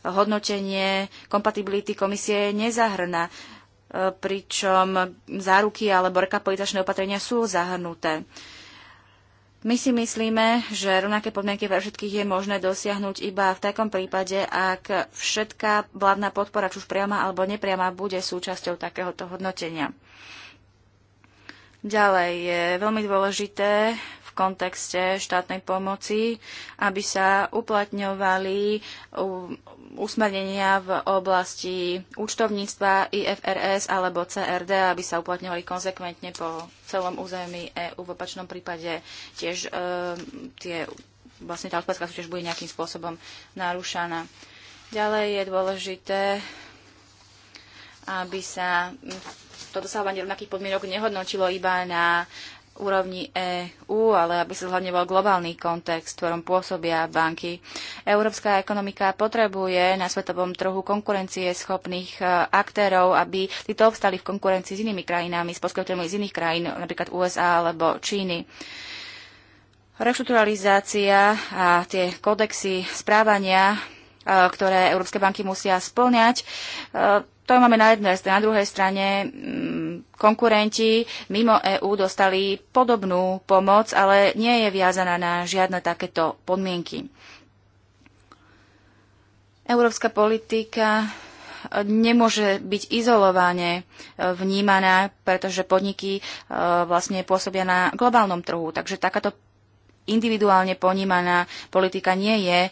hodnotenie kompatibility komisie nezahrna pričom záruky alebo rekapolitačné opatrenia sú zahrnuté. My si myslíme, že rovnaké podmienky pre všetkých je možné dosiahnuť iba v takom prípade, ak všetká vládna podpora, či už priama alebo nepriama, bude súčasťou takéhoto hodnotenia. Ďalej je veľmi dôležité v kontexte štátnej pomoci, aby sa uplatňovali usmernenia v oblasti účtovníctva IFRS alebo CRD, aby sa uplatňovali konsekventne po celom území EU. V opačnom prípade tiež e, tie, vlastne tá odpadská súťaž bude nejakým spôsobom narušaná. Ďalej je dôležité, aby sa to dosávanie rovnakých podmienok nehodnotilo iba na úrovni EÚ, ale aby sa zhľadňoval globálny kontext, v ktorom pôsobia banky. Európska ekonomika potrebuje na svetovom trhu konkurencie schopných e, aktérov, aby títo obstali v konkurencii s inými krajinami, s poskytovateľmi z iných krajín, napríklad USA alebo Číny. Reštrukturalizácia a tie kodexy správania Eh, ktoré európske banky musia splňať. Eh, to máme na jednej strane. Na druhej strane mm, konkurenti mimo EÚ dostali podobnú pomoc, ale nie je viazaná na žiadne takéto podmienky. Európska politika eh, nemôže byť izolovane vnímaná, pretože podniky vlastne pôsobia na globálnom trhu. Takže takáto individuálne ponímaná politika nie je e,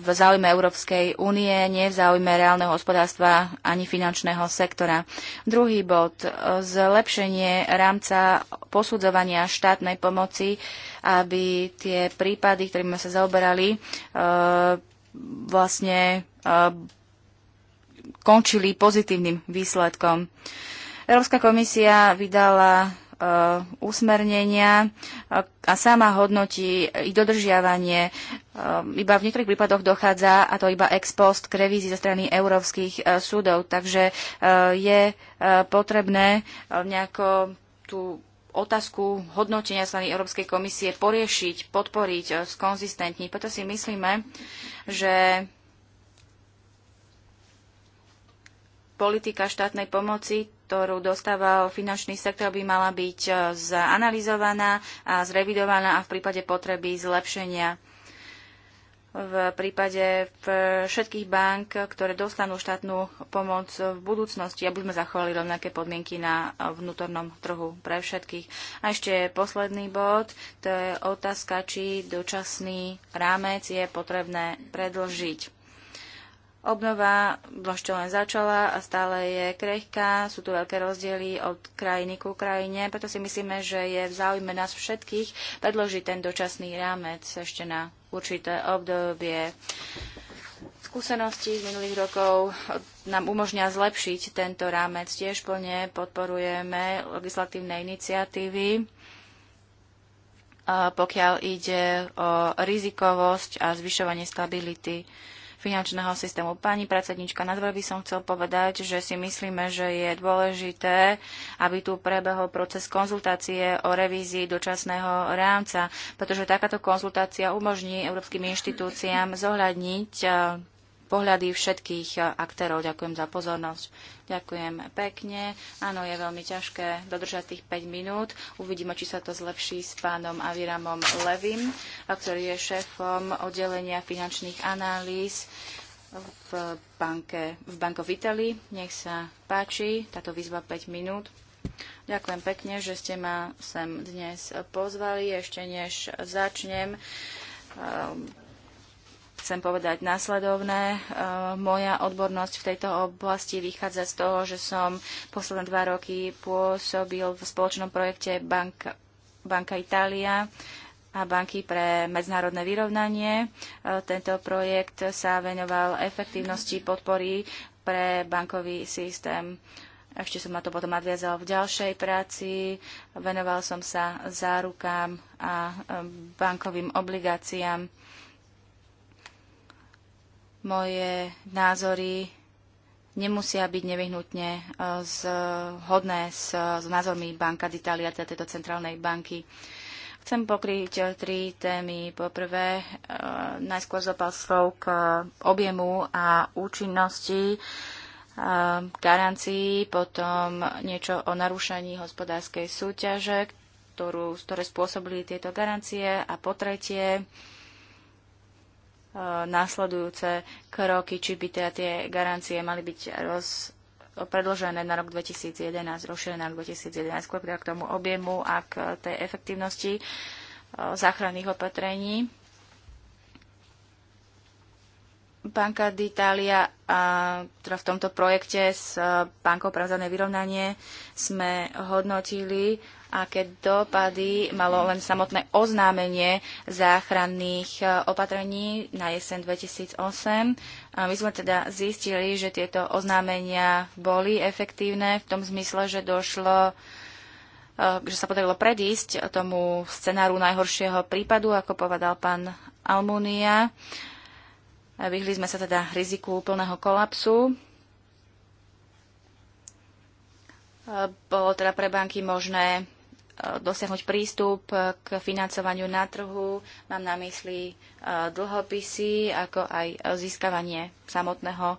v záujme Európskej únie, nie v záujme reálneho hospodárstva ani finančného sektora. Druhý bod, e, zlepšenie rámca posudzovania štátnej pomoci, aby tie prípady, ktorými sa zaoberali, e, vlastne končili pozitívnym výsledkom. Európska komisia vydala Eh, usmernenia eh, a sama hodnotí eh, ich dodržiavanie. Iba v niektorých prípadoch dochádza, a to iba ex post, k revízii zo strany európskych súdov. Takže je potrebné nejako tú otázku hodnotenia strany Európskej komisie poriešiť, podporiť, skonzistentniť. Preto si myslíme, že politika štátnej pomoci ktorú dostáva finančný sektor, by mala byť e, zanalizovaná a zrevidovaná a v prípade potreby zlepšenia. V prípade všetkých bank, ktoré dostanú štátnu pomoc v budúcnosti, aby sme zachovali rovnaké podmienky na e, vnútornom trhu pre všetkých. A ešte posledný bod, to je otázka, či dočasný rámec je potrebné predlžiť Obnova ešte len začala a stále je krehká, sú tu veľké rozdiely od krajiny ku krajine, preto si myslíme, že je v záujme nás všetkých predložiť ten dočasný rámec ešte na určité obdobie. Skúsenosti z minulých rokov nám umožňa zlepšiť tento rámec. Tiež plne podporujeme legislatívne iniciatívy, pokiaľ ide o rizikovosť a zvyšovanie stability finančného systému. Pani predsednička, na by som chcel povedať, že si myslíme, že je dôležité, aby tu prebehol proces konzultácie o revízii dočasného rámca, pretože takáto konzultácia umožní európskym inštitúciám zohľadniť pohľady všetkých eh, aktérov. Ďakujem za pozornosť. Ďakujem pekne. Áno, je veľmi ťažké dodržať tých 5 minút. Uvidíme, či sa to zlepší s pánom Aviramom Levim, eh, ktorý je šéfom oddelenia finančných analýz v banke, v Banko Vitali. Nech sa páči, táto výzva 5 minút. Ďakujem pekne, že ste ma sem dnes pozvali. Ešte než začnem, um, chcem povedať následovné. E, moja odbornosť v tejto oblasti vychádza z toho, že som posledné dva roky pôsobil v spoločnom projekte Banka, Banka Itália a banky pre medzinárodné vyrovnanie. E, tento projekt sa venoval efektívnosti podpory pre bankový systém. Ešte som na to potom nadviazal v ďalšej práci. Venoval som sa zárukám a e, bankovým obligáciám moje názory nemusia byť nevyhnutne e, zhodné s, s názormi Banka d'Italia, teda tejto centrálnej banky. Chcem pokryť e, tri témy. Poprvé, e, najskôr zopal slov k objemu a účinnosti garancií, potom niečo o narušení hospodárskej súťaže, ktorú, ktoré spôsobili tieto garancie a po tretie, E, následujúce kroky, či by teda tie garancie mali byť roz, predložené na rok 2011, rozšírené na rok 2011, skôr teda k tomu objemu a k tej efektívnosti e, záchranných opatrení. Banka d'Italia, e, teda v tomto projekte s Bankou pre vyrovnanie sme hodnotili aké dopady malo len samotné oznámenie záchranných e, opatrení na jeseň 2008. My sme teda zistili, že tieto oznámenia boli efektívne v tom zmysle, že došlo e, že sa podarilo predísť tomu scenáru najhoršieho prípadu, ako povedal pán Almunia. Vyhli sme sa teda riziku úplného kolapsu. E, bolo teda pre banky možné dosiahnuť prístup k financovaniu na trhu. Mám na mysli e, dlhopisy, ako aj získavanie samotného e,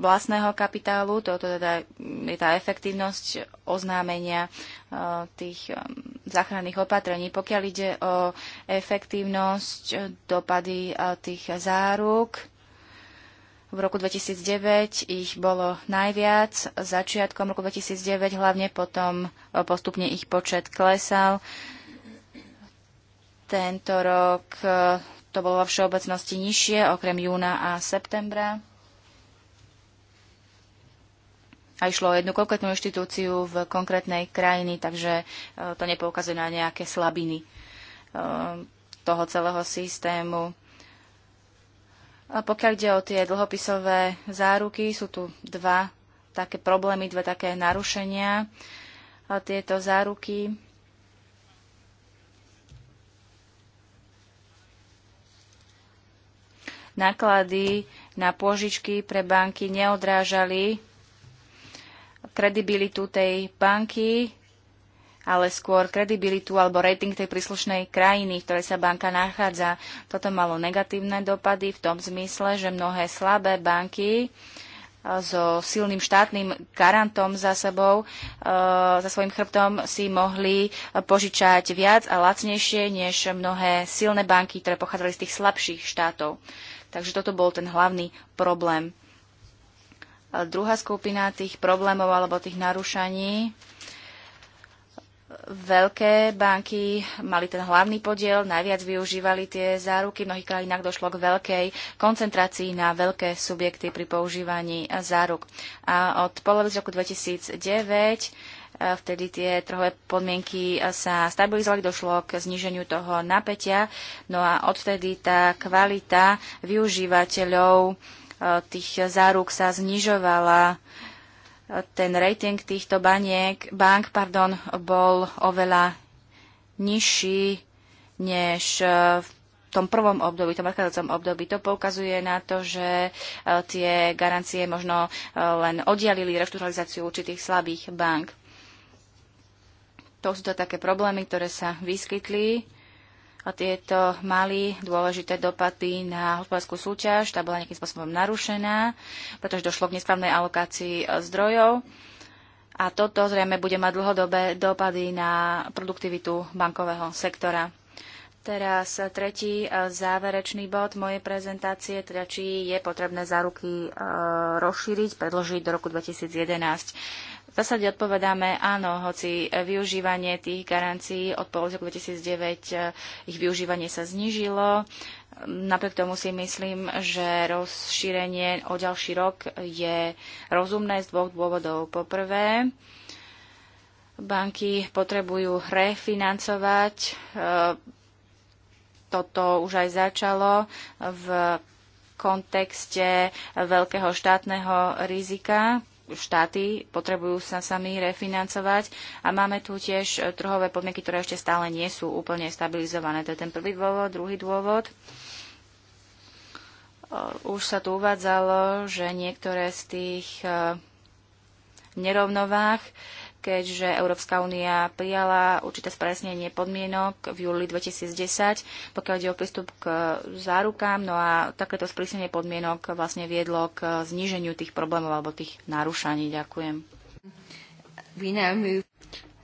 vlastného kapitálu. Toto teda je tá efektívnosť oznámenia e, tých záchranných opatrení. Pokiaľ ide o efektívnosť dopady tých záruk, v roku 2009 ich bolo najviac, začiatkom roku 2009 hlavne, potom e, postupne ich počet klesal. Tento rok e, to bolo vo všeobecnosti nižšie, okrem júna a septembra. A išlo o jednu konkrétnu inštitúciu v konkrétnej krajiny, takže e, to nepoukazuje na nejaké slabiny toho celého systému. A pokiaľ ide o tie dlhopisové záruky, sú tu dva také problémy, dve také narušenia. A tieto záruky náklady na pôžičky pre banky neodrážali kredibilitu tej banky, ale skôr kredibilitu alebo rating tej príslušnej krajiny, v ktorej sa banka nachádza. Toto malo negatívne dopady v tom zmysle, že mnohé slabé banky e, so silným štátnym garantom za sebou, e, za svojim chrbtom si mohli požičať viac a lacnejšie než mnohé silné banky, ktoré pochádzali z tých slabších štátov. Takže toto bol ten hlavný problém. A druhá skupina tých problémov alebo tých narušaní Veľké banky mali ten hlavný podiel, najviac využívali tie záruky. V mnohých krajinách došlo k veľkej koncentrácii na veľké subjekty pri používaní záruk. A od polovic roku 2009 eh, vtedy tie trhové podmienky sa stabilizovali, došlo k zniženiu toho napätia, no a odvtedy tá kvalita využívateľov eh, tých záruk sa znižovala ten rating týchto baniek, bank pardon, bol oveľa nižší než e, v tom prvom období, tom predchádzajúcom období. To poukazuje na to, že e, tie garancie možno e, len oddialili reštrukturalizáciu určitých slabých bank. To sú to také problémy, ktoré sa vyskytli a tieto mali dôležité dopady na hospodárskú súťaž. Tá bola nejakým spôsobom narušená, pretože došlo k nesprávnej alokácii e, zdrojov. A toto zrejme bude mať dlhodobé dopady na produktivitu bankového sektora. Teraz e, tretí e, záverečný bod mojej prezentácie, teda či je potrebné záruky rozšíriť, predložiť do roku 2011 zásade odpovedáme áno, hoci využívanie tých garancií od polovice 2009 eh, ich využívanie sa znížilo. Napriek tomu si myslím, že rozšírenie o ďalší rok je rozumné z dvoch dôvodov. Poprvé, banky potrebujú refinancovať. Eh, toto už aj začalo v kontexte veľkého štátneho rizika, štáty potrebujú sa sami refinancovať a máme tu tiež e, trhové podmienky, ktoré ešte stále nie sú úplne stabilizované. To je ten prvý dôvod. Druhý dôvod. E, už sa tu uvádzalo, že niektoré z tých e, nerovnovách keďže Európska únia prijala určité spresnenie podmienok v júli 2010, pokiaľ ide o prístup k zárukám. No a takéto sprísnenie podmienok vlastne viedlo k zníženiu tých problémov alebo tých narušaní. Ďakujem.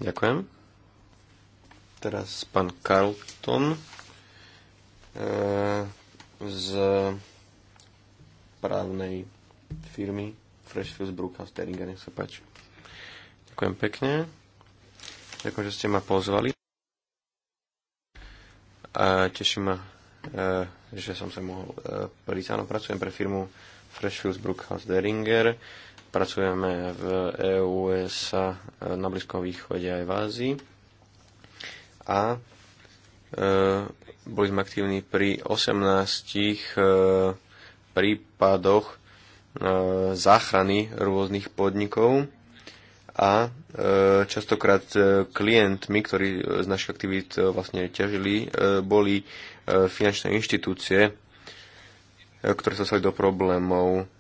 Ďakujem. Teraz pán Carlton eh, z právnej firmy Freshfields Brookhouse Teringa, nech sa páči. Ďakujem pekne. Ďakujem, že ste ma pozvali. A teší ma, e, že som sa mohol e, prísť. Áno, pracujem pre firmu Freshfields Brookhouse Deringer. Pracujeme v EU, USA, e, na Blízkom východe aj v Ázii. A boli sme aktívni pri 18 prípadoch záchrany rôznych podnikov a e, častokrát e, klientmi, ktorí e, z našich aktivít vlastne ťažili, boli finančné inštitúcie, ktoré sa dostali do problémov.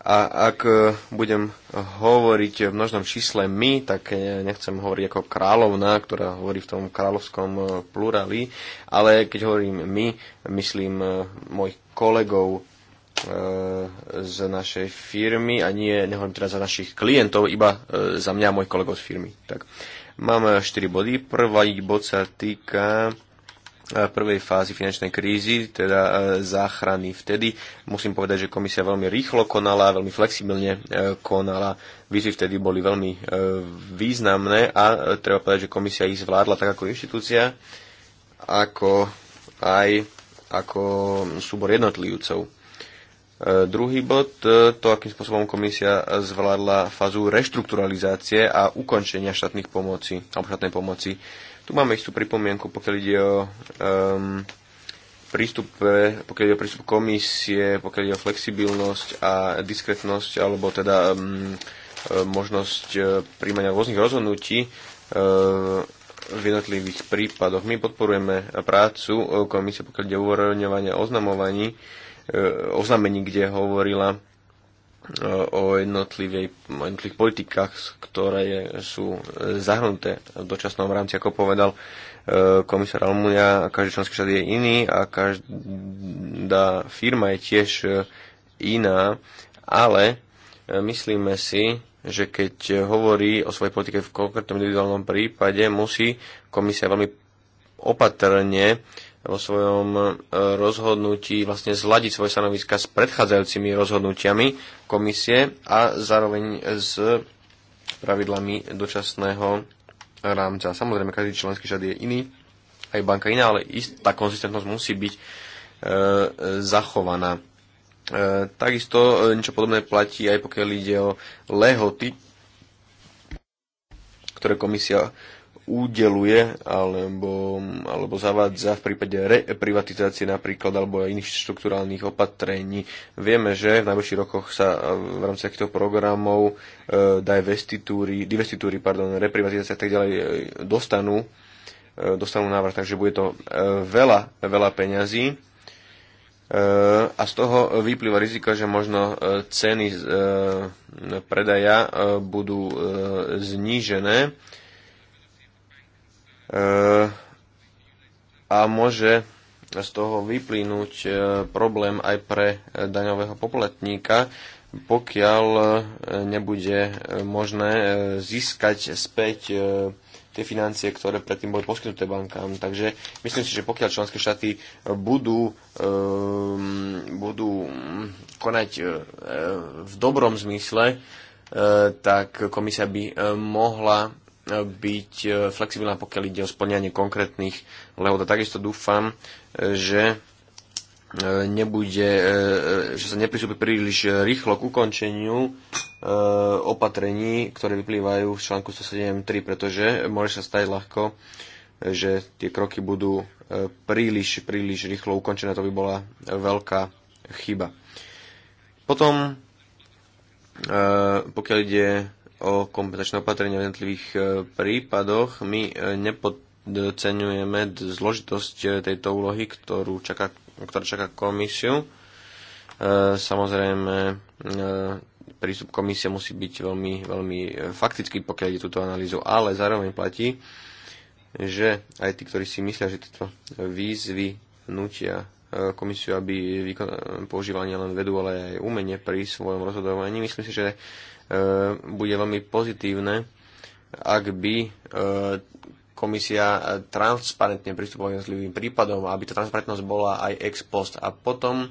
A ak budem hovoriť v množnom čísle my, tak nechcem hovoriť ako kráľovna, ktorá hovorí v tom kráľovskom plurali, ale keď hovorím my, myslím mojich kolegov E, z našej firmy a nie, nehovorím teraz za našich klientov, iba e, za mňa a môj kolegov z firmy. Tak. Mám 4 body. Prvý bod sa týka e, prvej fázy finančnej krízy, teda záchrany vtedy. Musím povedať, že komisia veľmi rýchlo konala, veľmi flexibilne konala. Výzvy vtedy boli veľmi významné a treba povedať, že komisia ich zvládla tak ako inštitúcia, ako aj ako súbor jednotlivcov E, druhý bod, e, to akým spôsobom komisia zvládla fázu reštrukturalizácie a ukončenia štátnych pomoci, alebo štátnej pomoci. Tu máme istú pripomienku, pokiaľ ide o um, prístup, pokiaľ ide o prístup komisie, pokiaľ ide o flexibilnosť a diskretnosť, alebo teda um, možnosť príjmania rôznych rozhodnutí um, v jednotlivých prípadoch. My podporujeme prácu komisie, pokiaľ ide o uvoľňovanie oznamovaní, E, oznámení, kde hovorila e, o, jednotlivých politikách, ktoré sú e, zahrnuté v dočasnom rámci, ako povedal komisár Almunia, každý členský štát je iný a každá firma je tiež iná, ale myslíme si, že keď hovorí o svojej politike v konkrétnom individuálnom prípade, musí komisia veľmi opatrne vo svojom e, rozhodnutí vlastne zladiť svoje stanoviska s predchádzajúcimi rozhodnutiami komisie a zároveň s pravidlami dočasného rámca. Samozrejme, každý členský štát je iný, aj banka iná, ale istá konzistentnosť musí byť e, zachovaná. E, takisto e, niečo podobné platí aj pokiaľ ide o lehoty, ktoré komisia udeluje alebo, alebo zavádza v prípade reprivatizácie napríklad alebo aj iných štruktúrálnych opatrení. Vieme, že v najbližších rokoch sa v rámci takýchto programov e, divestitúry, divestitúry pardon, reprivatizácia a tak ďalej e, dostanú, e, dostanú návrh, takže bude to e, veľa, veľa peňazí. E, a z toho vyplýva riziko, že možno e, ceny e, predaja e, budú e, znížené a môže z toho vyplynúť e, problém aj pre daňového poplatníka, pokiaľ e, nebude e, možné získať späť tie financie, ktoré predtým boli poskytnuté bankám. Takže myslím si, že pokiaľ členské štáty budú, ehm, budú konať v dobrom zmysle, tak komisia by mohla byť e, flexibilná, pokiaľ ide o splňanie konkrétnych lehod. A takisto dúfam, e, že e, nebude, že sa nepristúpi príliš rýchlo k ukončeniu opatrení, ktoré vyplývajú v článku 173. pretože môže sa stať ľahko, že tie kroky budú príliš, príliš rýchlo ukončené. To by bola veľká chyba. Potom, pokiaľ ide o kompenzačné opatrenia v jednotlivých e, prípadoch. My e, nepodceňujeme zložitosť e, tejto úlohy, ktorú čaká, ktorá čaká komisiu. Samozrejme, prístup komisie musí byť veľmi, veľmi faktický, pokiaľ ide túto analýzu, ale zároveň platí, že aj tí, ktorí si myslia, že tieto výzvy nutia komisiu, aby používala nielen vedu, ale aj umenie pri svojom rozhodovaní. Myslím si, že E, bude veľmi pozitívne, ak by e, komisia transparentne pristupovala jednotlivým prípadom, aby tá transparentnosť bola aj ex post. A potom e,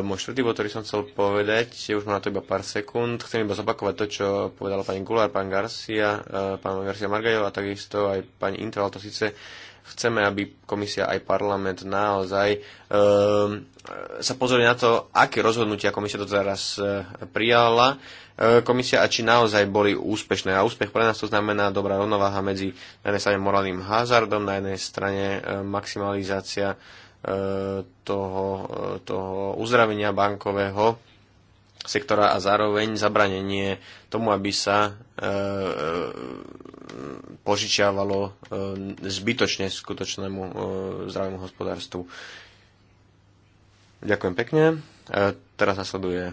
môj štvrtý bod, ktorý som chcel povedať, už mám na to iba pár sekúnd, chcem iba zopakovať to, čo povedala pani Gulár, pán Garcia, pán Garcia Margajov a takisto aj pani Intral, to síce chceme, aby komisia aj parlament naozaj um, sa pozreli na to, aké rozhodnutia komisia to teraz e, prijala e, komisia a či naozaj boli úspešné. A úspech pre nás to znamená dobrá rovnováha medzi na jednej strane morálnym hazardom, na jednej strane e, maximalizácia toho, toho uzdravenia bankového sektora a zároveň zabranenie tomu, aby sa e, e, požičiavalo e, zbytočne skutočnému e, zdravému hospodárstvu. Ďakujem pekne. E, teraz nasleduje e,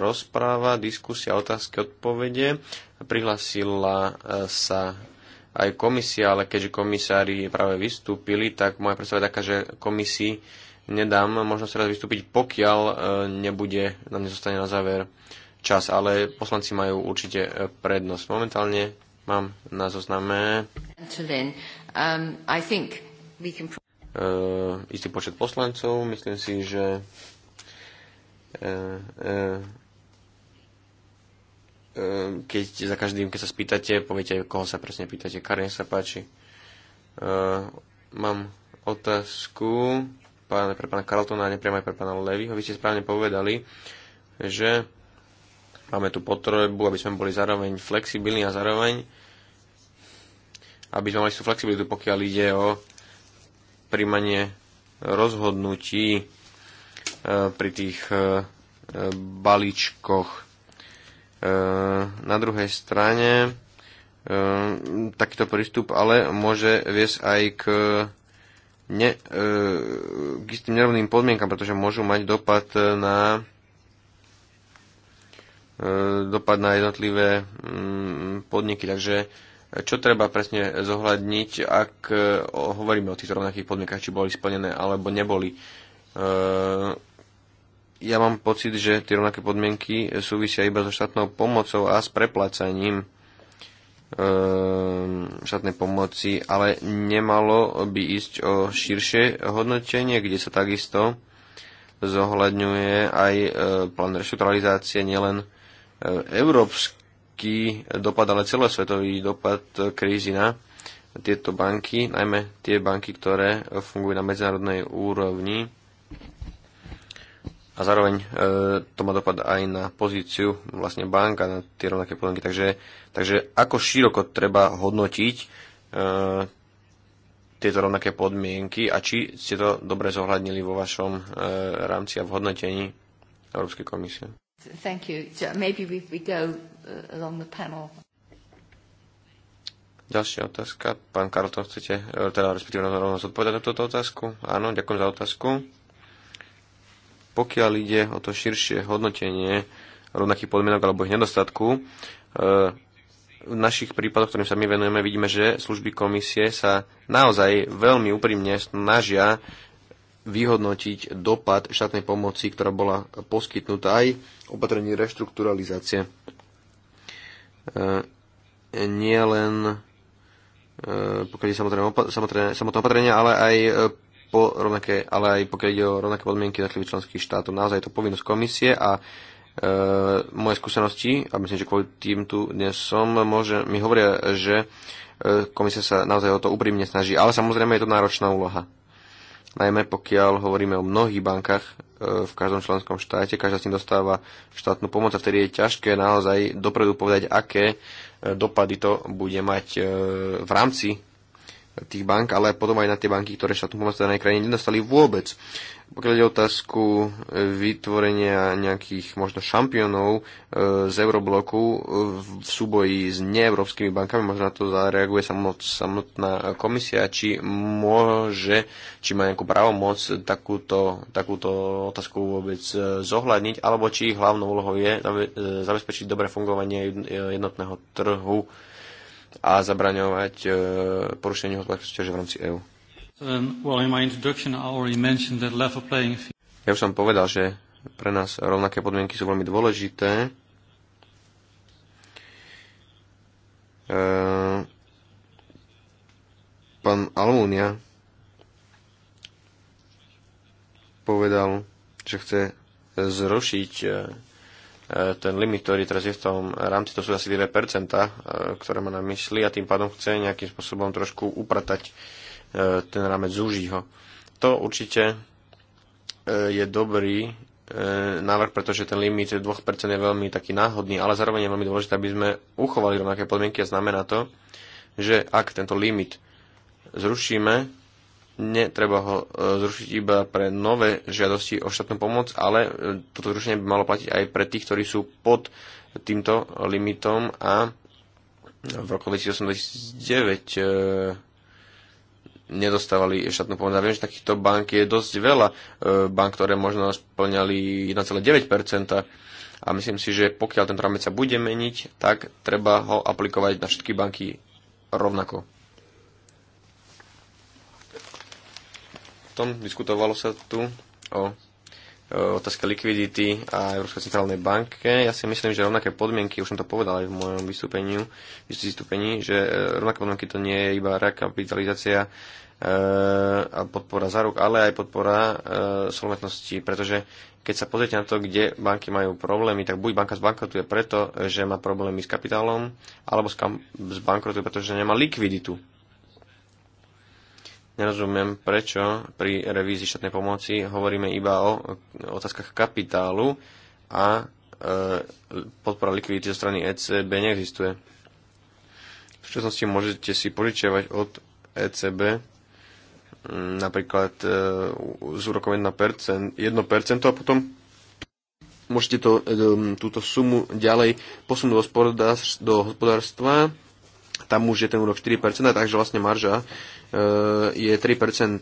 rozpráva, diskusia, otázky, odpovede. Prihlasila e, sa aj komisia, ale keďže komisári práve vystúpili, tak moja predstava je taká, že komisii nedám možnosť teraz vystúpiť, pokiaľ e, nebude, nám nezostane na záver čas, ale poslanci majú určite e, prednosť. Momentálne mám na zozname um, e, istý počet poslancov. Myslím si, že keď za každým, keď sa spýtate, poviete, koho sa presne pýtate. Karin sa páči. Mám otázku pána, pre pána Carltona a nepriamo aj pre pána Levyho. Vy ste správne povedali, že máme tu potrebu, aby sme boli zároveň flexibilní a zároveň aby sme mali tú flexibilitu, pokiaľ ide o príjmanie rozhodnutí e, pri tých e, e, balíčkoch. Na druhej strane takýto prístup ale môže viesť aj k ne, e, k istým nerovným podmienkam, pretože môžu mať dopad na e, dopad na jednotlivé mm, podniky. Takže e, čo treba presne zohľadniť, ak hovoríme o týchto rovnakých podmienkach, či boli splnené alebo neboli. Ja mám pocit, že tie rovnaké podmienky súvisia iba so štátnou pomocou a s preplácaním štátnej ehm, pomoci, ale nemalo by ísť o širšie hodnotenie, kde sa takisto zohľadňuje aj e, plán reštrukturalizácie, nielen e, európsky dopad, ale celosvetový dopad krízy na tieto banky, najmä tie banky, ktoré fungujú na medzinárodnej úrovni a zároveň e, to má dopad aj na pozíciu vlastne banka na tie rovnaké podmienky. Takže, takže ako široko treba hodnotiť e, tieto rovnaké podmienky a či ste to dobre zohľadnili vo vašom e, rámci a v hodnotení Európskej komisie. Thank you. So maybe we, we go uh, along the panel. Ďalšia otázka. Pán Karlton, chcete, e, teda respektíve rovno zodpovedať na túto otázku? Áno, ďakujem za otázku. Pokiaľ ide o to širšie hodnotenie rovnakých podmienok alebo ich nedostatku, e, v našich prípadoch, ktorým sa my venujeme, vidíme, že služby komisie sa naozaj veľmi úprimne snažia vyhodnotiť dopad štátnej pomoci, ktorá bola poskytnutá aj opatrení reštrukturalizácie. E, nie len e, pokiaľ je samotné, samotné opatrenia, ale aj po rovnaké, ale aj pokiaľ ide o rovnaké podmienky jednotlivých členských štátov. Naozaj je to povinnosť komisie a e, moje skúsenosti, a myslím, že kvôli tým tu dnes som, môže, mi hovoria, že e, komisia sa naozaj o to úprimne snaží, ale samozrejme je to náročná úloha. Najmä pokiaľ hovoríme o mnohých bankách e, v každom členskom štáte, každá s tým dostáva štátnu pomoc a vtedy je ťažké naozaj dopredu povedať, aké e, dopady to bude mať e, v rámci tých bank, ale potom aj na tie banky, ktoré štátnu pomoc danej krajine nedostali vôbec. Pokiaľ ide otázku e, vytvorenia nejakých možno šampiónov e, z eurobloku e, v súboji s neeurópskymi bankami, možno na to zareaguje samotná komisia, či môže, či má nejakú právomoc takúto, takúto otázku vôbec zohľadniť, alebo či hlavnou úlohou je zabezpečiť dobré fungovanie jednotného trhu a zabraňovať e, porušeniu hospodárskej súťaže v rámci EÚ. Um, ja už som povedal, že pre nás rovnaké podmienky sú veľmi dôležité. E, pán Almúnia povedal, že chce zrušiť e, ten limit, ktorý teraz je v tom rámci, to sú asi 2%, e, ktoré má na mysli a tým pádom chce nejakým spôsobom trošku upratať e, ten rámec, zúžiť ho. To určite e, je dobrý návrh, pretože ten limit 2% je veľmi taký náhodný, ale zároveň je veľmi dôležité, aby sme uchovali rovnaké podmienky a znamená to, že ak tento limit zrušíme, netreba ho e, zrušiť iba pre nové žiadosti o štátnu pomoc, ale e, toto zrušenie by malo platiť aj pre tých, ktorí sú pod týmto limitom a v roku 2008-2009 e, nedostávali štátnu pomoc. A viem, že takýchto bank je dosť veľa. Bank, ktoré možno splňali 1,9%. A myslím si, že pokiaľ ten rámec sa bude meniť, tak treba ho aplikovať na všetky banky rovnako. tom, diskutovalo sa tu o otázke likvidity a Európskej centrálnej banke. Ja si myslím, že rovnaké podmienky, už som to povedal aj v mojom vystúpeniu, vystúpení, že e, rovnaké podmienky to nie je iba rekapitalizácia e, a podpora rok, ale aj podpora e, solventnosti, pretože keď sa pozrite na to, kde banky majú problémy, tak buď banka zbankrotuje preto, že má problémy s kapitálom, alebo zbankrotuje, pretože nemá likviditu Nerozumiem, prečo pri revízii štátnej pomoci hovoríme iba o otázkach kapitálu a e, podpora likvidity zo strany ECB neexistuje. V súčasnosti môžete si požičiavať od ECB napríklad e, z úrokom 1%, 1% a potom môžete to, e, túto sumu ďalej posunúť do hospodárstva tam už je ten úrok 4%, takže vlastne marža e, je 3%. E,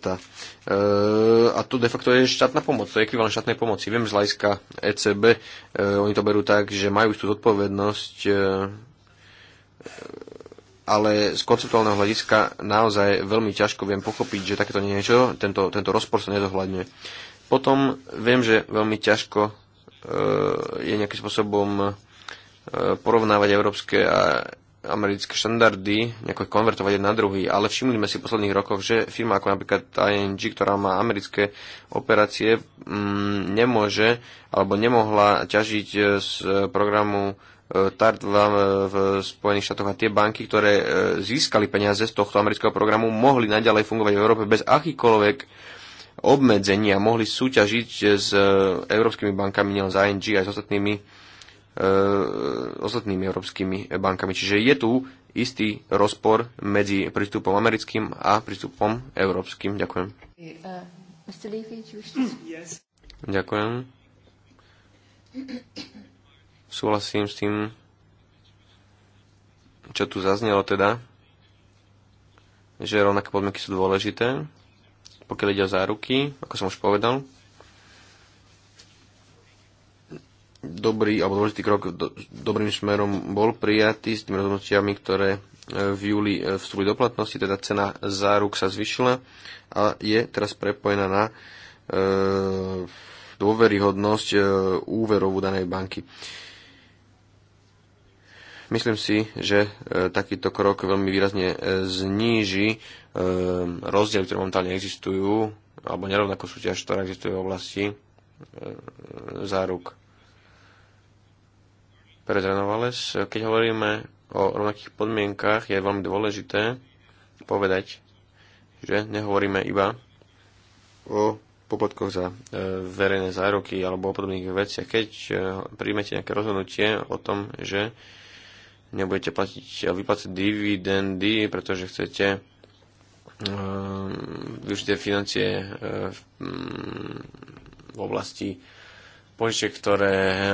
a tu de facto je štátna pomoc, to je ekvivalent štátnej pomoci. Viem z hľadiska ECB, e, oni to berú tak, že majú tú zodpovednosť, ale z konceptuálneho hľadiska naozaj veľmi ťažko viem pochopiť, že takéto niečo, tento, tento rozpor sa nezohľadňuje. Potom viem, že veľmi ťažko je nejakým spôsobom porovnávať európske a americké štandardy nejako konvertovať jeden na druhý, ale všimli sme si v posledných rokoch, že firma ako napríklad ING, ktorá má americké operácie, m, mm, nemôže alebo nemohla ťažiť e, z programu e, TART v, e, v Spojených štátoch a tie banky, ktoré získali peniaze z tohto amerického programu, mohli naďalej fungovať v Európe bez akýkoľvek obmedzenia, mohli súťažiť s európskymi bankami, nielen s ING, aj s ostatnými E, ostatnými európskymi bankami. Čiže je tu istý rozpor medzi prístupom americkým a prístupom európskym. Ďakujem. Ďakujem. Súhlasím s tým, čo tu zaznelo teda, že rovnaké podmienky sú dôležité, pokiaľ ide o záruky, ako som už povedal. dobrý alebo dôležitý krok do, dobrým smerom bol prijatý s tými rozhodnutiami, ktoré e, v júli e, vstúpili do platnosti, teda cena záruk sa zvyšila a je teraz prepojená na e, dôveryhodnosť e, úverovú danej banky. Myslím si, že e, takýto krok veľmi výrazne e, zníži e, rozdiel, ktoré momentálne existujú, alebo nerovnako súťaž, ktorá existuje v oblasti e, záruk. Pedro Novales, keď hovoríme o rovnakých podmienkách, je veľmi dôležité povedať, že nehovoríme iba o poplatkoch za e, verejné záruky alebo o podobných veciach. Keď e, príjmete nejaké rozhodnutie o tom, že nebudete platiť a vyplácať dividendy, pretože chcete tie financie e, v oblasti požičiek, ktoré e,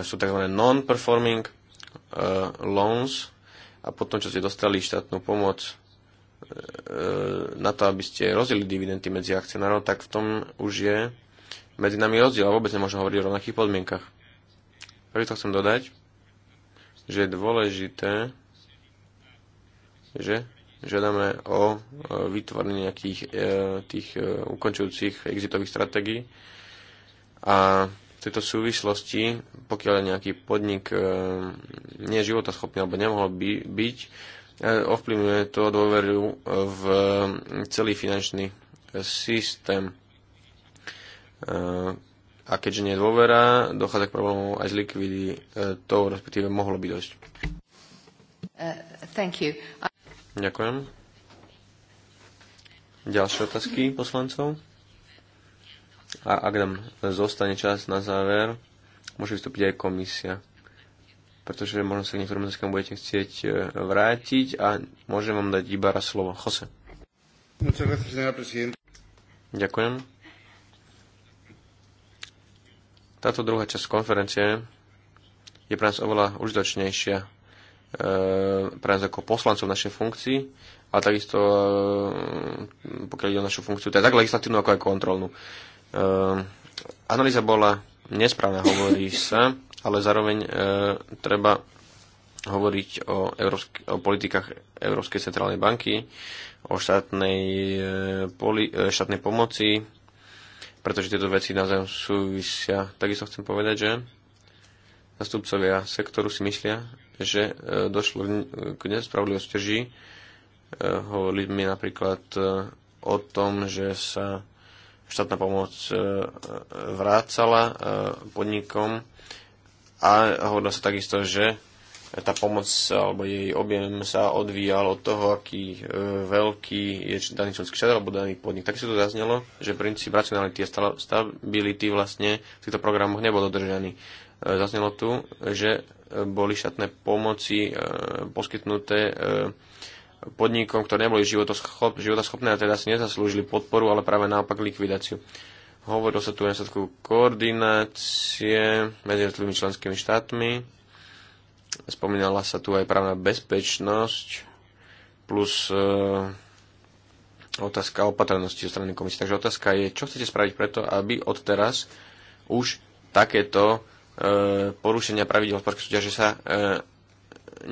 sú tzv. non-performing e, loans a potom, čo ste dostali štátnu pomoc e, na to, aby ste rozdielili dividendy medzi akcionárov, tak v tom už je medzi nami rozdiel a vôbec nemôžeme hovoriť o rovnakých podmienkach. to chcem dodať, že je dôležité, že žiadame o vytvorenie nejakých e, tých e, ukončujúcich exitových stratégií a tejto súvislosti, pokiaľ nejaký podnik e, nie je životaschopný alebo nemohol by, byť, e, ovplyvňuje to dôveru e, v celý finančný systém. A keďže nie je dôvera, dochádza k problémom aj z s to, respektíve mohlo byť dosť. Uh, thank you. Ďakujem. Ďalšie otázky poslancov? A ak nám zostane čas na záver, môže vystúpiť aj komisia. Pretože možno sa k niektorým otázkam budete chcieť e, vrátiť a môžem vám dať iba raz slovo. Jose. Ďakujem. Táto druhá časť konferencie je pre nás oveľa užitočnejšia e, pre nás ako poslancov našej funkcii, a takisto e, pokiaľ ide o našu funkciu, teda tak legislatívnu ako aj kontrolnú. Ehm, analýza bola nesprávna, hovorí sa, ale zároveň e, treba hovoriť o, európsky, o politikách Európskej centrálnej banky, o štátnej, e, poli, e, štátnej pomoci, pretože tieto veci naozaj súvisia. Takisto chcem povedať, že zastupcovia sektoru si myslia, že došlo k nespravodlivosti. Hovorili mi napríklad o tom, že sa štátna pomoc e, e, vrácala e, podnikom a hovorilo sa takisto, že tá pomoc alebo jej objem sa odvíjal od toho, aký veľký je daný členský štát alebo daný podnik. Tak si to zaznelo, že princíp racionality a stability vlastne v týchto programoch nebol dodržaný. Zaznelo tu, že boli štátne pomoci poskytnuté podnikom, ktoré neboli životoschopné a teda si nezaslúžili podporu, ale práve naopak likvidáciu. Hovorilo sa tu o sladku koordinácie medzi jednotlivými členskými štátmi. Spomínala sa tu aj právna bezpečnosť plus e, otázka opatrnosti zo strany komisie. Takže otázka je, čo chcete spraviť preto, aby odteraz už takéto e, porušenia pravidel hospodárskej súťaže sa e,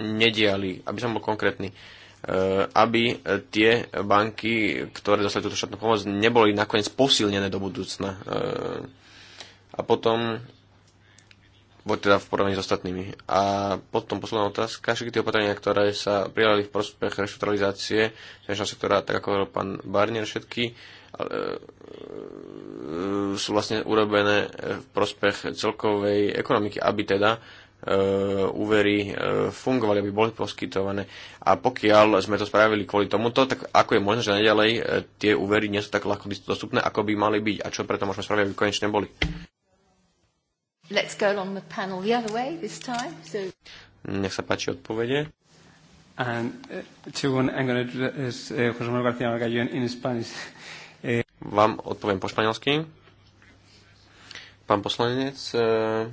nediali, aby som bol konkrétny. E, Eh, aby tie banky, ktoré dostali túto štátnu pomoc, neboli nakoniec posilnené do budúcna. Eh, a potom teda v porovnaní s ostatnými. A potom posledná otázka. Všetky tie opatrenia, ktoré sa prijali v prospech reštrukturalizácie finančného sektora, tak ako hovoril pán Barnier, všetky ale, eh, sú vlastne urobené v prospech celkovej ekonomiky, aby teda E, úvery e, fungovali, aby boli poskytované. A pokiaľ sme to spravili kvôli tomuto, tak ako je možné, že naďalej e, tie úvery nie sú tak ľahko dostupné, ako by mali byť a čo preto môžeme spraviť, aby konečne boli. Let's go along the panel the other way this time. So... Nech sa páči odpovede. Uh, uh, uh, Vám odpoviem po španielsky. Pán poslanec, uh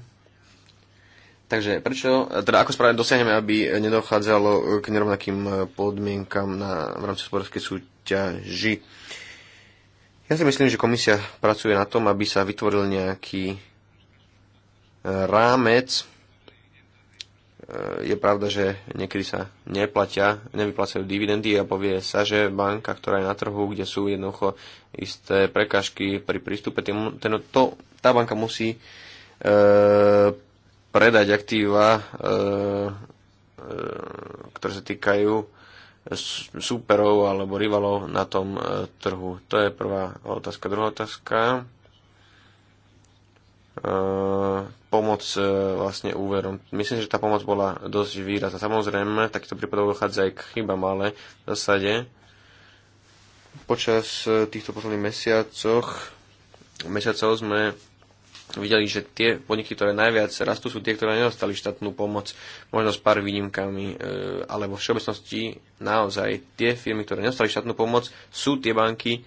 Takže prečo, teda ako správne dosiahneme, aby nedochádzalo k nerovnakým eh, podmienkam na, v rámci sportovskej súťaži? Ja si myslím, že komisia pracuje na tom, aby sa vytvoril nejaký eh, rámec. Eh, je pravda, že niekedy sa neplatia, nevyplácajú dividendy a povie sa, že banka, ktorá je na trhu, kde sú jednoducho isté prekážky pri prístupe, tým, ten, to, tá banka musí e, predať aktíva, e, e, ktoré sa týkajú súperov alebo rivalov na tom e, trhu. To je prvá otázka. Druhá otázka. Pomoc vlastne úverom. Myslím, že tá pomoc bola dosť výrazná. Samozrejme, takýto prípadov dochádza aj k chybám, ale v zásade počas týchto posledných mesiacoch mesiacov sme videli, že tie podniky, ktoré najviac rastú, sú tie, ktoré nedostali štátnu pomoc, možno s pár výnimkami, e, ale vo všeobecnosti naozaj tie firmy, ktoré nedostali štátnu pomoc, sú tie banky,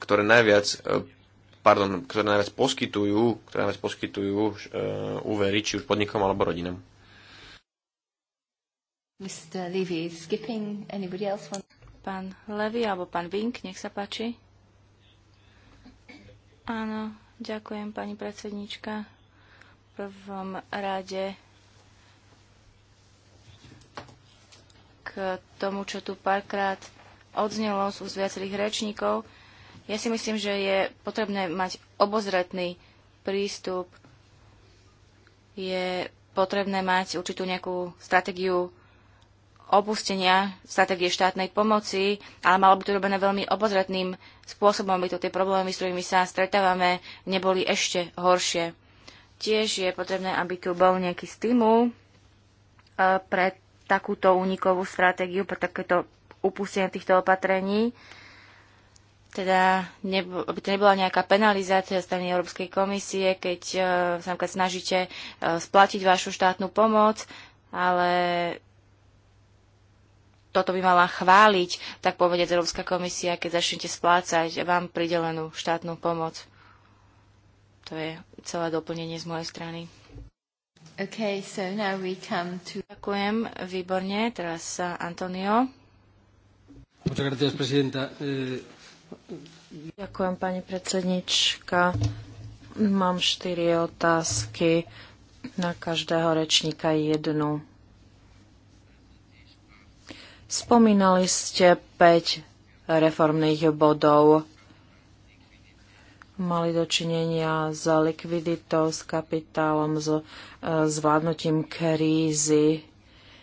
ktoré najviac e, pardon, ktoré najviac poskytujú, ktoré najviac poskytujú e, úvery, či už podnikom alebo rodinám. Mr. Levy, skipping anybody else want... Pán Levy alebo pán Vink, nech sa páči. Áno, Ďakujem, pani predsednička. V prvom rade k tomu, čo tu párkrát odznelo z úst viacerých rečníkov. Ja si myslím, že je potrebné mať obozretný prístup, je potrebné mať určitú nejakú stratégiu opustenia stratégie štátnej pomoci, ale malo by to robené veľmi obozretným spôsobom, aby to tie problémy, s ktorými sa stretávame, neboli ešte horšie. Tiež je potrebné, aby tu bol nejaký stimul e, pre takúto únikovú stratégiu, pre takéto upustenie týchto opatrení. Teda, aby to nebola nejaká penalizácia strany Európskej komisie, keď e, sa snažíte e, splatiť vašu štátnu pomoc, ale toto by mala chváliť, tak povedať Európska komisia, keď začnete splácať vám pridelenú štátnu pomoc. To je celé doplnenie z mojej strany. Okay, so now we come to... Ďakujem, výborne. Teraz eh, Antonio. Eh, Ďakujem, pani predsednička. Mám štyri otázky na každého rečníka jednu. Spomínali ste 5 reformných bodov. Mali dočinenia s likviditou, s kapitálom, s e, zvládnutím krízy.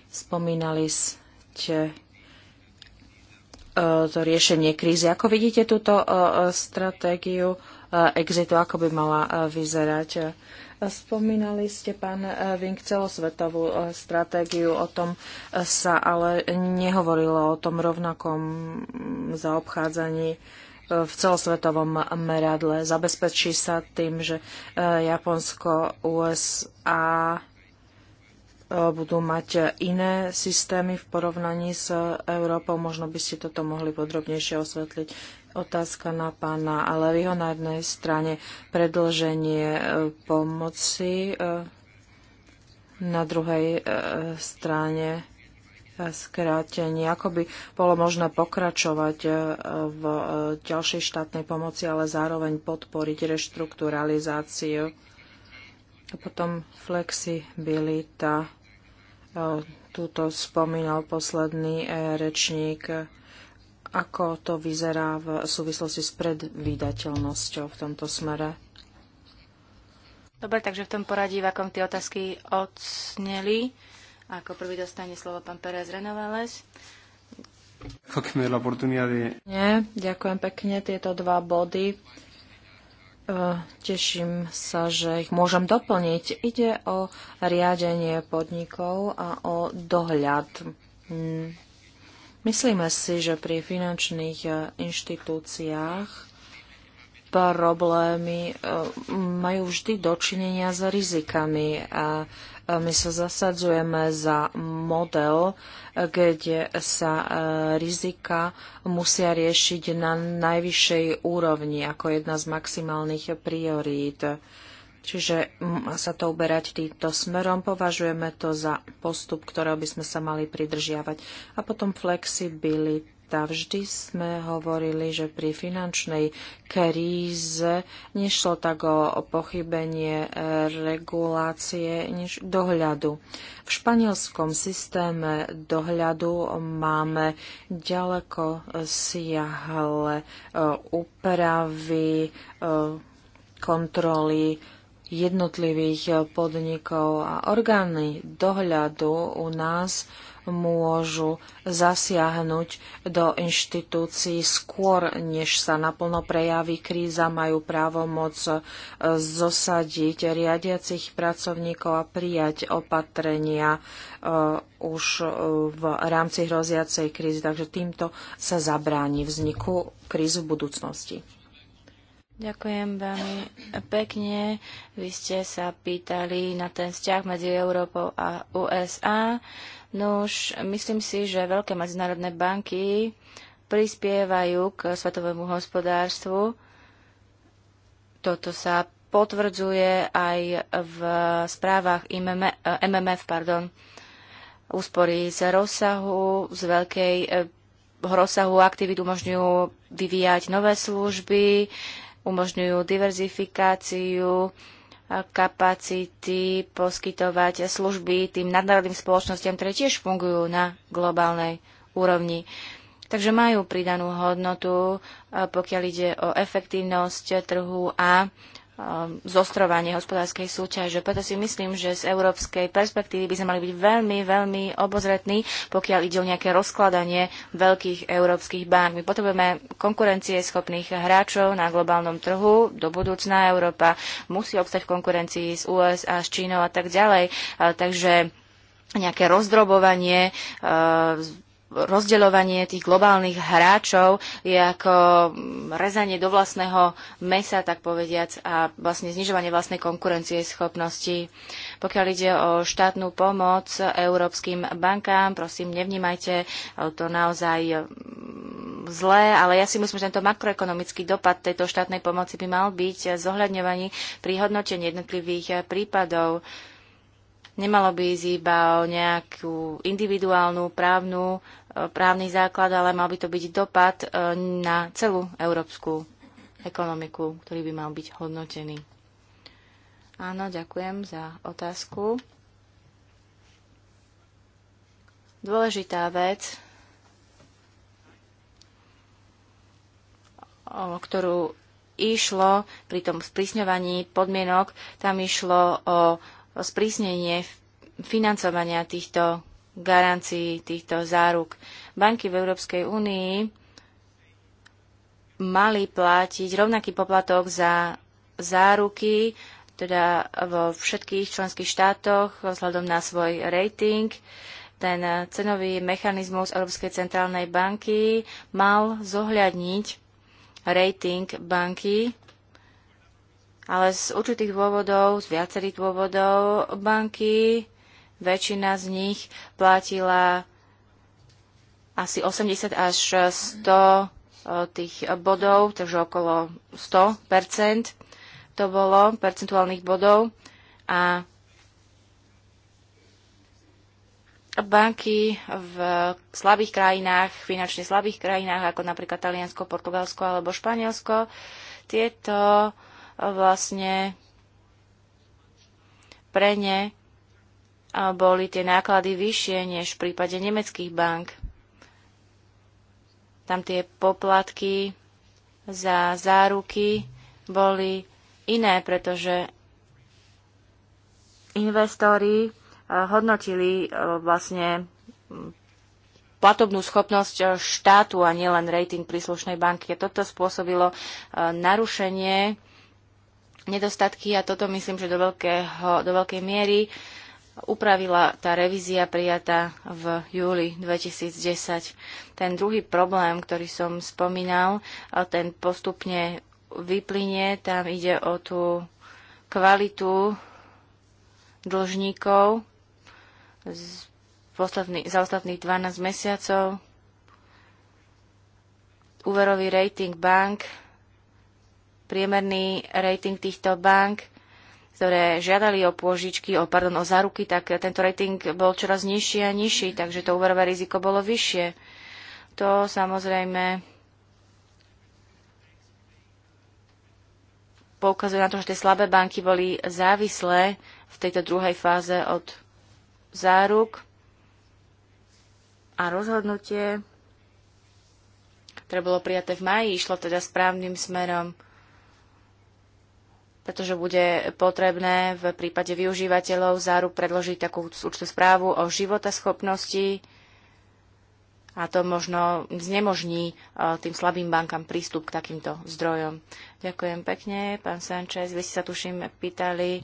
Spomínali ste e, to riešenie krízy. Ako vidíte túto e, stratégiu exitu, ako by mala vyzerať? Spomínali ste, pán Vink, celosvetovú eh, stratégiu, o tom eh, sa ale nehovorilo, o tom rovnakom mm, zaobchádzaní eh, v celosvetovom meradle. Zabezpečí sa tým, že Japonsko, USA budú mať iné systémy v porovnaní s Európou. Možno by ste toto mohli podrobnejšie osvetliť. Otázka na pána Levyho na jednej strane predlženie e, pomoci, e, na druhej e, strane skrátenie. Ako by bolo možné pokračovať v ďalšej štátnej pomoci, ale zároveň podporiť reštrukturalizáciu. A potom flexibilita. Tuto spomínal posledný rečník ako to vyzerá v súvislosti s predvídateľnosťou v tomto smere? Dobre, takže v tom poradí, v akom tie otázky odsneli. Ako prvý dostane slovo pán Pérez Renovales. Nie, ďakujem pekne. Tieto dva body e, Teším sa, že ich môžem doplniť. Ide o riadenie podnikov a o dohľad mm. Myslíme si, že pri finančných e, inštitúciách problémy e, majú vždy dočinenia s rizikami a e, my sa zasadzujeme za model, kde sa rizika musia riešiť na najvyššej úrovni ako jedna z maximálnych priorít. Čiže sa to uberať týmto smerom. Považujeme to za postup, ktorého by sme sa mali pridržiavať. A potom flexibilita A vždy sme hovorili, že pri finančnej kríze nešlo tak o pochybenie e, regulácie, než dohľadu. V španielskom systéme dohľadu máme ďaleko siahle e, úpravy, e, kontroly, jednotlivých eh, podnikov a orgány dohľadu u nás môžu zasiahnuť do inštitúcií skôr, než sa naplno prejaví kríza, majú právo moc eh, zosadiť riadiacich pracovníkov a prijať opatrenia eh, už v rámci hroziacej krízy. Takže týmto sa zabráni vzniku kríz v budúcnosti. Ďakujem veľmi pekne. Vy ste sa pýtali na ten vzťah medzi Európou a USA. No už myslím si, že veľké medzinárodné banky prispievajú k svetovému hospodárstvu. Toto sa potvrdzuje aj v správach MMF, pardon, úspory z rozsahu, z veľkej eh, rozsahu aktivít umožňujú vyvíjať nové služby, umožňujú diverzifikáciu kapacity poskytovať služby tým nadnárodným spoločnosťam, ktoré tiež fungujú na globálnej úrovni. Takže majú pridanú hodnotu, pokiaľ ide o efektívnosť trhu a Um, zostrovanie hospodárskej súťaže. Preto si myslím, že z európskej perspektívy by sme mali byť veľmi, veľmi obozretní, pokiaľ ide o nejaké rozkladanie veľkých európskych bank. My potrebujeme konkurencie schopných hráčov na globálnom trhu. Do budúcna Európa musí obstať v konkurencii s USA, s Čínou a tak ďalej. Takže nejaké rozdrobovanie rozdeľovanie tých globálnych hráčov je ako rezanie do vlastného mesa, tak povediac, a vlastne znižovanie vlastnej konkurencie schopnosti. Pokiaľ ide o štátnu pomoc európskym bankám, prosím, nevnímajte to naozaj mm, zlé, ale ja si myslím, že tento makroekonomický dopad tejto štátnej pomoci by mal byť zohľadňovaný pri hodnotení jednotlivých prípadov. Nemalo by ísť iba o nejakú individuálnu právnu právny základ, ale mal by to byť dopad e, na celú európsku ekonomiku, ktorý by mal byť hodnotený. Áno, ďakujem za otázku. Dôležitá vec, o ktorú išlo pri tom sprísňovaní podmienok, tam išlo o sprísnenie financovania týchto garancií týchto záruk. Banky v Európskej únii mali platiť rovnaký poplatok za záruky, teda vo všetkých členských štátoch vzhľadom na svoj rating. Ten cenový mechanizmus Európskej centrálnej banky mal zohľadniť rating banky, ale z určitých dôvodov, z viacerých dôvodov banky Väčšina z nich platila asi 80 až 100 e, tých bodov, takže okolo 100 to bolo percentuálnych bodov a banky v slabých krajinách, finančne slabých krajinách, ako napríklad Taliansko, Portugalsko alebo Španielsko, tieto e, vlastne pre ne boli tie náklady vyššie než v prípade nemeckých bank. Tam tie poplatky za záruky boli iné, pretože investori eh, hodnotili eh, vlastne mm, platobnú schopnosť eh, štátu a nielen rating príslušnej banky. Toto spôsobilo narušenie nedostatky a toto myslím, že do, veľkého, do veľkej miery uh, upravila tá revízia prijatá v júli 2010. Ten druhý problém, ktorý som spomínal, ten postupne vyplynie. Tam ide o tú kvalitu dlžníkov posledný, za ostatných 12 mesiacov. Úverový rating bank, priemerný rating týchto bank ktoré žiadali o pôžičky, o, pardon, o záruky, tak tento rating bol čoraz nižší a nižší, takže to úverové riziko bolo vyššie. To samozrejme poukazuje na to, že tie slabé banky boli závislé v tejto druhej fáze od záruk a rozhodnutie, ktoré bolo prijaté v maji, išlo teda správnym smerom pretože bude potrebné v prípade využívateľov záruk predložiť takú účtú správu o schopnosti a to možno znemožní e, tým slabým bankám prístup k takýmto zdrojom. Ďakujem pekne, pán Sanchez. Vy ste sa tuším pýtali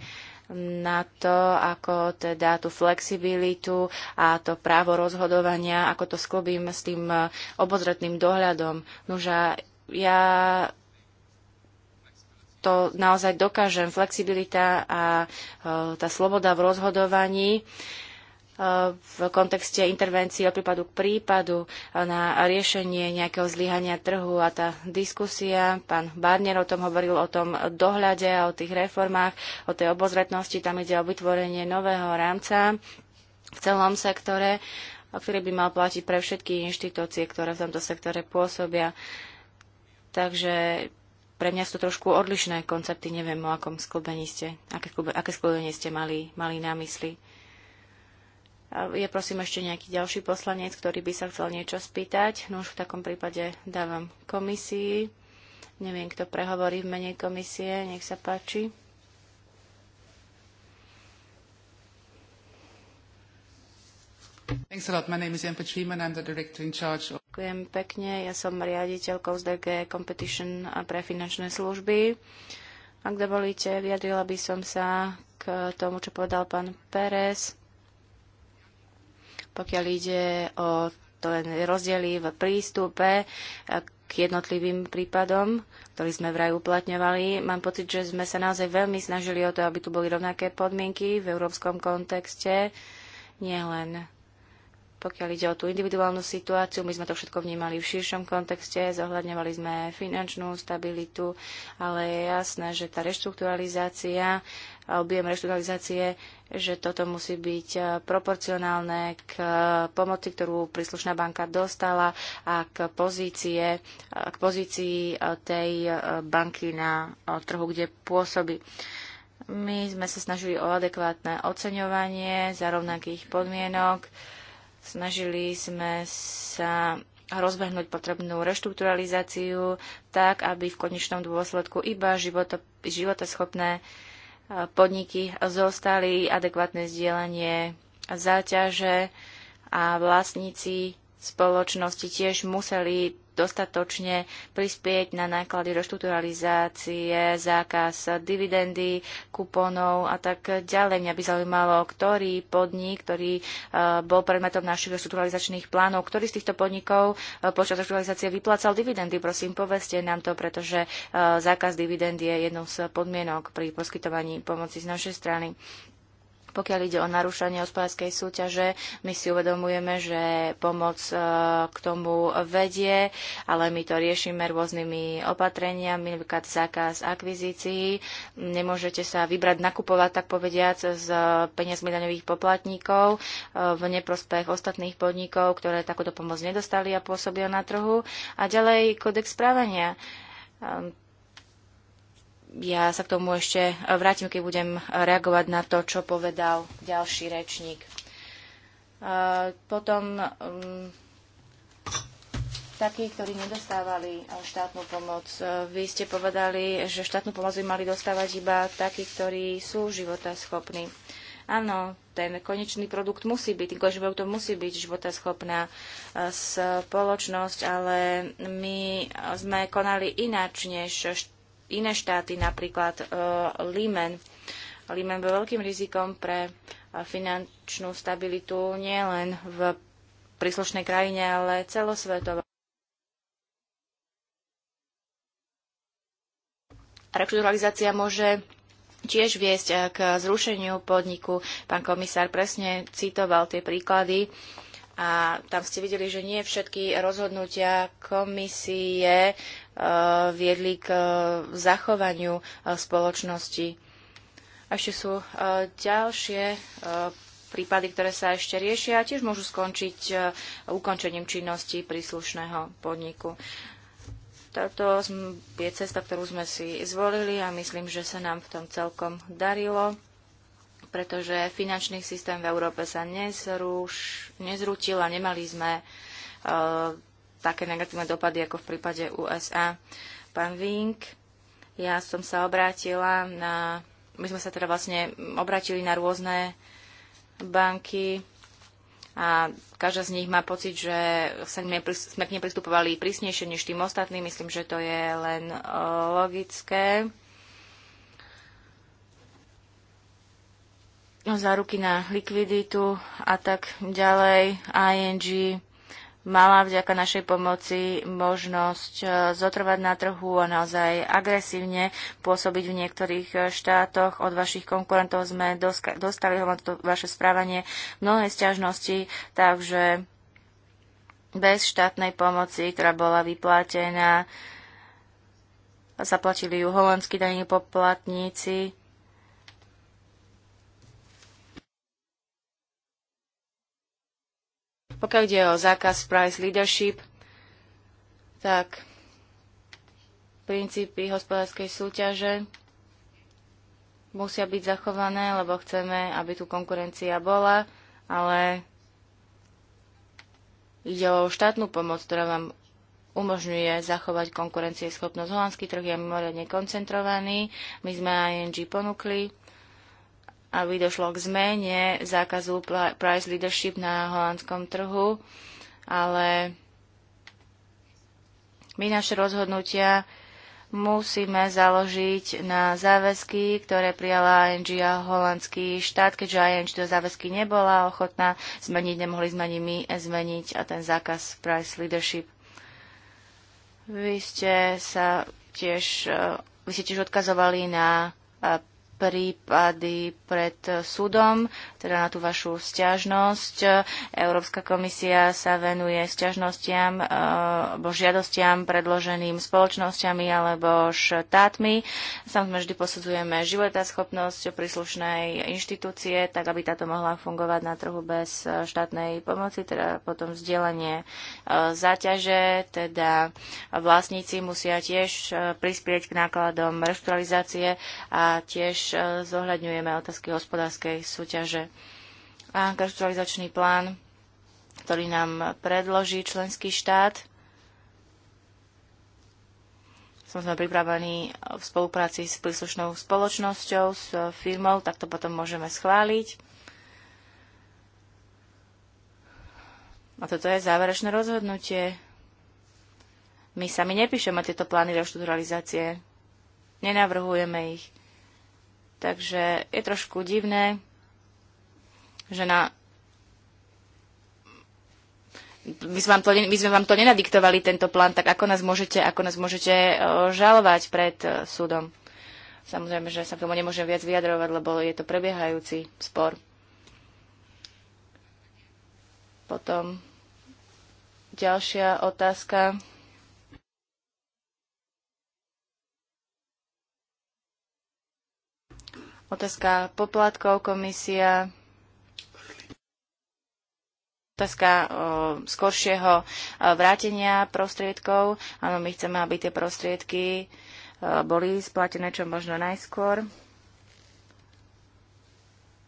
na to, ako teda tú flexibilitu a to právo rozhodovania, ako to sklobím s tým e, obozretným dohľadom. Nože ja to naozaj dokážem. Flexibilita a e, tá sloboda v rozhodovaní e, v kontexte intervencií od prípadu k prípadu na riešenie nejakého zlyhania trhu a tá diskusia. Pán Barnier o tom hovoril o tom dohľade a o tých reformách, o tej obozretnosti. Tam ide o vytvorenie nového rámca v celom sektore, ktorý by mal platiť pre všetky inštitúcie, ktoré v tomto sektore pôsobia. Takže pre mňa sú to trošku odlišné koncepty, neviem, o akom sklbení ste, aké, sklbe, aké sklbenie ste mali, mali na mysli. A je prosím ešte nejaký ďalší poslanec, ktorý by sa chcel niečo spýtať. No už v takom prípade dávam komisii. Neviem, kto prehovorí v mene komisie. Nech sa páči. Thanks a lot. My name is Jan Petriman. I'm the director in charge of Ďakujem pekne. Ja som riaditeľkou z DG Competition pre finančné služby. Ak dovolíte, vyjadrila by som sa k tomu, čo povedal pán Pérez, pokiaľ ide o to rozdiely v prístupe k jednotlivým prípadom, ktorý sme vraj uplatňovali. Mám pocit, že sme sa naozaj veľmi snažili o to, aby tu boli rovnaké podmienky v európskom kontexte, nielen pokiaľ ide o tú individuálnu situáciu, my sme to všetko vnímali v širšom kontexte, zohľadňovali sme finančnú stabilitu, ale je jasné, že tá reštrukturalizácia a objem reštrukturalizácie, že toto musí byť e, proporcionálne k e, pomoci, ktorú príslušná banka dostala a k, pozície, e, k pozícii tej banky na trhu, kde pôsobí. My sme sa snažili o adekvátne oceňovanie za rovnakých podmienok Snažili sme sa rozbehnúť potrebnú reštrukturalizáciu tak, aby v konečnom dôsledku iba životo, životoschopné e, podniky zostali adekvátne zdieľanie záťaže a vlastníci spoločnosti tiež museli dostatočne prispieť na náklady reštrukturalizácie, zákaz dividendy, kuponov a tak ďalej. Mňa by zaujímalo, ktorý podnik, ktorý e, bol predmetom našich reštrukturalizačných plánov, ktorý z týchto podnikov e, počas reštrukturalizácie vyplácal dividendy. Prosím, poveste nám to, pretože e, zákaz dividend je jednou z podmienok pri poskytovaní pomoci z našej strany. Pokiaľ ide o narušanie hospodárskej súťaže, my si uvedomujeme, že pomoc e, k tomu vedie, ale my to riešime rôznymi opatreniami, napríklad zákaz akvizícií. Nemôžete sa vybrať nakupovať, tak povediac, z peniazmi daňových poplatníkov e, v neprospech ostatných podnikov, ktoré takúto pomoc nedostali a pôsobia na trhu. A ďalej kodex správania ehm, ja sa k tomu ešte vrátim, keď budem reagovať na to, čo povedal ďalší rečník. E, potom mm, takí, ktorí nedostávali štátnu pomoc. E, vy ste povedali, že štátnu pomoc by mali dostávať iba takí, ktorí sú schopní. Áno, ten konečný produkt musí byť, ten konečný produkt musí byť životaschopná e, spoločnosť, ale my sme konali ináč, než iné štáty, napríklad e, Limen. Limen bol veľkým rizikom pre e, finančnú stabilitu nielen v príslušnej krajine, ale celosvetovo. Rekulturalizácia môže tiež viesť e, k zrušeniu podniku. Pán komisár presne citoval tie príklady. Uh, a tam ste videli, že nie všetky rozhodnutia komisie e, viedli k e, zachovaniu e, spoločnosti. Ešte sú ďalšie prípady, ktoré sa ešte riešia a tiež môžu skončiť ukončením činnosti príslušného podniku. Toto je cesta, ktorú sme si zvolili a myslím, že sa nám v tom celkom darilo pretože finančný systém v Európe sa nezruš, nezrutil a nemali sme e, také negatívne dopady ako v prípade USA. Pán Vink, ja som sa obrátila na... My sme sa teda vlastne obrátili na rôzne banky a každá z nich má pocit, že sa sme k nej pristupovali prísnejšie než tým ostatným. Myslím, že to je len e, logické. záruky na likviditu a tak ďalej. ING mala vďaka našej pomoci možnosť e, zotrvať na trhu a naozaj agresívne pôsobiť v niektorých e, štátoch. Od vašich konkurentov sme dostali to vaše správanie mnohé sťažnosti, takže bez štátnej pomoci, ktorá bola vyplatená, zaplatili ju holandskí daní poplatníci Pokiaľ ide o zákaz price leadership, tak princípy hospodárskej súťaže musia byť zachované, lebo chceme, aby tu konkurencia bola, ale ide o štátnu pomoc, ktorá vám umožňuje zachovať konkurencieschopnosť. Holandský trh je mimoriadne koncentrovaný, my sme ING ponúkli aby došlo k zmene zákazu price leadership na holandskom trhu, ale my naše rozhodnutia musíme založiť na záväzky, ktoré prijala ING a holandský štát, keďže ING do záväzky nebola ochotná zmeniť, nemohli sme my zmeniť a ten zákaz price leadership. Vy ste sa tiež, eh, vy ste tiež odkazovali na eh, prípady pred súdom teda na tú vašu sťažnosť. Európska komisia sa venuje sťažnostiam e, alebo žiadostiam predloženým spoločnosťami alebo štátmi. Samozrejme vždy posudzujeme schopnosť príslušnej inštitúcie, tak aby táto mohla fungovať na trhu bez štátnej pomoci, teda potom vzdielanie e, záťaže, teda vlastníci musia tiež e, prispieť k nákladom reštrukturalizácie a tiež zohľadňujeme otázky hospodárskej súťaže a kapitalizačný plán, ktorý nám predloží členský štát. Som sme pripravení v spolupráci s príslušnou spoločnosťou, s firmou, tak to potom môžeme schváliť. A toto je záverečné rozhodnutie. My sami nepíšeme tieto plány reštrukturalizácie. Nenavrhujeme ich. Takže je trošku divné, že na my sme, vám to, my sme vám to nenadiktovali, tento plán, tak ako nás môžete, ako nás môžete e, žalovať pred e, súdom? Samozrejme, že sa k tomu nemôžem viac vyjadrovať, lebo je to prebiehajúci spor. Potom ďalšia otázka. Otázka poplatkov komisia otázka eh, skoršieho eh, vrátenia prostriedkov. Áno, my chceme, aby tie prostriedky eh, boli splatené čo možno najskôr.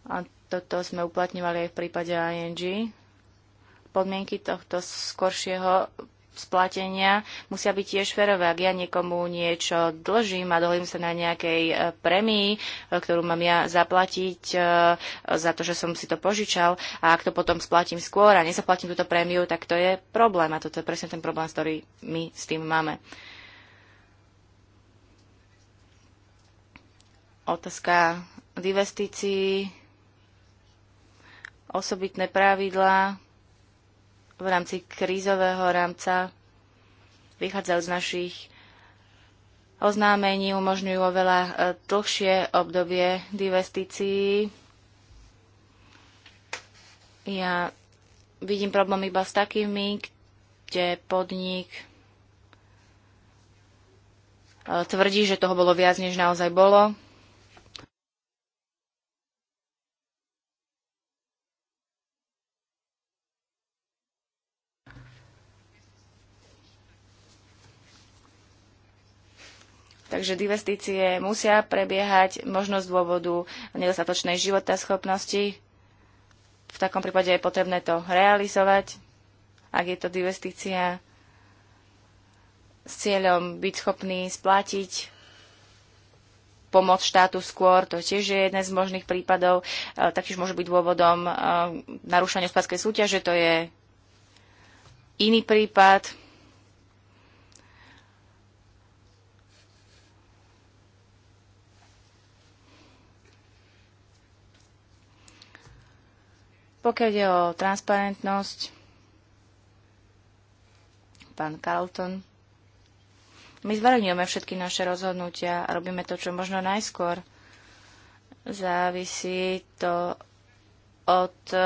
A toto sme uplatňovali aj v prípade ING. Podmienky tohto skoršieho splatenia musia byť tiež férové. Ak ja niekomu niečo dlžím a dlžím sa na nejakej e, premii, e, ktorú mám ja zaplatiť e, za to, že som si to požičal a ak to potom splatím skôr a nezaplatím túto prémiu, tak to je problém a toto je presne ten problém, ktorý my s tým máme. Otázka divestícií, osobitné pravidlá, v rámci krízového rámca vychádzajú z našich oznámení, umožňujú oveľa e, dlhšie obdobie divestícií. Ja vidím problém iba s takými, kde podnik e, tvrdí, že toho bolo viac, než naozaj bolo. Takže divestície musia prebiehať možno z dôvodu nedostatočnej schopnosti. V takom prípade je potrebné to realizovať, ak je to divestícia s cieľom byť schopný splatiť pomoc štátu skôr, to tiež je jeden z možných prípadov, e, taktiež môže byť dôvodom e, narušenia spádskej súťaže, to je iný prípad. Pokiaľ ide o transparentnosť, pán Carlton, my zverejňujeme všetky naše rozhodnutia a robíme to, čo možno najskôr. Závisí to od e,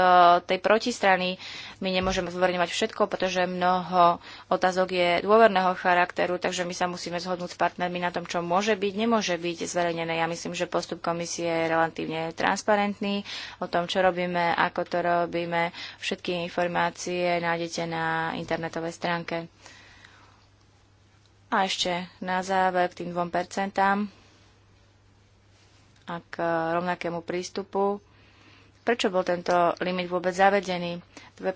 tej protistrany. My nemôžeme zverejňovať všetko, pretože mnoho otázok je dôverného charakteru, takže my sa musíme zhodnúť s partnermi na tom, čo môže byť, nemôže byť zverejnené. Ja myslím, že postup komisie je relatívne transparentný o tom, čo robíme, ako to robíme. Všetky informácie nájdete na internetovej stránke. A ešte na záver k tým 2% a k rovnakému prístupu prečo bol tento limit vôbec zavedený. 2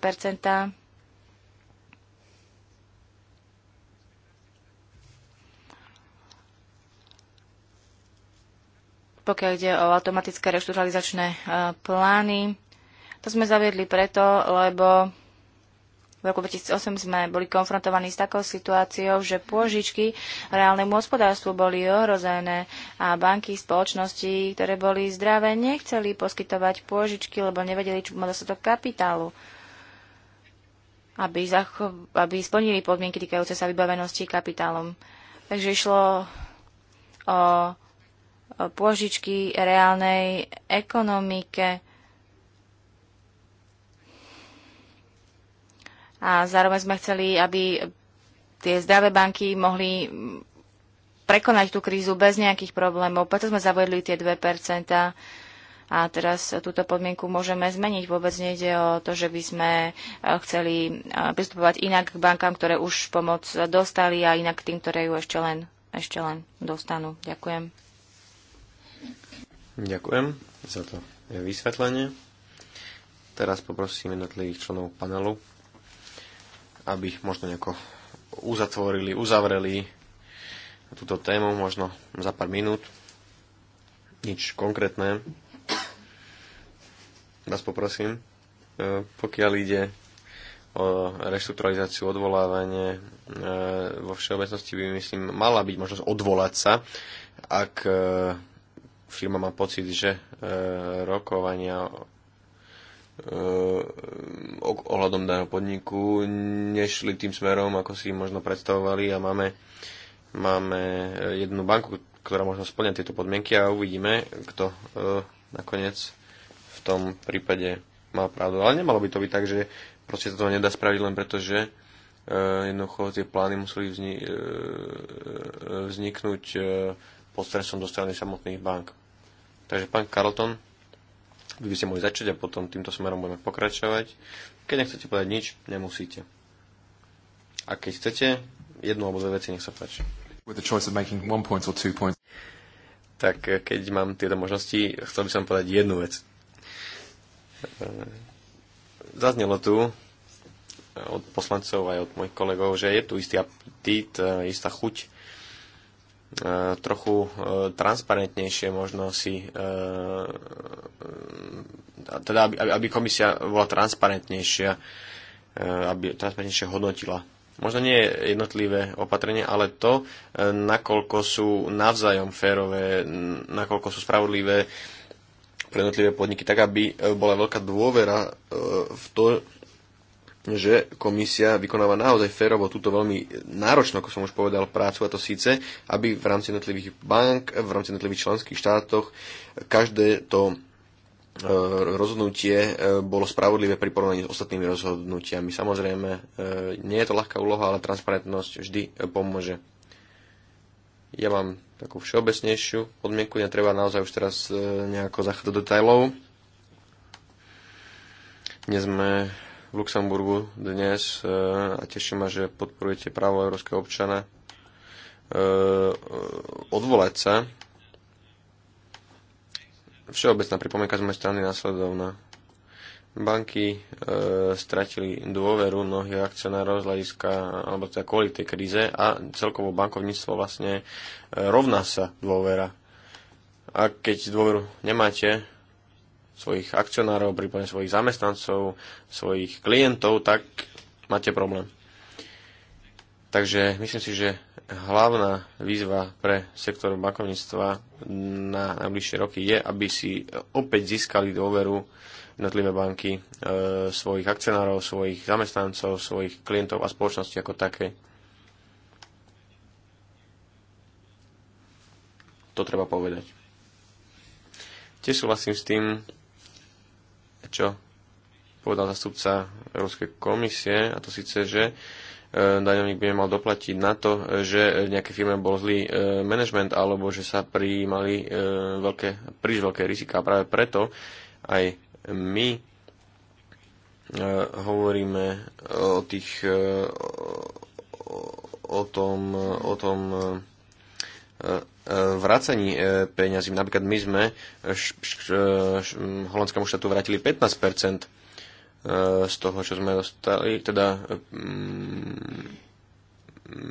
pokiaľ ide o automatické reštrukturalizačné eh, plány. To sme zaviedli preto, lebo v roku 2008 sme boli konfrontovaní s takou situáciou, že pôžičky reálnemu hospodárstvu boli ohrozené a banky, spoločnosti, ktoré boli zdravé, nechceli poskytovať pôžičky, lebo nevedeli, či má dostatok kapitálu aby, zacho- aby splnili podmienky týkajúce sa vybavenosti kapitálom. Takže išlo o pôžičky reálnej ekonomike a zároveň sme chceli, aby tie zdravé banky mohli prekonať tú krízu bez nejakých problémov. Preto sme zavedli tie 2% a teraz túto podmienku môžeme zmeniť. Vôbec nejde o to, že by sme e, chceli e, pristupovať inak k bankám, ktoré už pomoc dostali a inak k tým, ktoré ju ešte len, ešte len dostanú. Ďakujem. Ďakujem za to vysvetlenie. Teraz poprosím jednotlivých členov panelu aby možno nejako uzatvorili, uzavreli túto tému, možno za pár minút. Nič konkrétne. Vás poprosím, e, pokiaľ ide o reštrukturalizáciu, odvolávanie e, vo všeobecnosti by, myslím, mala byť možnosť odvolať sa, ak e, firma má pocit, že rokovania Eh, ohľadom daného podniku nešli tým smerom, ako si možno predstavovali a máme, máme eh, jednu banku, ktorá možno splňa tieto podmienky a uvidíme, kto uh, nakoniec v tom prípade má pravdu. Ale nemalo by to byť tak, že proste to nedá spraviť len preto, že uh, jednoducho tie plány museli vzni- uh, vzniknúť uh, pod stresom do strany samotných bank. Takže pán Carlton, vy by ste mohli začať a potom týmto smerom budeme pokračovať. Keď nechcete povedať nič, nemusíte. A keď chcete, jednu alebo dve veci, nech sa páči. Tak eh, keď mám tieto možnosti, chcel by som povedať jednu vec. Eh, zaznelo tu eh, od poslancov aj od mojich kolegov, že je tu istý apetít, istá chuť E, trochu e, transparentnejšie možno si e, teda aby, aby komisia bola transparentnejšia aby transparentnejšie hodnotila možno nie jednotlivé opatrenie, ale to, nakoľko sú navzájom férové, nakoľko sú spravodlivé pre jednotlivé podniky, tak aby bola veľká dôvera v to, že komisia vykonáva naozaj férovo túto veľmi náročnú, ako som už povedal, prácu a to síce, aby v rámci jednotlivých bank, v rámci jednotlivých členských štátoch každé to e, rozhodnutie e, bolo spravodlivé pri porovnaní s ostatnými rozhodnutiami. Samozrejme, e, nie je to ľahká úloha, ale transparentnosť vždy pomôže. Ja mám takú všeobecnejšiu podmienku, netreba naozaj už teraz nejako zachádzať do detajlov. Dnes sme v Luxemburgu dnes e, a teším ma, že podporujete právo európskeho občana e, e, odvolať sa. Všeobecná pripomienka z mojej strany následovná. Banky e, stratili dôveru mnohých akcionárov z hľadiska, alebo teda kvôli tej kríze a celkovo bankovníctvo vlastne e, rovná sa dôvera. A keď dôveru nemáte, svojich akcionárov, prípadne svojich zamestnancov, svojich klientov, tak máte problém. Takže myslím si, že hlavná výzva pre sektor bankovníctva na najbližšie roky je, aby si opäť získali dôveru jednotlivé banky e, svojich akcionárov, svojich zamestnancov, svojich klientov a spoločnosti ako také. To treba povedať. Tiež súhlasím s tým, čo povedal zastupca Európskej komisie, a to síce, že e, daňovník by mal doplatiť na to, že nejaké firme bol zlý e, management alebo že sa prijímali e, veľké, príliš veľké rizika. A práve preto aj my hovoríme o tých o, o tom, o tom vracaní e, peňazí. Napríklad my sme holandskému štátu vrátili 15% e, z toho, čo sme dostali. Teda mm,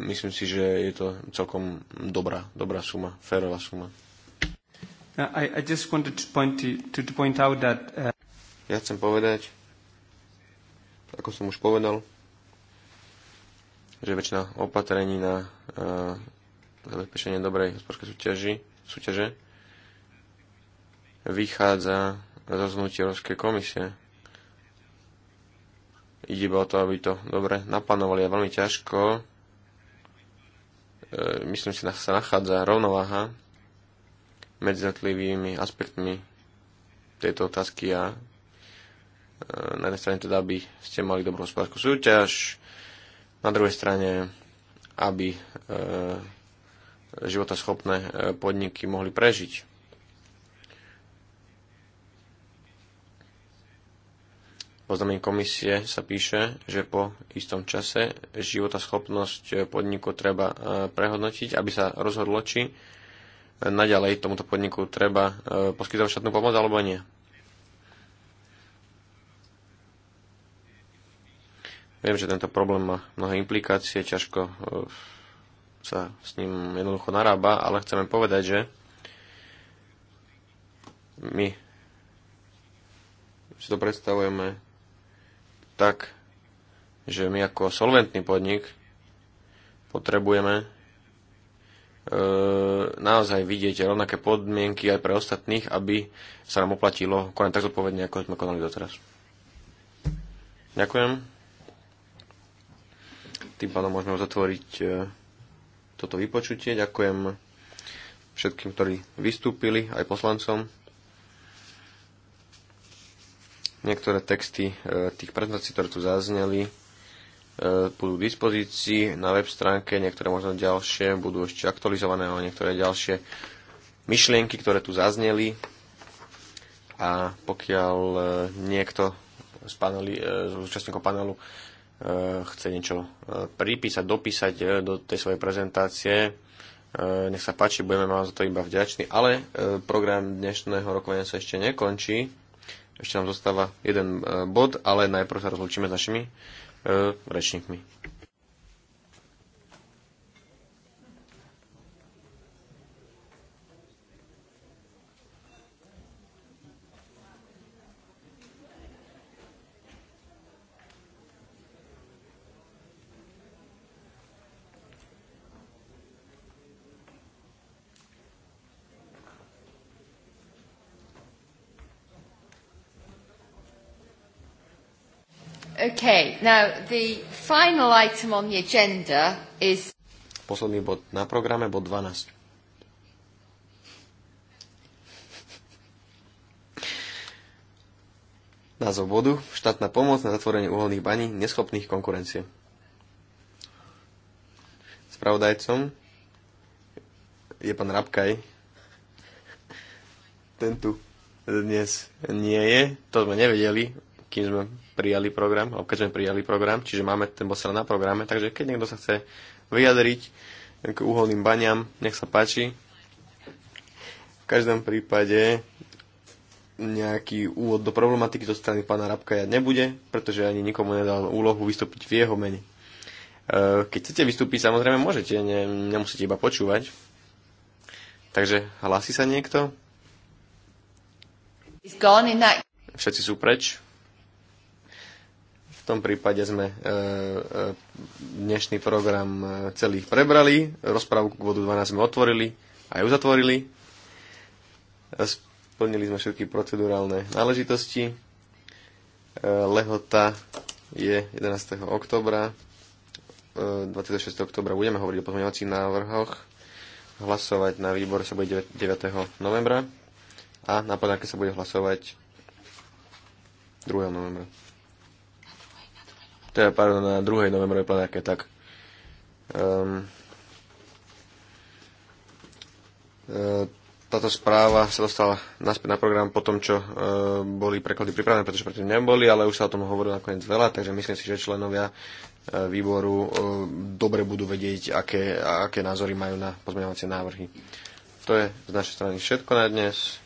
myslím si, že je to celkom dobrá, dobrá suma, férová suma. I, I just wanted to point, to, to point out that, uh... Ja chcem povedať, ako som už povedal, že väčšina opatrení na uh, zabezpečenie dobrej hospodárskej súťaži, súťaže vychádza z rozhodnutia Európskej komisie. Ide iba o to, aby to dobre naplánovali a veľmi ťažko e, myslím si, sa nachádza rovnováha medzi jednotlivými aspektmi tejto otázky a e, na jednej strane teda, aby ste mali dobrú hospodárskú súťaž, na druhej strane, aby e, životaschopné e, podniky mohli prežiť. oznámení komisie sa píše, že po istom čase životaschopnosť e, podniku treba e, prehodnotiť, aby sa rozhodlo, či naďalej tomuto podniku treba poskytovať štátnu pomoc alebo nie. Viem, že tento problém má mnohé implikácie, ťažko sa s ním jednoducho narába, ale chceme povedať, že my si to predstavujeme tak, že my ako solventný podnik potrebujeme e, naozaj vidieť rovnaké podmienky aj pre ostatných, aby sa nám oplatilo konať tak zodpovedne, ako sme konali doteraz. Ďakujem. Tým pádom môžeme uzatvoriť e, toto vypočutie. Ďakujem všetkým, ktorí vystúpili, aj poslancom. Niektoré texty e, tých prezentácií, ktoré tu zazneli, e, budú k dispozícii na web stránke, niektoré možno ďalšie budú ešte aktualizované, ale niektoré ďalšie myšlienky, ktoré tu zazneli. A pokiaľ e, niekto z, paneli, z účastníkov panelu Eh, chce niečo eh, pripísať, dopísať eh, do tej svojej prezentácie, nech sa páči, budeme vám za to iba vďační, ale program dnešného rokovania sa ešte nekončí. Ešte nám zostáva jeden bod, ale najprv sa rozlučíme s našimi rečníkmi. Now, the final item on the agenda is... Posledný bod na programe, bod 12. Názov bodu Štátna pomoc na zatvorenie uholných baní neschopných konkurencie. Spravodajcom je pán Rabkaj. Ten tu dnes nie je, to sme nevedeli, kým sme prijali program, alebo keď sme prijali program, čiže máme ten bosel na programe, takže keď niekto sa chce vyjadriť k uholným baniam, nech sa páči. V každom prípade nejaký úvod do problematiky zo strany pána Rabka ja nebude, pretože ani nikomu nedal úlohu vystúpiť v jeho mene. E, keď chcete vystúpiť, samozrejme môžete, ne, nemusíte iba počúvať. Takže hlási sa niekto? Všetci sú preč. V tom prípade sme e, e, dnešný program e, celých prebrali, rozprávu k vodu 12 sme otvorili a ju zatvorili. Splnili sme všetky procedurálne náležitosti. Lehota je 11. oktobra. 26. oktobra budeme hovoriť o pozmeňovacích návrhoch. Hlasovať na výbor sa bude 9. novembra a na plenárke sa bude hlasovať 2. novembra teda pardon, na druhej novembrovej plenárke, tak. Um, táto správa sa dostala naspäť na program po tom, čo e, boli preklady pripravené, pretože predtým neboli, ale už sa o tom hovorilo nakoniec veľa, takže myslím si, že členovia e, výboru e, dobre budú vedieť, aké, aké názory majú na pozmeňovacie návrhy. To je z našej strany všetko na dnes.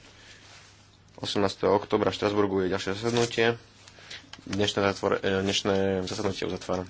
18. oktobra v Štrasburgu je ďalšie zasadnutie dnešné, zatvor, e, dnešné zasadnutie uzatváram.